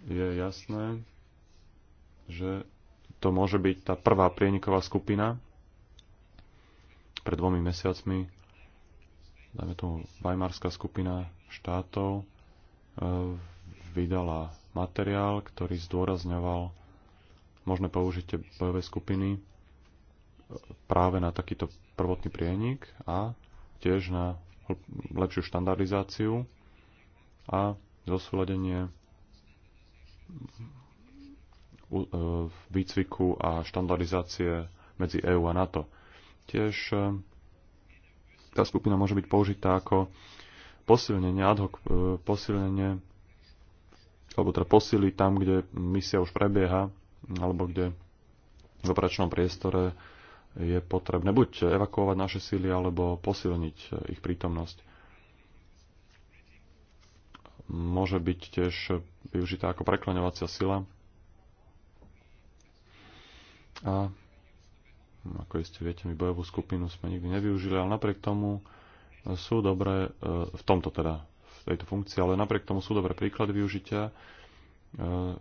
je jasné, že to môže byť tá prvá prieniková skupina pred dvomi mesiacmi, dajme tomu Weimarská skupina štátov, e, vydala materiál, ktorý zdôrazňoval možné použitie bojovej skupiny e, práve na takýto prvotný prienik a tiež na lepšiu štandardizáciu a zosúladenie E, výcviku a štandardizácie medzi EÚ a NATO. Tiež e, tá skupina môže byť použitá ako posilnenie, ad hoc e, posilnenie, alebo teda posily tam, kde misia už prebieha, alebo kde v operačnom priestore je potrebné buď evakuovať naše síly, alebo posilniť ich prítomnosť. Môže byť tiež využitá ako prekleňovacia sila. A ako iste viete, my bojovú skupinu sme nikdy nevyužili, ale napriek tomu sú dobré, e, v tomto teda, v tejto funkcii, ale napriek tomu sú dobré príklady využitia e,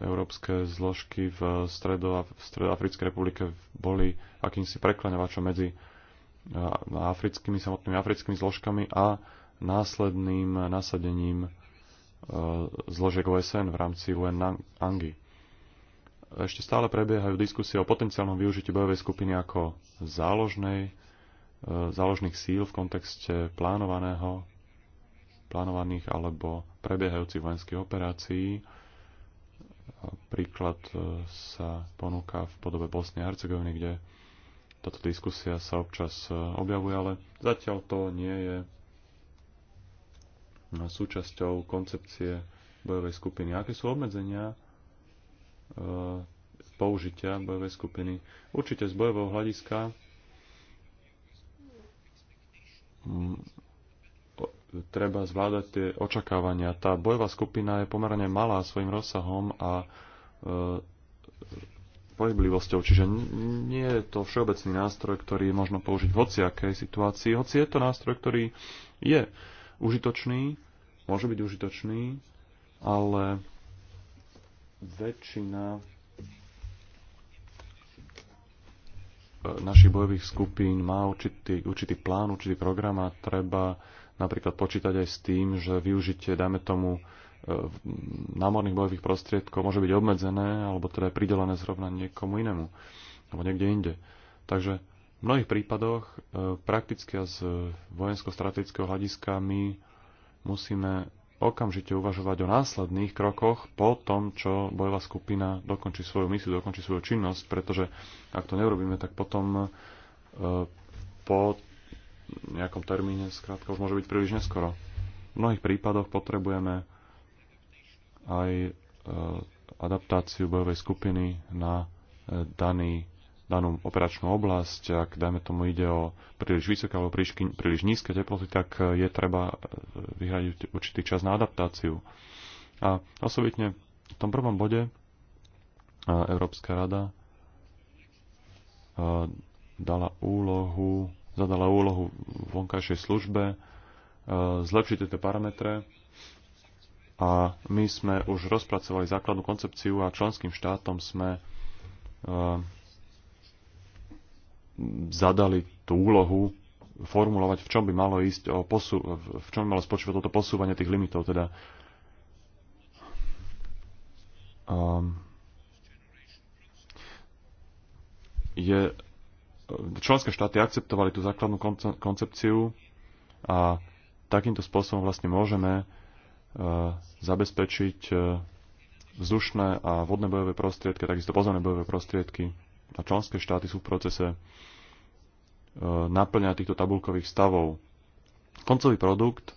európske zložky v, Stredo, v Stredoafrickej republike boli akýmsi prekleňovačom medzi e, africkými, samotnými africkými zložkami a následným nasadením E, zložiek OSN v rámci UN Angi. Ešte stále prebiehajú diskusie o potenciálnom využití bojovej skupiny ako záložnej, e, záložných síl v kontexte plánovaného, plánovaných alebo prebiehajúcich vojenských operácií. E, príklad sa ponúka v podobe Bosne a Hercegoviny, kde táto diskusia sa občas objavuje, ale zatiaľ to nie je súčasťou koncepcie bojovej skupiny. Aké sú obmedzenia e, použitia bojovej skupiny? Určite z bojového hľadiska mm, treba zvládať tie očakávania. Tá bojová skupina je pomerne malá svojim rozsahom a e, pohyblivosťou, čiže nie je to všeobecný nástroj, ktorý je možno použiť v hociakej situácii, hoci je to nástroj, ktorý je užitočný, môže byť užitočný, ale väčšina e, našich bojových skupín má určitý, určitý plán, určitý program a treba napríklad počítať aj s tým, že využitie, dajme tomu, e, námorných bojových prostriedkov môže byť obmedzené alebo teda pridelené zrovna niekomu inému alebo niekde inde. Takže v mnohých prípadoch e, prakticky a z vojensko-strategického hľadiska my musíme okamžite uvažovať o následných krokoch po tom, čo bojová skupina dokončí svoju misiu, dokončí svoju činnosť, pretože ak to neurobíme, tak potom e, po nejakom termíne skrátka už môže byť príliš neskoro. V mnohých prípadoch potrebujeme aj e, adaptáciu bojovej skupiny na daný danú operačnú oblasť, ak dajme tomu ide o príliš vysoké alebo príliš, príliš nízke teploty, tak e, je treba e, vyhradiť určitý čas na adaptáciu. A osobitne v tom prvom bode e, Európska rada dala úlohu, zadala úlohu vonkajšej službe zlepšiť tieto parametre a my sme už rozpracovali základnú koncepciu a členským štátom sme zadali tú úlohu formulovať, v čom by malo ísť o posu- v čom by malo spočívať toto posúvanie tých limitov. Teda. Um, je, členské štáty akceptovali tú základnú koncepciu a takýmto spôsobom vlastne môžeme uh, zabezpečiť uh, vzdušné a vodné bojové prostriedky, takisto pozemné bojové prostriedky a členské štáty sú v procese E, naplňa týchto tabulkových stavov. Koncový produkt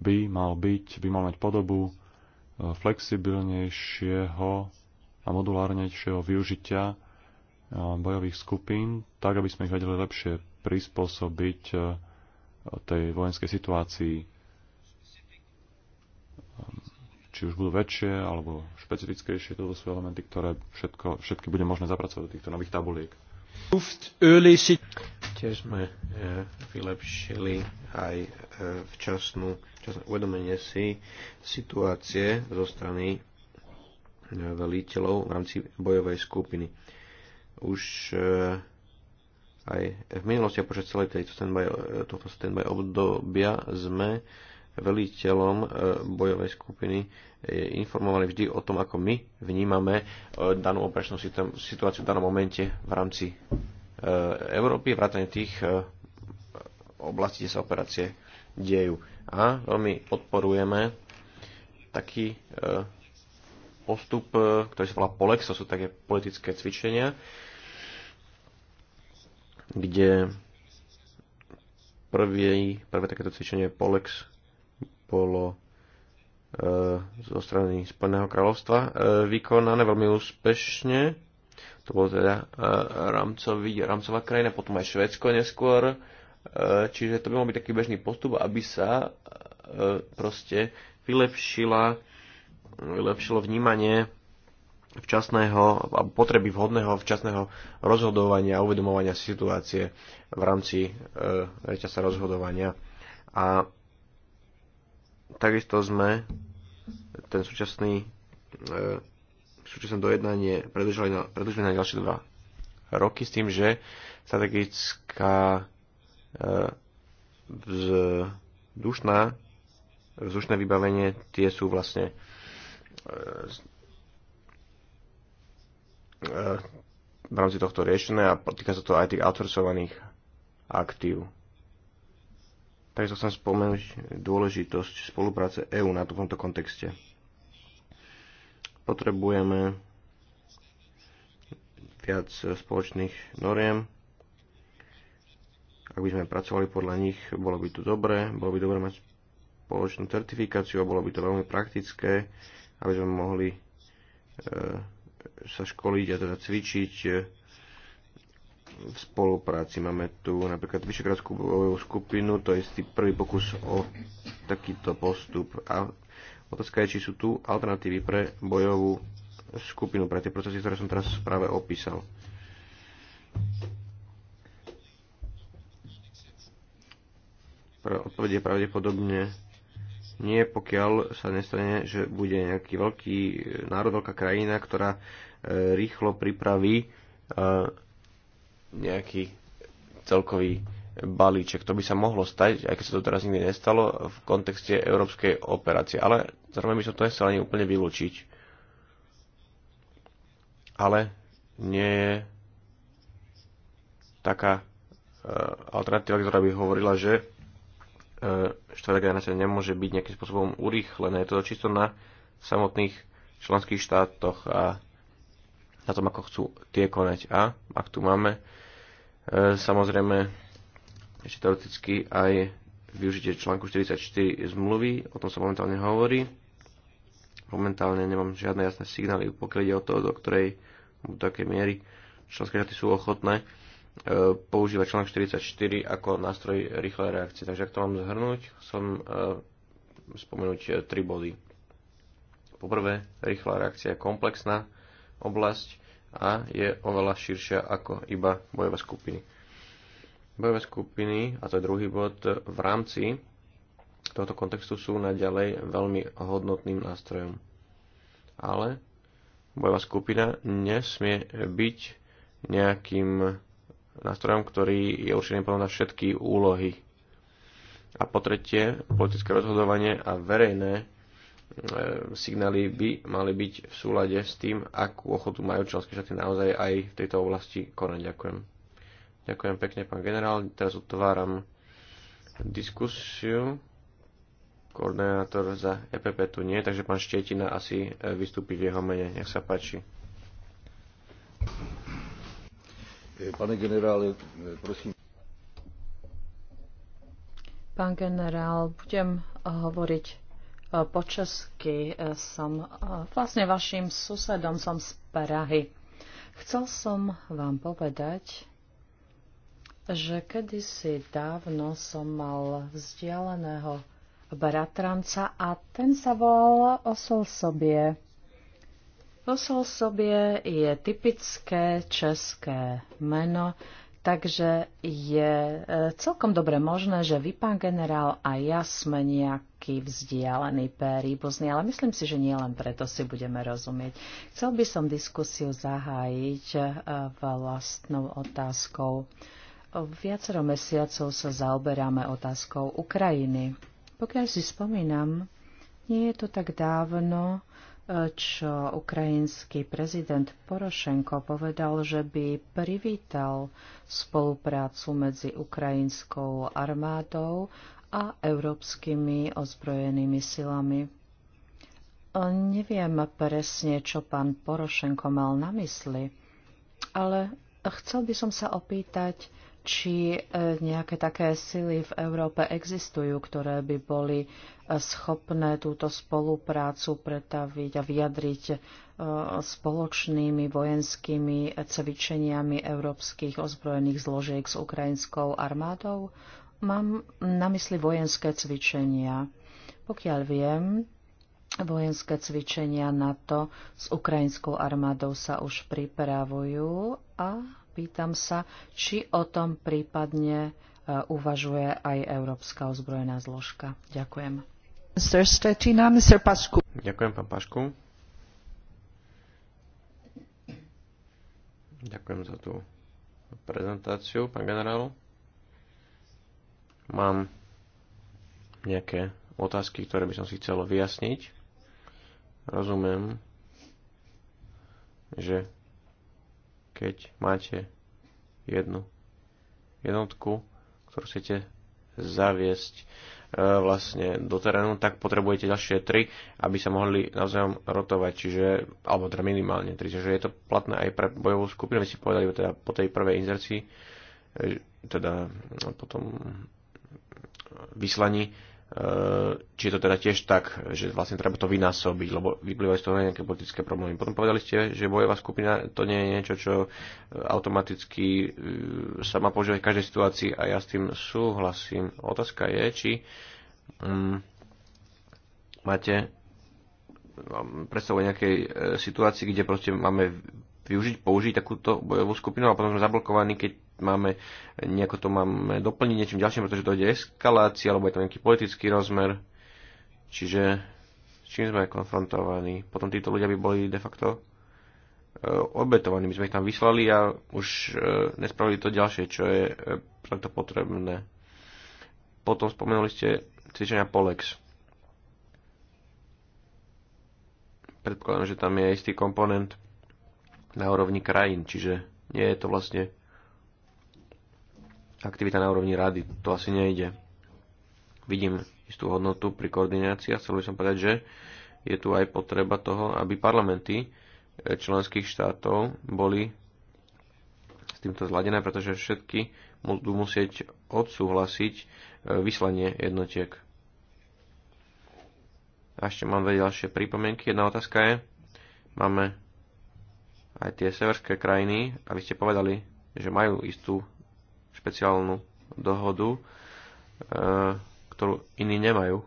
by mal byť, by mal mať podobu e, flexibilnejšieho a modulárnejšieho využitia e, bojových skupín, tak aby sme ich vedeli lepšie prispôsobiť tej vojenskej situácii. Ehm, či už budú väčšie alebo špecifickejšie, toto sú elementy, ktoré všetko, všetky bude možné zapracovať do týchto nových tabuliek. Tiež sme e, vylepšili aj e, včasnú, včasné uvedomenie si situácie zo strany e, veliteľov v rámci bojovej skupiny. Už aj v minulosti a počas celej tejto stand-by, tohto stand-by obdobia sme veliteľom e, bojovej skupiny e, informovali vždy o tom, ako my vnímame e, danú operačnú situáciu v danom momente v rámci Európy, vrátane tých oblastí, kde sa operácie dejú. A veľmi podporujeme taký postup, ktorý sa volá POLEX, to sú také politické cvičenia, kde prvý, prvé takéto cvičenie POLEX bolo eh, zo strany Spojeného kráľovstva eh, vykonané veľmi úspešne. To bolo teda eh, rámcový, rámcová krajina, potom aj Švedsko neskôr. Čiže to by mal byť taký bežný postup, aby sa proste vylepšila, vylepšilo vnímanie včasného alebo potreby vhodného včasného rozhodovania a uvedomovania situácie v rámci e, reťasa rozhodovania. A Takisto sme ten súčasný e, súčasné dojednanie predlžili na, predlžili na ďalšie dva roky s tým, že strategická e, vzdušná, vzdušné vybavenie, tie sú vlastne e, e v rámci tohto riešené a týka sa to aj tých outsourcovaných aktív. Takže chcem spomenúť dôležitosť spolupráce EÚ na tomto kontexte. Potrebujeme viac spoločných noriem. Ak by sme pracovali podľa nich, bolo by to dobré, bolo by dobré mať spoločnú certifikáciu a bolo by to veľmi praktické, aby sme mohli e, sa školiť a teda cvičiť e, v spolupráci. Máme tu napríklad Vyšegradskú bojovú skupinu, to je istý prvý pokus o takýto postup. A otázka je, či sú tu alternatívy pre bojovú skupinu, pre tie procesy, ktoré som teraz práve opísal. Odpovedie je pravdepodobne nie, pokiaľ sa nestane, že bude nejaký veľký národ, veľká krajina, ktorá e, rýchlo pripraví e, nejaký celkový balíček. To by sa mohlo stať, aj keď sa to teraz nikdy nestalo, v kontexte európskej operácie. Ale zároveň by som to nechcel ani úplne vylúčiť. Ale nie je taká e, alternatíva, ktorá by hovorila, že e, štvrtá generácia nemôže byť nejakým spôsobom urýchlené. Je to čisto na samotných členských štátoch a na tom, ako chcú tie konať. A ak tu máme E, samozrejme ešte teoreticky aj využitie článku 44 zmluvy, o tom sa momentálne hovorí. Momentálne nemám žiadne jasné signály, pokiaľ ide o to, do ktorej do takej miery členské štáty sú ochotné e, používať článok 44 ako nástroj rýchlej reakcie. Takže ak to mám zhrnúť, som e, spomenúť e, tri body. Poprvé, rýchla reakcia je komplexná oblasť, a je oveľa širšia ako iba bojové skupiny. Bojové skupiny, a to je druhý bod, v rámci tohto kontextu sú naďalej veľmi hodnotným nástrojom. Ale bojová skupina nesmie byť nejakým nástrojom, ktorý je určený na všetky úlohy. A po tretie, politické rozhodovanie a verejné E, signály by mali byť v súlade s tým, akú ochotu majú členské štáty naozaj aj v tejto oblasti konať. Ďakujem. Ďakujem pekne, pán generál. Teraz otváram diskusiu. Koordinátor za EPP tu nie, takže pán Štietina asi e, vystúpi v jeho mene. Nech sa páči. Pane generále, prosím. Pán generál, budem hovoriť E, po česky. E, som e, vlastne vašim susedom, som z Prahy. Chcel som vám povedať, že kedysi dávno som mal vzdialeného bratranca a ten sa volal Osol sobie. Osol sobie je typické české meno, takže je celkom dobre možné, že vy, pán generál, a ja sme nejak taký vzdialený péry ale myslím si, že nie len preto si budeme rozumieť. Chcel by som diskusiu zahájiť e, vlastnou otázkou. Viacero mesiacov sa zaoberáme otázkou Ukrajiny. Pokiaľ si spomínam, nie je to tak dávno, e, čo ukrajinský prezident Porošenko povedal, že by privítal spoluprácu medzi ukrajinskou armádou a európskymi ozbrojenými silami. Neviem presne, čo pán Porošenko mal na mysli, ale chcel by som sa opýtať, či e, nejaké také sily v Európe existujú, ktoré by boli e, schopné túto spoluprácu pretaviť a vyjadriť e, spoločnými vojenskými cvičeniami európskych ozbrojených zložiek s ukrajinskou armádou? Mám na mysli vojenské cvičenia. Pokiaľ viem, vojenské cvičenia NATO s ukrajinskou armádou sa už pripravujú a pýtam sa, či o tom prípadne e, uvažuje aj Európska ozbrojená zložka. Ďakujem. Mr. Stetina, Mr. Pašku. Ďakujem, pán Pašku. Ďakujem za tú prezentáciu, pán generál. Mám nejaké otázky, ktoré by som si chcel vyjasniť. Rozumiem, že keď máte jednu jednotku, ktorú chcete zaviesť e, vlastne do terénu, tak potrebujete ďalšie tri, aby sa mohli navzájom rotovať, čiže, alebo teda minimálne tri, čiže je to platné aj pre bojovú skupinu, my si povedali teda po tej prvej inzercii, e, teda potom vyslaní, e, či je to teda tiež tak, že vlastne treba to vynásobiť, lebo vyplývajú z toho nejaké politické problémy. Potom povedali ste, že bojová skupina to nie je niečo, čo e, automaticky e, sa má používať v každej situácii a ja s tým súhlasím. Otázka je, či um, máte no, predstavu nejakej situácii, kde proste máme využiť, použiť takúto bojovú skupinu a potom sme zablokovaní, keď máme, nejako to máme doplniť niečím ďalším, pretože dojde eskalácia, alebo je tam nejaký politický rozmer. Čiže s čím sme konfrontovaní? Potom títo ľudia by boli de facto e, obetovaní. My sme ich tam vyslali a už e, nespravili to ďalšie, čo je e, preto potrebné. Potom spomenuli ste cvičenia Polex. Predpokladám, že tam je istý komponent na úrovni krajín, čiže nie je to vlastne aktivita na úrovni rady. To asi nejde. Vidím istú hodnotu pri koordinácii a chcel by som povedať, že je tu aj potreba toho, aby parlamenty e, členských štátov boli s týmto zladené, pretože všetky budú musieť odsúhlasiť e, vyslanie jednotiek. A ešte mám dve ďalšie pripomienky. Jedna otázka je, máme aj tie severské krajiny, a vy ste povedali, že majú istú špeciálnu dohodu, e, ktorú iní nemajú.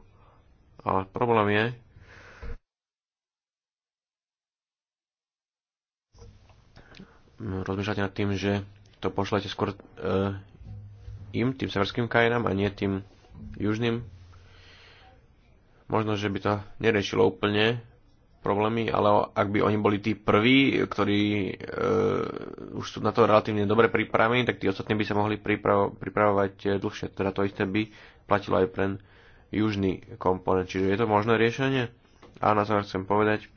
Ale problém je, rozmýšľate nad tým, že to pošlete skôr e, im, tým severským krajinám a nie tým južným. Možno, že by to neriešilo úplne problémy, ale ak by oni boli tí prví, ktorí e, už sú na to relatívne dobre pripravení, tak tí ostatní by sa mohli pripravo- pripravovať e, dlhšie. Teda to isté by platilo aj pre južný komponent. Čiže je to možné riešenie? A na záver chcem povedať,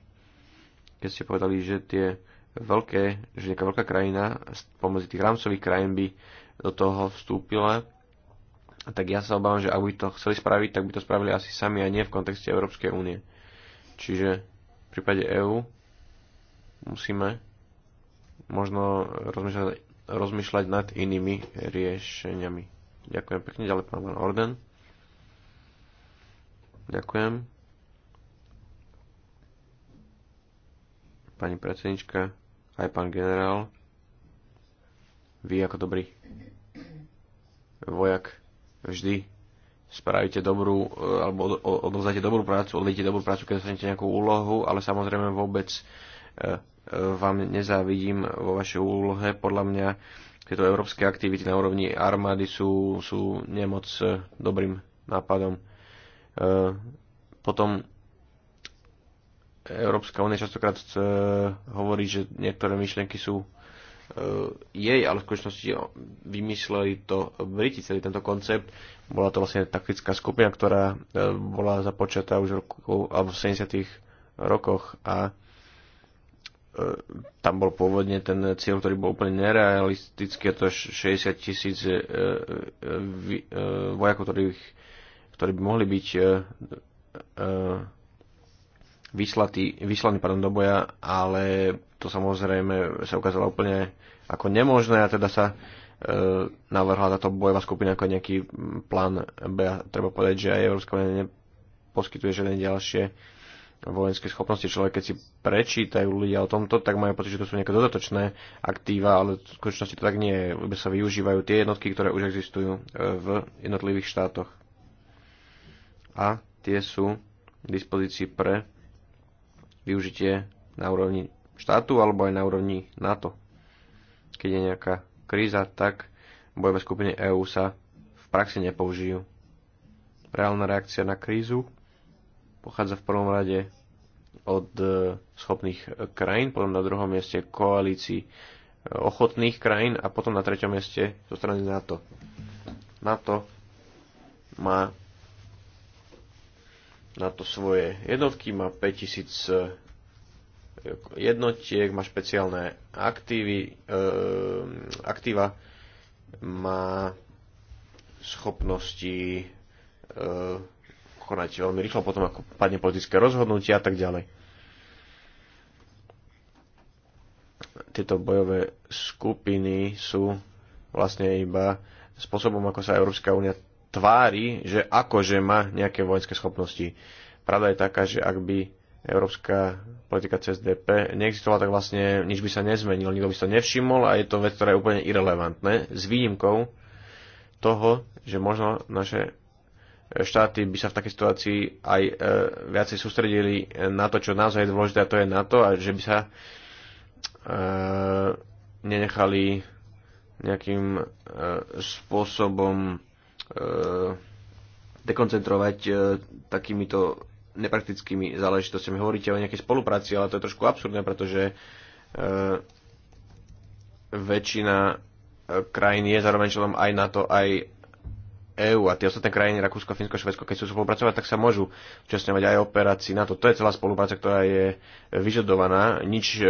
keď ste povedali, že tie veľké, že nejaká veľká krajina pomedzi tých rámcových krajín by do toho vstúpila, tak ja sa obávam, že ak by to chceli spraviť, tak by to spravili asi sami a nie v kontexte Európskej únie. Čiže prípade EÚ musíme možno rozmýšľať, rozmýšľať nad inými riešeniami. Ďakujem pekne, ďalej pán Van Orden. Ďakujem. Pani predsednička, aj pán generál, vy ako dobrý vojak vždy spravíte dobrú, e, alebo odovzdáte dobrú prácu, odvedíte dobrú prácu, keď dostanete nejakú úlohu, ale samozrejme vôbec e, e, vám nezávidím vo vašej úlohe. Podľa mňa tieto európske aktivity na úrovni armády sú, sú nemoc dobrým nápadom. Potom Európska únia častokrát hovorí, že niektoré myšlienky sú E, jej, ale v skutočnosti vymysleli to Briti, celý tento koncept. Bola to vlastne taktická skupina, ktorá e, bola započatá už v roku, alebo v 70. rokoch a e, tam bol pôvodne ten cieľ, ktorý bol úplne nerealistický, to 60 tisíc vojakov, ktorých, ktorí by mohli byť vyslatý, vyslaný pardon, do boja, ale to samozrejme sa ukázalo úplne ako nemožné a teda sa e, navrhla táto bojová skupina ako nejaký plán B. A treba povedať, že aj Európska únia neposkytuje žiadne ďalšie vojenské schopnosti. Človek, keď si prečítajú ľudia o tomto, tak majú pocit, že to sú nejaké dodatočné aktíva, ale v skutočnosti to tak nie je. sa využívajú tie jednotky, ktoré už existujú e, v jednotlivých štátoch. A tie sú k dispozícii pre využitie na úrovni štátu alebo aj na úrovni NATO. Keď je nejaká kríza, tak bojové skupiny EÚ sa v praxi nepoužijú. Reálna reakcia na krízu pochádza v prvom rade od e, schopných krajín, potom na druhom mieste koalícií e, ochotných krajín a potom na treťom mieste zo strany NATO. NATO má na to svoje jednotky, má 5000 eh, jednotiek, má špeciálne aktívy, e, eh, aktíva, má schopnosti e, konať veľmi rýchlo potom, ako padne politické rozhodnutie a tak ďalej. Tieto bojové skupiny sú vlastne iba spôsobom, ako sa Európska únia tvári, že akože má nejaké vojenské schopnosti. Pravda je taká, že ak by európska politika CSDP neexistovala, tak vlastne nič by sa nezmenilo, nikto by sa nevšimol a je to vec, ktorá je úplne irrelevantná, s výnimkou toho, že možno naše štáty by sa v takej situácii aj e, viacej sústredili na to, čo naozaj je dôležité, a to je na to a že by sa e, nenechali nejakým e, spôsobom E, dekoncentrovať e, takýmito nepraktickými záležitostiami. Hovoríte o nejakej spolupráci, ale to je trošku absurdné, pretože e, väčšina krajín je zároveň členom aj NATO, aj EÚ a tie ostatné krajiny, Rakúsko, Fínsko, Švedsko, keď sú spolupracovať, tak sa môžu účastňovať aj operácií NATO. To je celá spolupráca, ktorá je vyžadovaná. Nič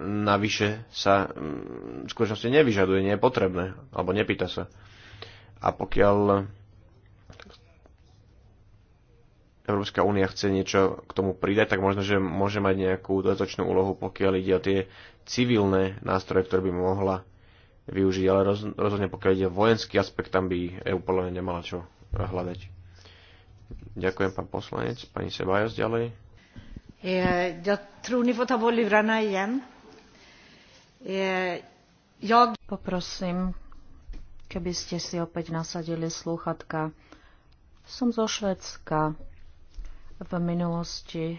navyše sa v skutočnosti nevyžaduje, nie je potrebné, alebo nepýta sa. A pokiaľ Európska únia chce niečo k tomu pridať, tak možno, že môže mať nejakú dodatočnú úlohu, pokiaľ ide o tie civilné nástroje, ktoré by mohla využiť, ale roz, rozhodne pokiaľ ide o vojenský aspekt, tam by EU podľa mňa nemala čo hľadať. Ďakujem, pán poslanec. Pani Sebajos ďalej. E, e, ja Poprosím keby ste si opäť nasadili slúchatka. Som zo Švedska. V minulosti e,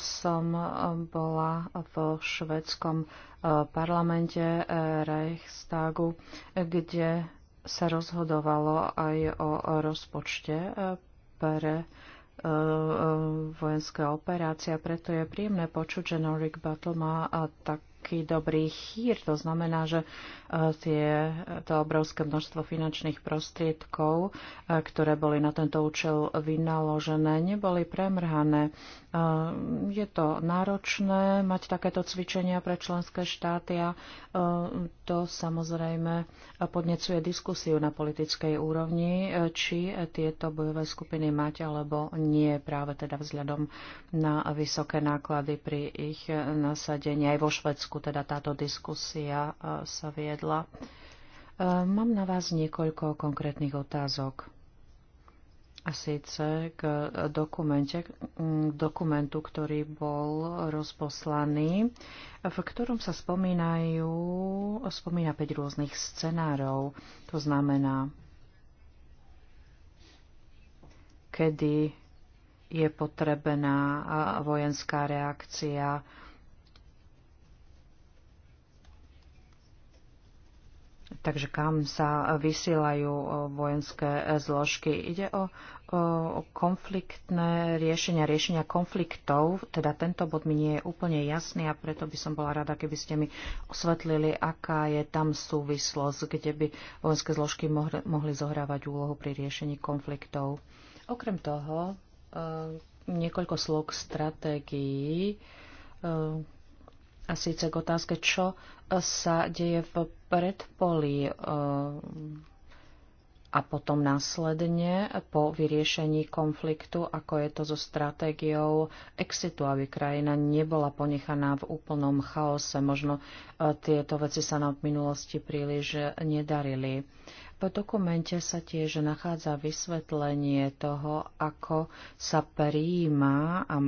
som e, bola v švedskom e, parlamente Reichstagu, kde sa rozhodovalo aj o rozpočte pre vojenské operácie. Preto je príjemné počuť, že Norik Battle má tak taký dobrý chýr. To znamená, že e, tie, to obrovské množstvo finančných prostriedkov, e, ktoré boli na tento účel vynaložené, neboli premrhané. E, je to náročné mať takéto cvičenia pre členské štáty a to samozrejme podnecuje diskusiu na politickej úrovni, či tieto bojové skupiny mať alebo nie práve teda vzhľadom na vysoké náklady pri ich nasadení. Aj vo Švedsku Španielsku teda táto diskusia e, sa viedla. E, mám na vás niekoľko konkrétnych otázok. A síce k dokumente, dokumentu, ktorý bol rozposlaný, v ktorom sa spomínajú, spomína 5 rôznych scenárov. To znamená, kedy je potrebná vojenská reakcia, takže kam sa vysielajú e, vojenské e, zložky. Ide o, o konfliktné riešenia, riešenia konfliktov. Teda tento bod mi nie je úplne jasný a preto by som bola rada, keby ste mi osvetlili, aká je tam súvislosť, kde by vojenské zložky mohli, mohli zohrávať úlohu pri riešení konfliktov. Okrem toho, e, niekoľko slov k stratégii a síce k otázke, čo e, sa deje v predpolí e, a potom následne po vyriešení konfliktu, ako je to so stratégiou exitu, aby krajina nebola ponechaná v úplnom chaose. Možno e, tieto veci sa nám v minulosti príliš nedarili. V dokumente sa tiež nachádza vysvetlenie toho, ako sa príjma a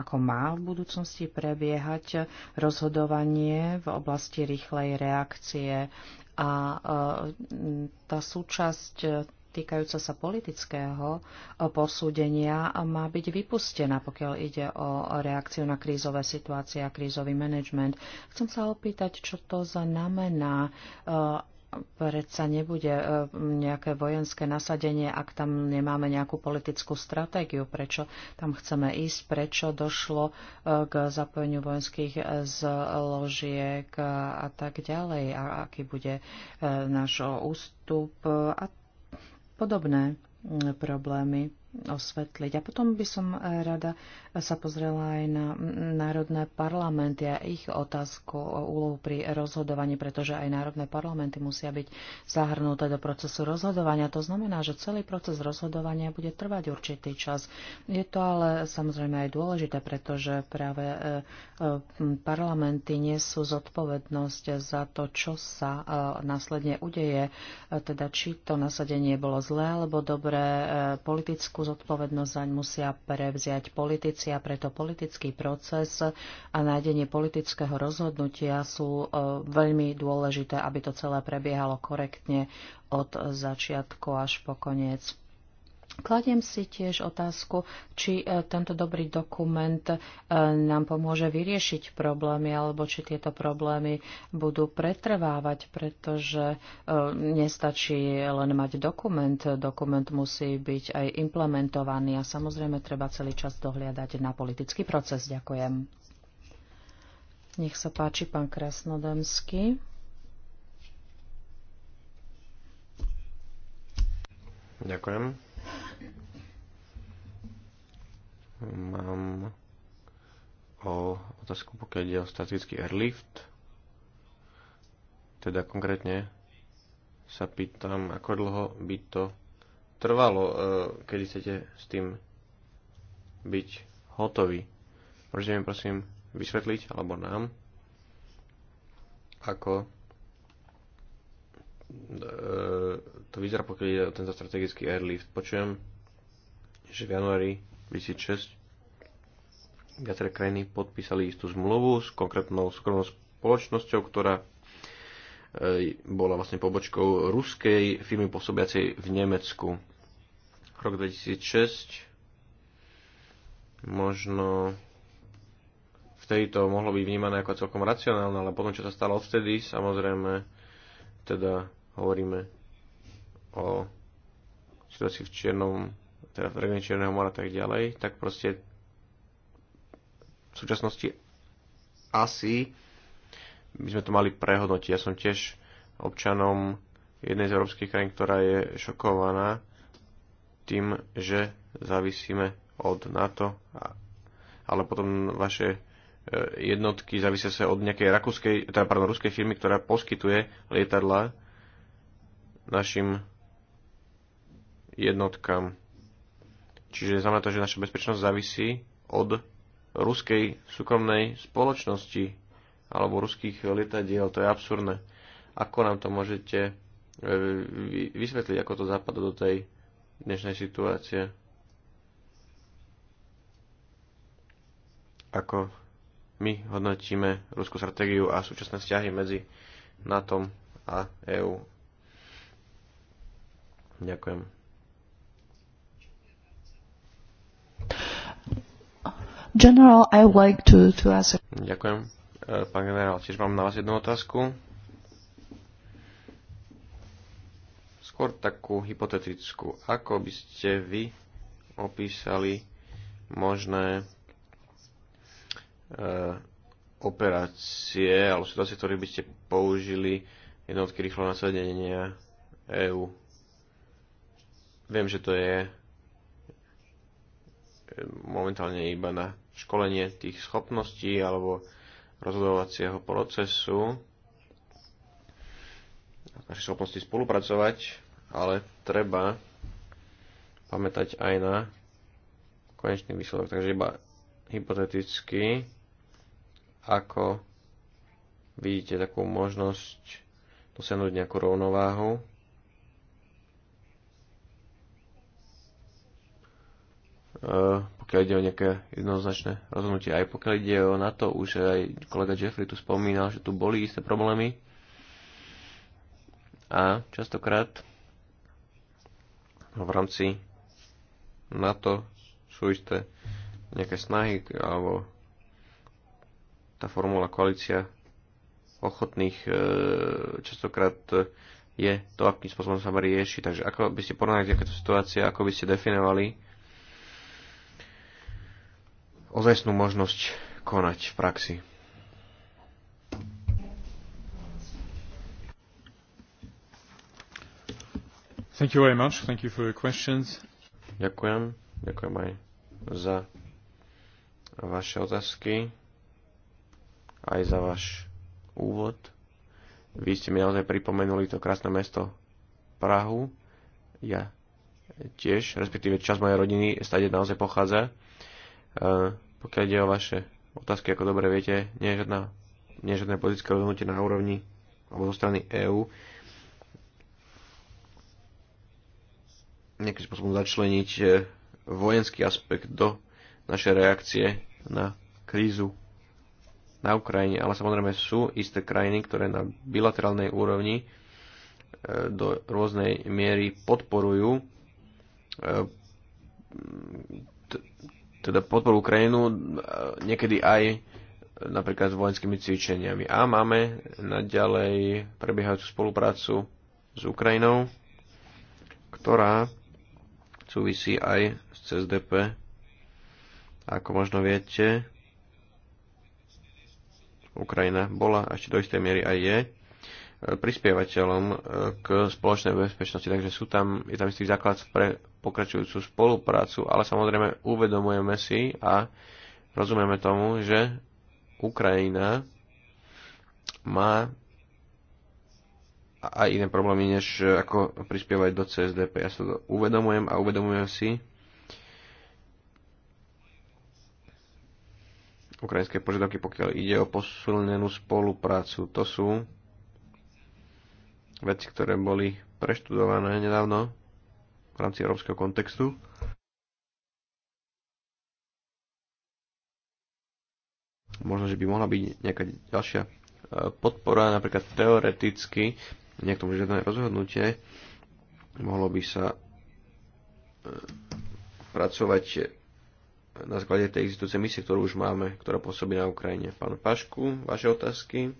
ako má v budúcnosti prebiehať rozhodovanie v oblasti rýchlej reakcie. A e, tá súčasť týkajúca sa politického e, posúdenia má byť vypustená, pokiaľ ide o reakciu na krízové situácie a krízový manažment. Chcem sa opýtať, čo to znamená, e, predsa nebude e, nejaké vojenské nasadenie, ak tam nemáme nejakú politickú stratégiu, prečo tam chceme ísť, prečo došlo e, k zapojeniu vojenských e, zložiek a tak ďalej, a aký bude náš ústup a podobné problémy osvetliť. A potom by som rada sa pozrela aj na národné parlamenty a ich otázku o úlohu pri rozhodovaní, pretože aj národné parlamenty musia byť zahrnuté do procesu rozhodovania. To znamená, že celý proces rozhodovania bude trvať určitý čas. Je to ale samozrejme aj dôležité, pretože práve e, e, parlamenty nesú zodpovednosť za to, čo sa e, následne udeje, teda či to nasadenie bolo zlé alebo dobré, politickú zodpovednosť zaň musia prevziať politici a preto politický proces a nájdenie politického rozhodnutia sú e, veľmi dôležité, aby to celé prebiehalo korektne od začiatku až po koniec. Kladiem si tiež otázku, či e, tento dobrý dokument e, nám pomôže vyriešiť problémy, alebo či tieto problémy budú pretrvávať, pretože e, nestačí len mať dokument. Dokument musí byť aj implementovaný a samozrejme treba celý čas dohliadať na politický proces. Ďakujem. Nech sa páči, pán Krasnodemský. Ďakujem. Mám o otázku, pokiaľ ide o statický airlift. Teda konkrétne sa pýtam, ako dlho by to trvalo, e, keď chcete s tým byť hotový. Môžete mi prosím vysvetliť, alebo nám, ako e, to vyzerá, pokiaľ ide o tento strategický airlift. Počujem, že v januári 2006 viaceré krajiny podpísali istú zmluvu s konkrétnou skromnou spoločnosťou, ktorá e, bola vlastne pobočkou ruskej firmy pôsobiacej v Nemecku. Rok 2006 možno vtedy to mohlo byť vnímané ako celkom racionálne, ale potom, čo sa stalo odvtedy, samozrejme, teda hovoríme o situácii v Čiernom teda v regióne Čierneho mora a tak ďalej, tak proste v súčasnosti asi by sme to mali prehodnotiť. Ja som tiež občanom jednej z európskych krajín, ktorá je šokovaná tým, že závisíme od NATO, ale potom vaše e, jednotky závisia sa od nejakej rakúskej, teda, pardon, ruskej firmy, ktorá poskytuje lietadla našim jednotkám. Čiže znamená to, že naša bezpečnosť závisí od ruskej súkromnej spoločnosti alebo ruských lietadiel. To je absurdné. Ako nám to môžete e, vysvetliť, ako to zapadlo do tej dnešnej situácie? Ako my hodnotíme ruskú stratégiu a súčasné vzťahy medzi NATO a EÚ? Ďakujem. General, I would like to, to ask... Ďakujem. E, pán generál, tiež mám na vás jednu otázku. Skôr takú hypotetickú. Ako by ste vy opísali možné e, operácie alebo situácie, ktoré by ste použili jednotky rýchlo nasadenia EU? Viem, že to je e, momentálne iba na školenie tých schopností alebo rozhodovacieho procesu, naše schopnosti spolupracovať, ale treba pamätať aj na konečný výsledok. Takže iba hypoteticky, ako vidíte takú možnosť dosiahnuť nejakú rovnováhu Eh, pokiaľ ide o nejaké jednoznačné rozhodnutie. Aj pokiaľ ide o NATO, už aj kolega Jeffrey tu spomínal, že tu boli isté problémy a častokrát v rámci NATO sú isté nejaké snahy alebo tá formula koalícia ochotných eh, častokrát je to, akým spôsobom sa rieši. Takže ako by ste porovnali takéto situácie, ako by ste definovali ozajstnú možnosť konať v praxi. Thank you very much. Thank you for your questions. Ďakujem. Ďakujem aj za vaše otázky, aj za váš úvod. Vy ste mi naozaj pripomenuli to krásne mesto Prahu. Ja tiež, respektíve čas mojej rodiny stade naozaj pochádza. Eh, pokiaľ ide o vaše otázky, ako dobre viete, nie je, žiadna, nie je žiadne politické rozhodnutie na úrovni alebo zo strany EÚ nejakým spôsobom začleniť e, vojenský aspekt do našej reakcie na krízu na Ukrajine, ale samozrejme sú isté krajiny, ktoré na bilaterálnej úrovni e, do rôznej miery podporujú e, teda podporu Ukrajinu e, niekedy aj napríklad s vojenskými cvičeniami. A máme naďalej prebiehajúcu spoluprácu s Ukrajinou, ktorá súvisí aj s CSDP. Ako možno viete, Ukrajina bola ešte do istej miery aj je prispievateľom eh, k spoločnej bezpečnosti. Takže sú tam, je tam istý základ pre pokračujúcu spoluprácu, ale samozrejme uvedomujeme si a rozumieme tomu, že Ukrajina má aj iné problémy, než eh, ako prispievať do CSDP. Ja sa to uvedomujem a uvedomujem si ukrajinské požiadavky, pokiaľ ide o posilnenú spoluprácu. To sú veci, ktoré boli preštudované nedávno v rámci európskeho kontextu. Možno, že by mohla byť nejaká ďalšia e, podpora, napríklad teoreticky, nejak tomu žiadne rozhodnutie, mohlo by sa e, pracovať na základe tej existujúcej misie, ktorú už máme, ktorá pôsobí na Ukrajine. Pán Pašku, vaše otázky?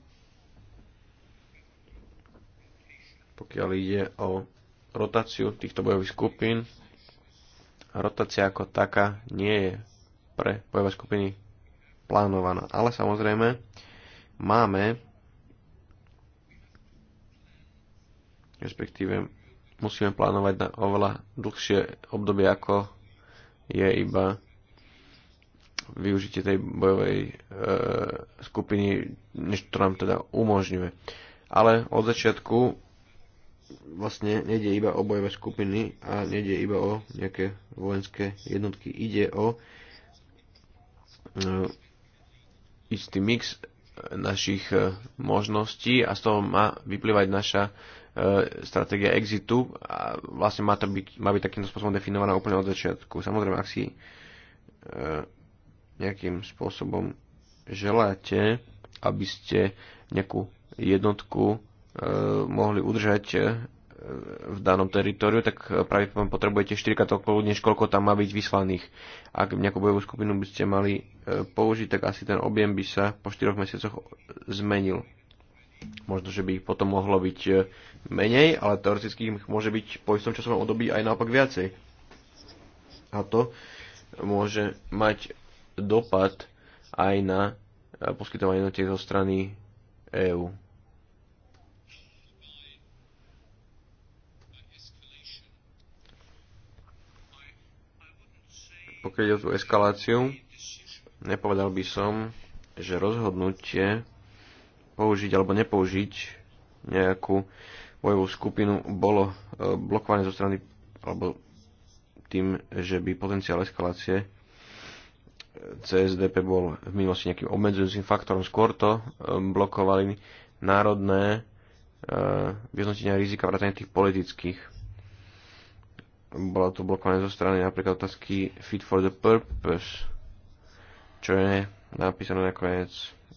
pokiaľ ide o rotáciu týchto bojových skupín. Rotácia ako taká nie je pre bojové skupiny plánovaná. Ale samozrejme máme, respektíve musíme plánovať na oveľa dlhšie obdobie, ako je iba využitie tej bojovej e, skupiny, než to nám teda umožňuje. Ale od začiatku vlastne nejde iba o bojové skupiny a nejde iba o nejaké vojenské jednotky. Ide o e, istý mix našich e, možností a z toho má vyplývať naša e, stratégia exitu a vlastne má, to byť, má byť takýmto spôsobom definovaná úplne od začiatku. Samozrejme, ak si nejakým spôsobom želáte, aby ste nejakú jednotku Eh, mohli udržať eh, v danom teritoriu, tak pravdepodobne potrebujete 4 toľko ľudí, než koľko tam má byť vyslaných. Ak nejakú bojovú skupinu by ste mali eh, použiť, tak asi ten objem by sa po 4 mesiacoch zmenil. Možno, že by ich potom mohlo byť menej, ale teoreticky ich môže byť po istom časovom období aj naopak viacej. A to môže mať dopad aj na poskytovanie notiek zo strany EÚ. Pokiaľ ide o tú eskaláciu, nepovedal by som, že rozhodnutie použiť alebo nepoužiť nejakú bojovú skupinu bolo e, blokované zo strany alebo tým, že by potenciál eskalácie e, CSDP bol v minulosti nejakým obmedzujúcim faktorom. Skôr to e, blokovali národné vyznotenia rizika vrátane tých politických bola to blokované zo strany napríklad otázky Fit for the Purpose, čo je napísané nakoniec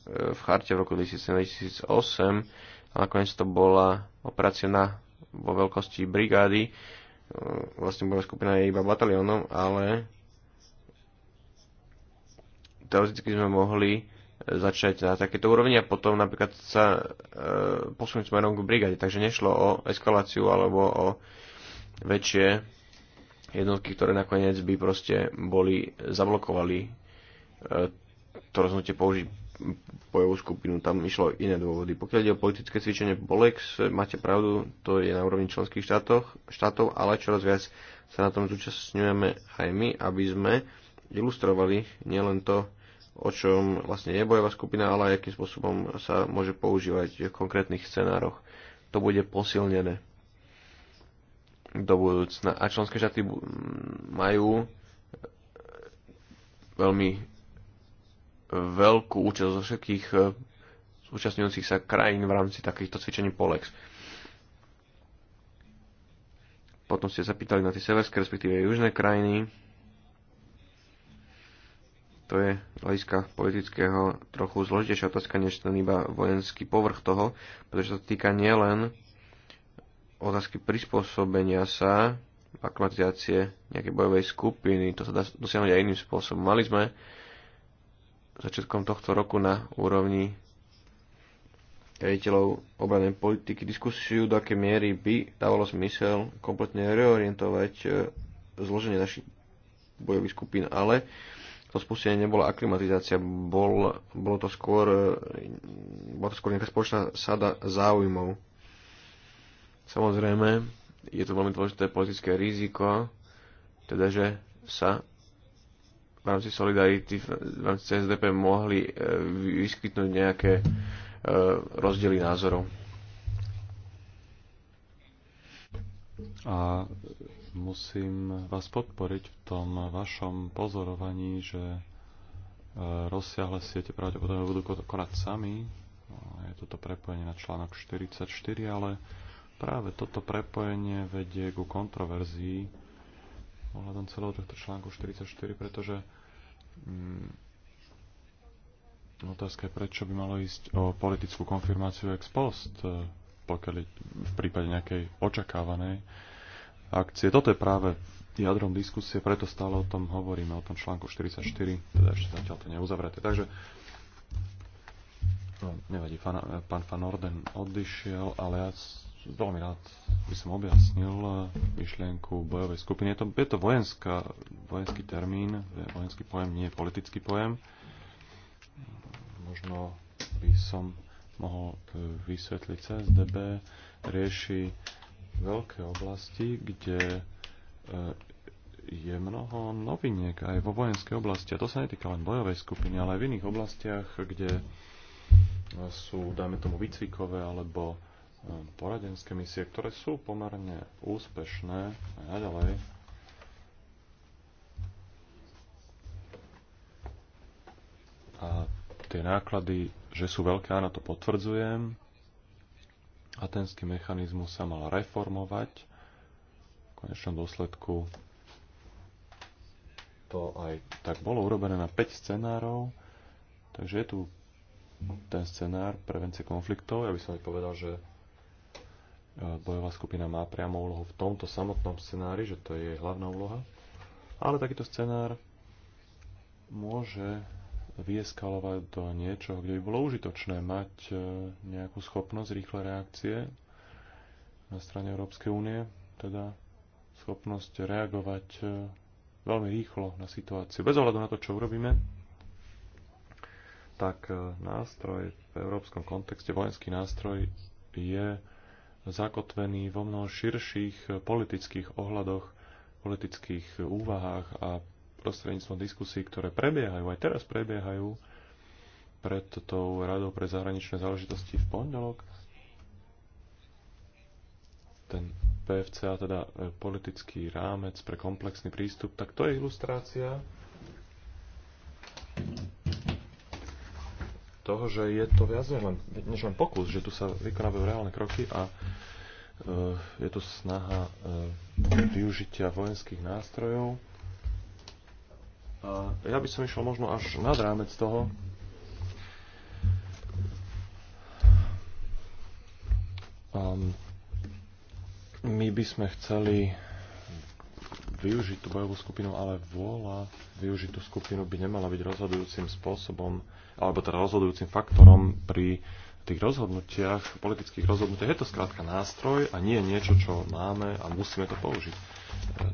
e, v charte v roku 2008 a nakoniec to bola operácia na, vo veľkosti brigády. E, vlastne bola skupina je iba bataliónom, ale teoreticky sme mohli e, začať na takéto úrovni a potom napríklad sa e, posunúť smerom k brigáde. Takže nešlo o eskaláciu alebo o väčšie jednotky, ktoré nakoniec by proste boli, zablokovali e, to rozhodnutie použiť bojovú skupinu, tam išlo iné dôvody. Pokiaľ ide o politické cvičenie Bolex, máte pravdu, to je na úrovni členských štátoch, štátov, ale čoraz viac sa na tom zúčastňujeme aj my, aby sme ilustrovali nielen to, o čom vlastne je bojová skupina, ale aj akým spôsobom sa môže používať v konkrétnych scenároch. To bude posilnené do budúcna. A členské štáty majú e, veľmi e, veľkú účasť zo všetkých e, zúčastňujúcich sa krajín v rámci takýchto cvičení POLEX. Potom ste sa pýtali na tie severské, respektíve južné krajiny. To je hľadiska politického trochu zložitejšia otázka, než ten iba vojenský povrch toho, pretože to týka nielen otázky prispôsobenia sa aklimatizácie nejakej bojovej skupiny, to sa dá dosiahnuť aj iným spôsobom. Mali sme začiatkom tohto roku na úrovni riaditeľov obranej politiky diskusiu, do akej miery by dávalo zmysel kompletne reorientovať e, zloženie našich bojových skupín, ale to spustenie nebola aklimatizácia, bol, bolo to skôr, e, bola to skôr nejaká spoločná sada záujmov. Samozrejme, je to veľmi dôležité politické riziko, teda že sa v rámci Solidarity, v rámci CSDP mohli e, vyskytnúť nejaké e, rozdiely názorov. A musím vás podporiť v tom vašom pozorovaní, že e, rozsiahle siete pravdepodobne budú konať sami. No, je toto prepojenie na článok 44, ale práve toto prepojenie vedie ku kontroverzii ohľadom celého tohto článku 44, pretože mm, otázka je, prečo by malo ísť o politickú konfirmáciu ex post, e, pokiaľ v prípade nejakej očakávanej akcie. Toto je práve jadrom diskusie, preto stále o tom hovoríme, o tom článku 44, teda ešte zatiaľ to neuzavrate. Takže no, nevadí, pán Van Orden odišiel, ale ja veľmi rád by som objasnil eh, myšlienku bojovej skupiny. Je to, je to vojenská, vojenský termín, vojenský pojem, nie je politický pojem. Možno by som mohol eh, vysvetliť. CSDB rieši veľké oblasti, kde eh, je mnoho noviniek aj vo vojenskej oblasti. A to sa netýka len bojovej skupiny, ale aj v iných oblastiach, kde sú, dajme tomu, výcvikové alebo poradenské misie, ktoré sú pomerne úspešné a naďalej. A tie náklady, že sú veľké, áno, to potvrdzujem. Atenský mechanizmus sa mal reformovať. V konečnom dôsledku to aj tak bolo urobené na 5 scenárov. Takže je tu ten scenár prevencie konfliktov. Ja by som aj povedal, že E, bojová skupina má priamo úlohu v tomto samotnom scenári, že to je jej hlavná úloha. Ale takýto scenár môže vyeskalovať do niečoho, kde by bolo užitočné mať e, nejakú schopnosť rýchle reakcie na strane Európskej únie, teda schopnosť reagovať e, veľmi rýchlo na situáciu. Bez ohľadu na to, čo urobíme, tak nástroj v európskom kontexte, vojenský nástroj, je zakotvený vo mnoho širších politických ohľadoch, politických úvahách a prostredníctvom diskusí, ktoré prebiehajú, aj teraz prebiehajú pred tou Radou pre zahraničné záležitosti v pondelok. Ten PfC, a teda e, politický rámec pre komplexný prístup, tak to je ilustrácia toho, že je to viac než len, než len pokus, že tu sa vykonávajú reálne kroky a e, je tu snaha e, využitia vojenských nástrojov. A ja by som išiel možno až nad rámec toho. Um, my by sme chceli využiť tú bojovú skupinu, ale vôľa využiť tú skupinu by nemala byť rozhodujúcim spôsobom, alebo teda rozhodujúcim faktorom pri tých rozhodnutiach, politických rozhodnutiach. Je to skrátka nástroj a nie niečo, čo máme a musíme to použiť. E,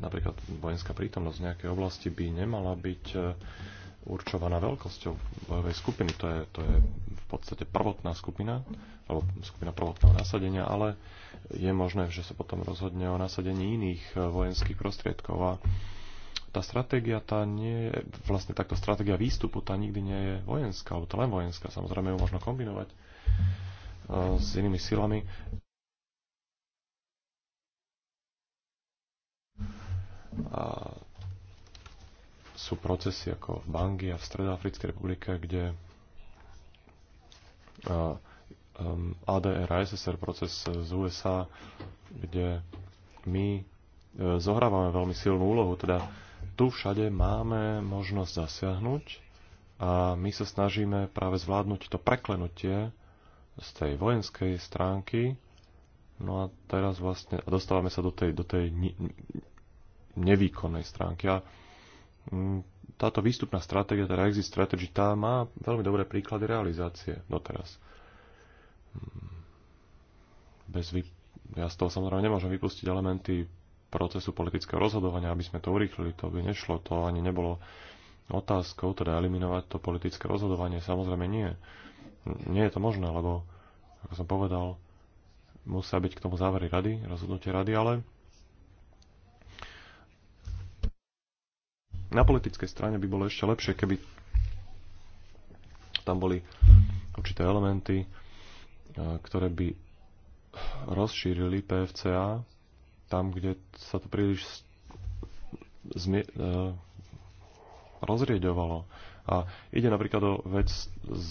napríklad vojenská prítomnosť v nejakej oblasti by nemala byť e, určovaná veľkosťou bojovej skupiny. To je, to je v podstate prvotná skupina, alebo skupina prvotného nasadenia, ale je možné, že sa potom rozhodne o nasadení iných e, vojenských prostriedkov. A tá stratégia, tá nie je, vlastne takto stratégia výstupu, tá nikdy nie je vojenská, alebo to len vojenská, samozrejme ju možno kombinovať e, s inými silami. A sú procesy ako v Bangi a v Stredoafrickej republike, kde e, ADR a SSR proces eh, z USA, kde my eh, zohrávame veľmi silnú úlohu. Teda tu všade máme možnosť zasiahnuť a my sa snažíme práve zvládnuť to preklenutie z tej vojenskej stránky. No a teraz vlastne dostávame sa do tej, do tej nevýkonnej stránky. A mm, táto výstupná stratégia, teda exit strategy, tá má veľmi dobré príklady realizácie doteraz bez vy... ja z toho samozrejme nemôžem vypustiť elementy procesu politického rozhodovania, aby sme to urýchlili, to by nešlo, to ani nebolo otázkou, teda eliminovať to politické rozhodovanie, samozrejme nie. Nie je to možné, lebo, ako som povedal, musia byť k tomu závery rady, rozhodnutie rady, ale na politickej strane by bolo ešte lepšie, keby tam boli určité elementy, ktoré by rozšírili PFCA tam, kde sa to príliš zmi- e, rozrieďovalo. A ide napríklad o vec,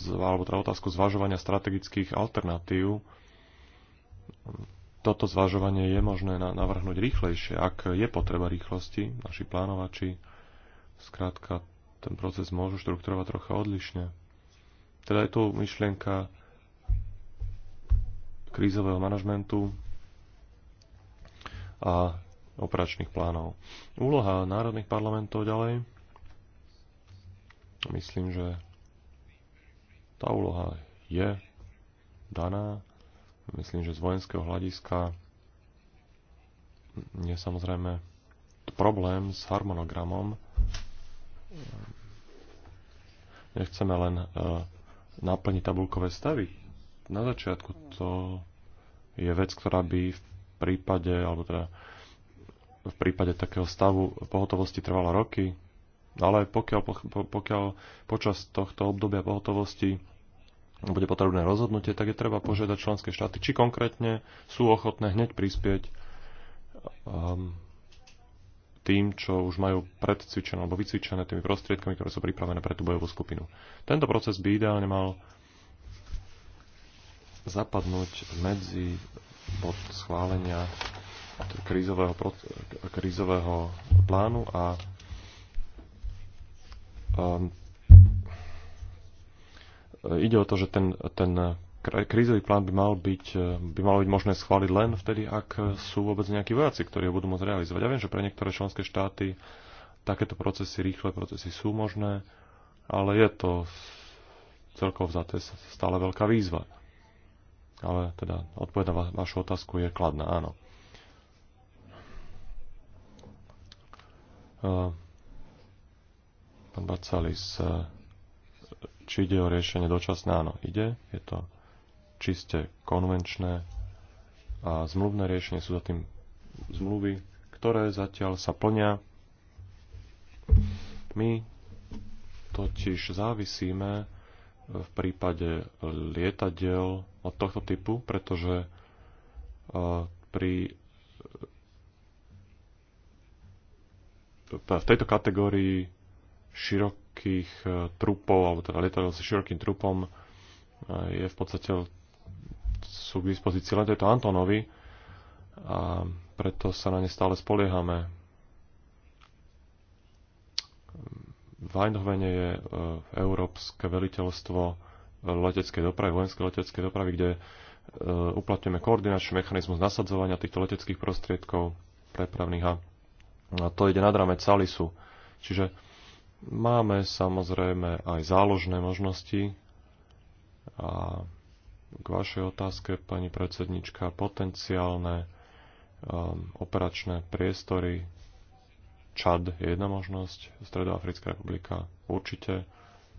alebo teda otázku zvažovania strategických alternatív. Toto zvažovanie je možné navrhnúť rýchlejšie, ak je potreba rýchlosti. Naši plánovači zkrátka ten proces môžu štruktúrovať trocha odlišne. Teda je tu myšlienka krízového manažmentu a operačných plánov. Úloha národných parlamentov ďalej. Myslím, že tá úloha je daná. Myslím, že z vojenského hľadiska je samozrejme problém s harmonogramom. Nechceme len e, naplniť tabulkové stavy na začiatku to je vec, ktorá by v prípade, alebo teda v prípade takého stavu pohotovosti trvala roky, ale pokiaľ, pokiaľ počas tohto obdobia pohotovosti bude potrebné rozhodnutie, tak je treba požiadať členské štáty, či konkrétne sú ochotné hneď prispieť um, tým, čo už majú predcvičené alebo vycvičené tými prostriedkami, ktoré sú pripravené pre tú bojovú skupinu. Tento proces by ideálne mal zapadnúť medzi bod schválenia krízového, krízového plánu a um, ide o to, že ten, ten krízový plán by mal byť, by mal byť možné schváliť len vtedy, ak sú vôbec nejakí vojaci, ktorí ho budú môcť realizovať. Ja viem, že pre niektoré členské štáty takéto procesy, rýchle procesy sú možné, ale je to celkovo vzaté stále veľká výzva ale teda odpoveď na vašu otázku je kladná, áno. E, pán Bacalis, e, či ide o riešenie dočasné? Áno, ide. Je to čiste konvenčné a zmluvné riešenie sú za tým zmluvy, ktoré zatiaľ sa plnia. My totiž závisíme v prípade lietadiel od tohto typu, pretože e, pri e, v tejto kategórii širokých e, trupov, alebo teda lietadiel s širokým trupom je v podstate sú k dispozícii len tieto Antonovi a preto sa na ne stále spoliehame. V Eindhovene je e, Európske veliteľstvo e, leteckej dopravy, vojenskej leteckej dopravy, kde e, uplatňujeme koordinačný mechanizmus nasadzovania týchto leteckých prostriedkov prepravných a to ide nad rámec Calisu. Čiže máme samozrejme aj záložné možnosti a k vašej otázke, pani predsednička, potenciálne um, operačné priestory Čad je jedna možnosť, Stredoafrická republika určite,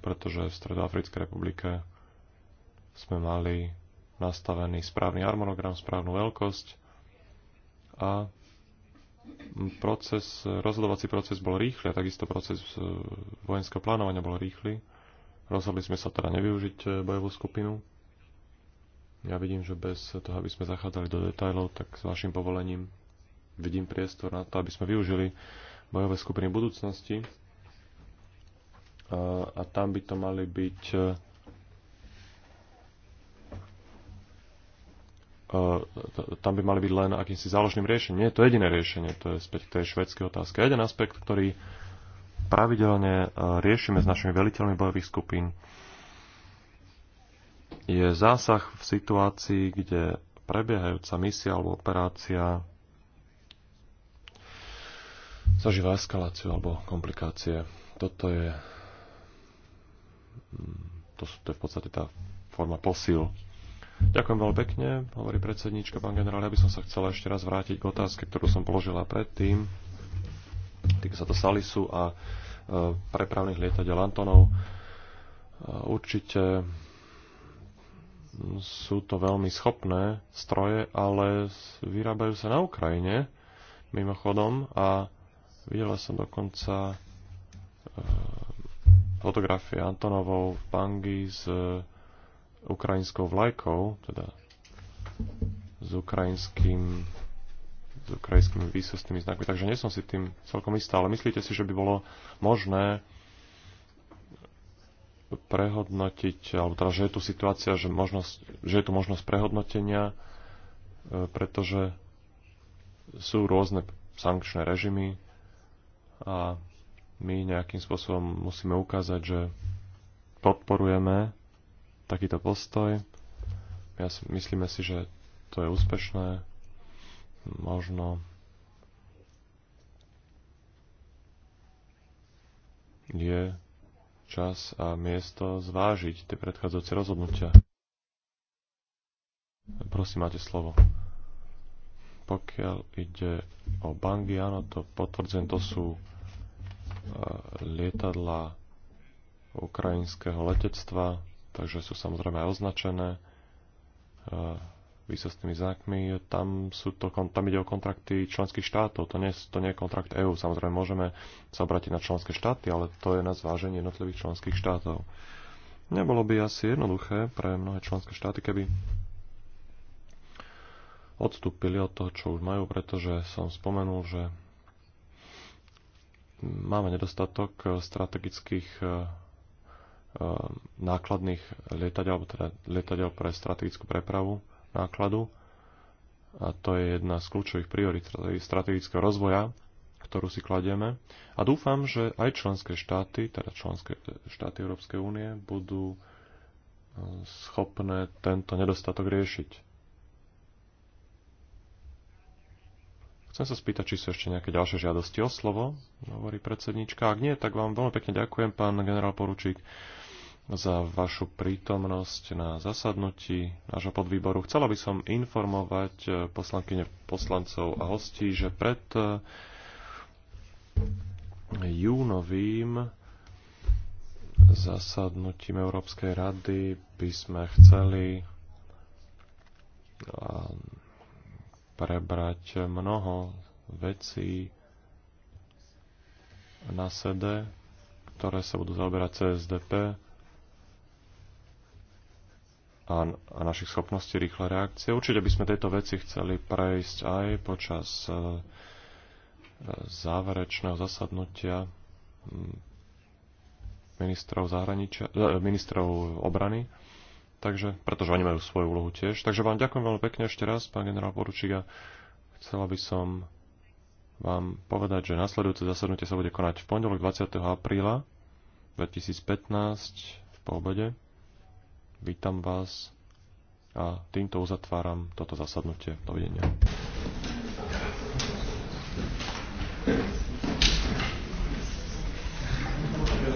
pretože v Stredoafrickej republike sme mali nastavený správny harmonogram, správnu veľkosť a proces, rozhodovací proces bol rýchly a takisto proces e, vojenského plánovania bol rýchly. Rozhodli sme sa teda nevyužiť e, bojovú skupinu. Ja vidím, že bez toho, aby sme zachádzali do detajlov, tak s vašim povolením vidím priestor na to, aby sme využili bojové skupiny budúcnosti a tam by to mali byť e, e, tam by mali byť len akýmsi záložným riešením. Nie je to jediné riešenie, to je späť k tej švedskej otázke. Jeden aspekt, ktorý pravidelne e, riešime s našimi veliteľmi bojových skupín, je zásah v situácii, kde prebiehajúca misia alebo operácia zažíva eskaláciu alebo komplikácie. Toto je, mm, to, sú, to je v podstate tá forma posil. Ďakujem veľmi pekne, hovorí predsednička, pán generál. Ja by som sa chcela ešte raz vrátiť k otázke, ktorú som položila predtým. Týka sa to Salisu a e, prepravných lietadiel Antonov. E, určite sú to veľmi schopné stroje, ale vyrábajú sa na Ukrajine mimochodom a Videla som dokonca eh, fotografie Antonovou v Pangi s eh, ukrajinskou vlajkou, teda s ukrajinským s ukrajinskými výsostnými znakmi, takže nie som si tým celkom istá, ale myslíte si, že by bolo možné prehodnotiť, alebo teda, že je tu situácia, že, možnosť, že je tu možnosť prehodnotenia, eh, pretože sú rôzne sankčné režimy, a my nejakým spôsobom musíme ukázať, že podporujeme takýto postoj. Ja si, myslíme si, že to je úspešné. Možno je čas a miesto zvážiť tie predchádzajúce rozhodnutia. Prosím, máte slovo. Pokiaľ ide o bangy, áno, to potvrdzujem, to sú e, lietadla ukrajinského letectva, takže sú samozrejme aj označené e, výsostnými znakmi. Tam, sú to, tam ide o kontrakty členských štátov, to nie, to nie je kontrakt EÚ. Samozrejme, môžeme sa obrátiť na členské štáty, ale to je na zváženie jednotlivých členských štátov. Nebolo by asi jednoduché pre mnohé členské štáty, keby odstúpili od toho, čo už majú, pretože som spomenul, že máme nedostatok eh, strategických eh, eh, nákladných lietadiel, alebo teda lietadiel pre strategickú prepravu nákladu. A to je jedna z kľúčových priorit strategického rozvoja, ktorú si kladieme. A dúfam, že aj členské štáty, teda členské štáty Európskej únie, budú schopné tento nedostatok riešiť. Chcem sa spýtať, či sú ešte nejaké ďalšie žiadosti o slovo, hovorí predsednička. Ak nie, tak vám veľmi pekne ďakujem, pán generál poručík, za vašu prítomnosť na zasadnutí nášho podvýboru. Chcela by som informovať eh, poslankyne poslancov a hostí, že pred eh, júnovým zasadnutím Európskej rady by sme chceli eh, prebrať mnoho vecí na sede, ktoré sa budú zaoberať CSDP a, a našich schopností rýchle reakcie. Určite by sme tieto veci chceli prejsť aj počas e, záverečného zasadnutia ministrov, zahraničia, e, ministrov obrany takže, pretože oni majú svoju úlohu tiež. Takže vám ďakujem veľmi pekne ešte raz, pán generál Poručík, a chcela by som vám povedať, že nasledujúce zasadnutie sa bude konať v pondelok 20. apríla 2015 v poobede. Vítam vás a týmto uzatváram toto zasadnutie. Dovidenia.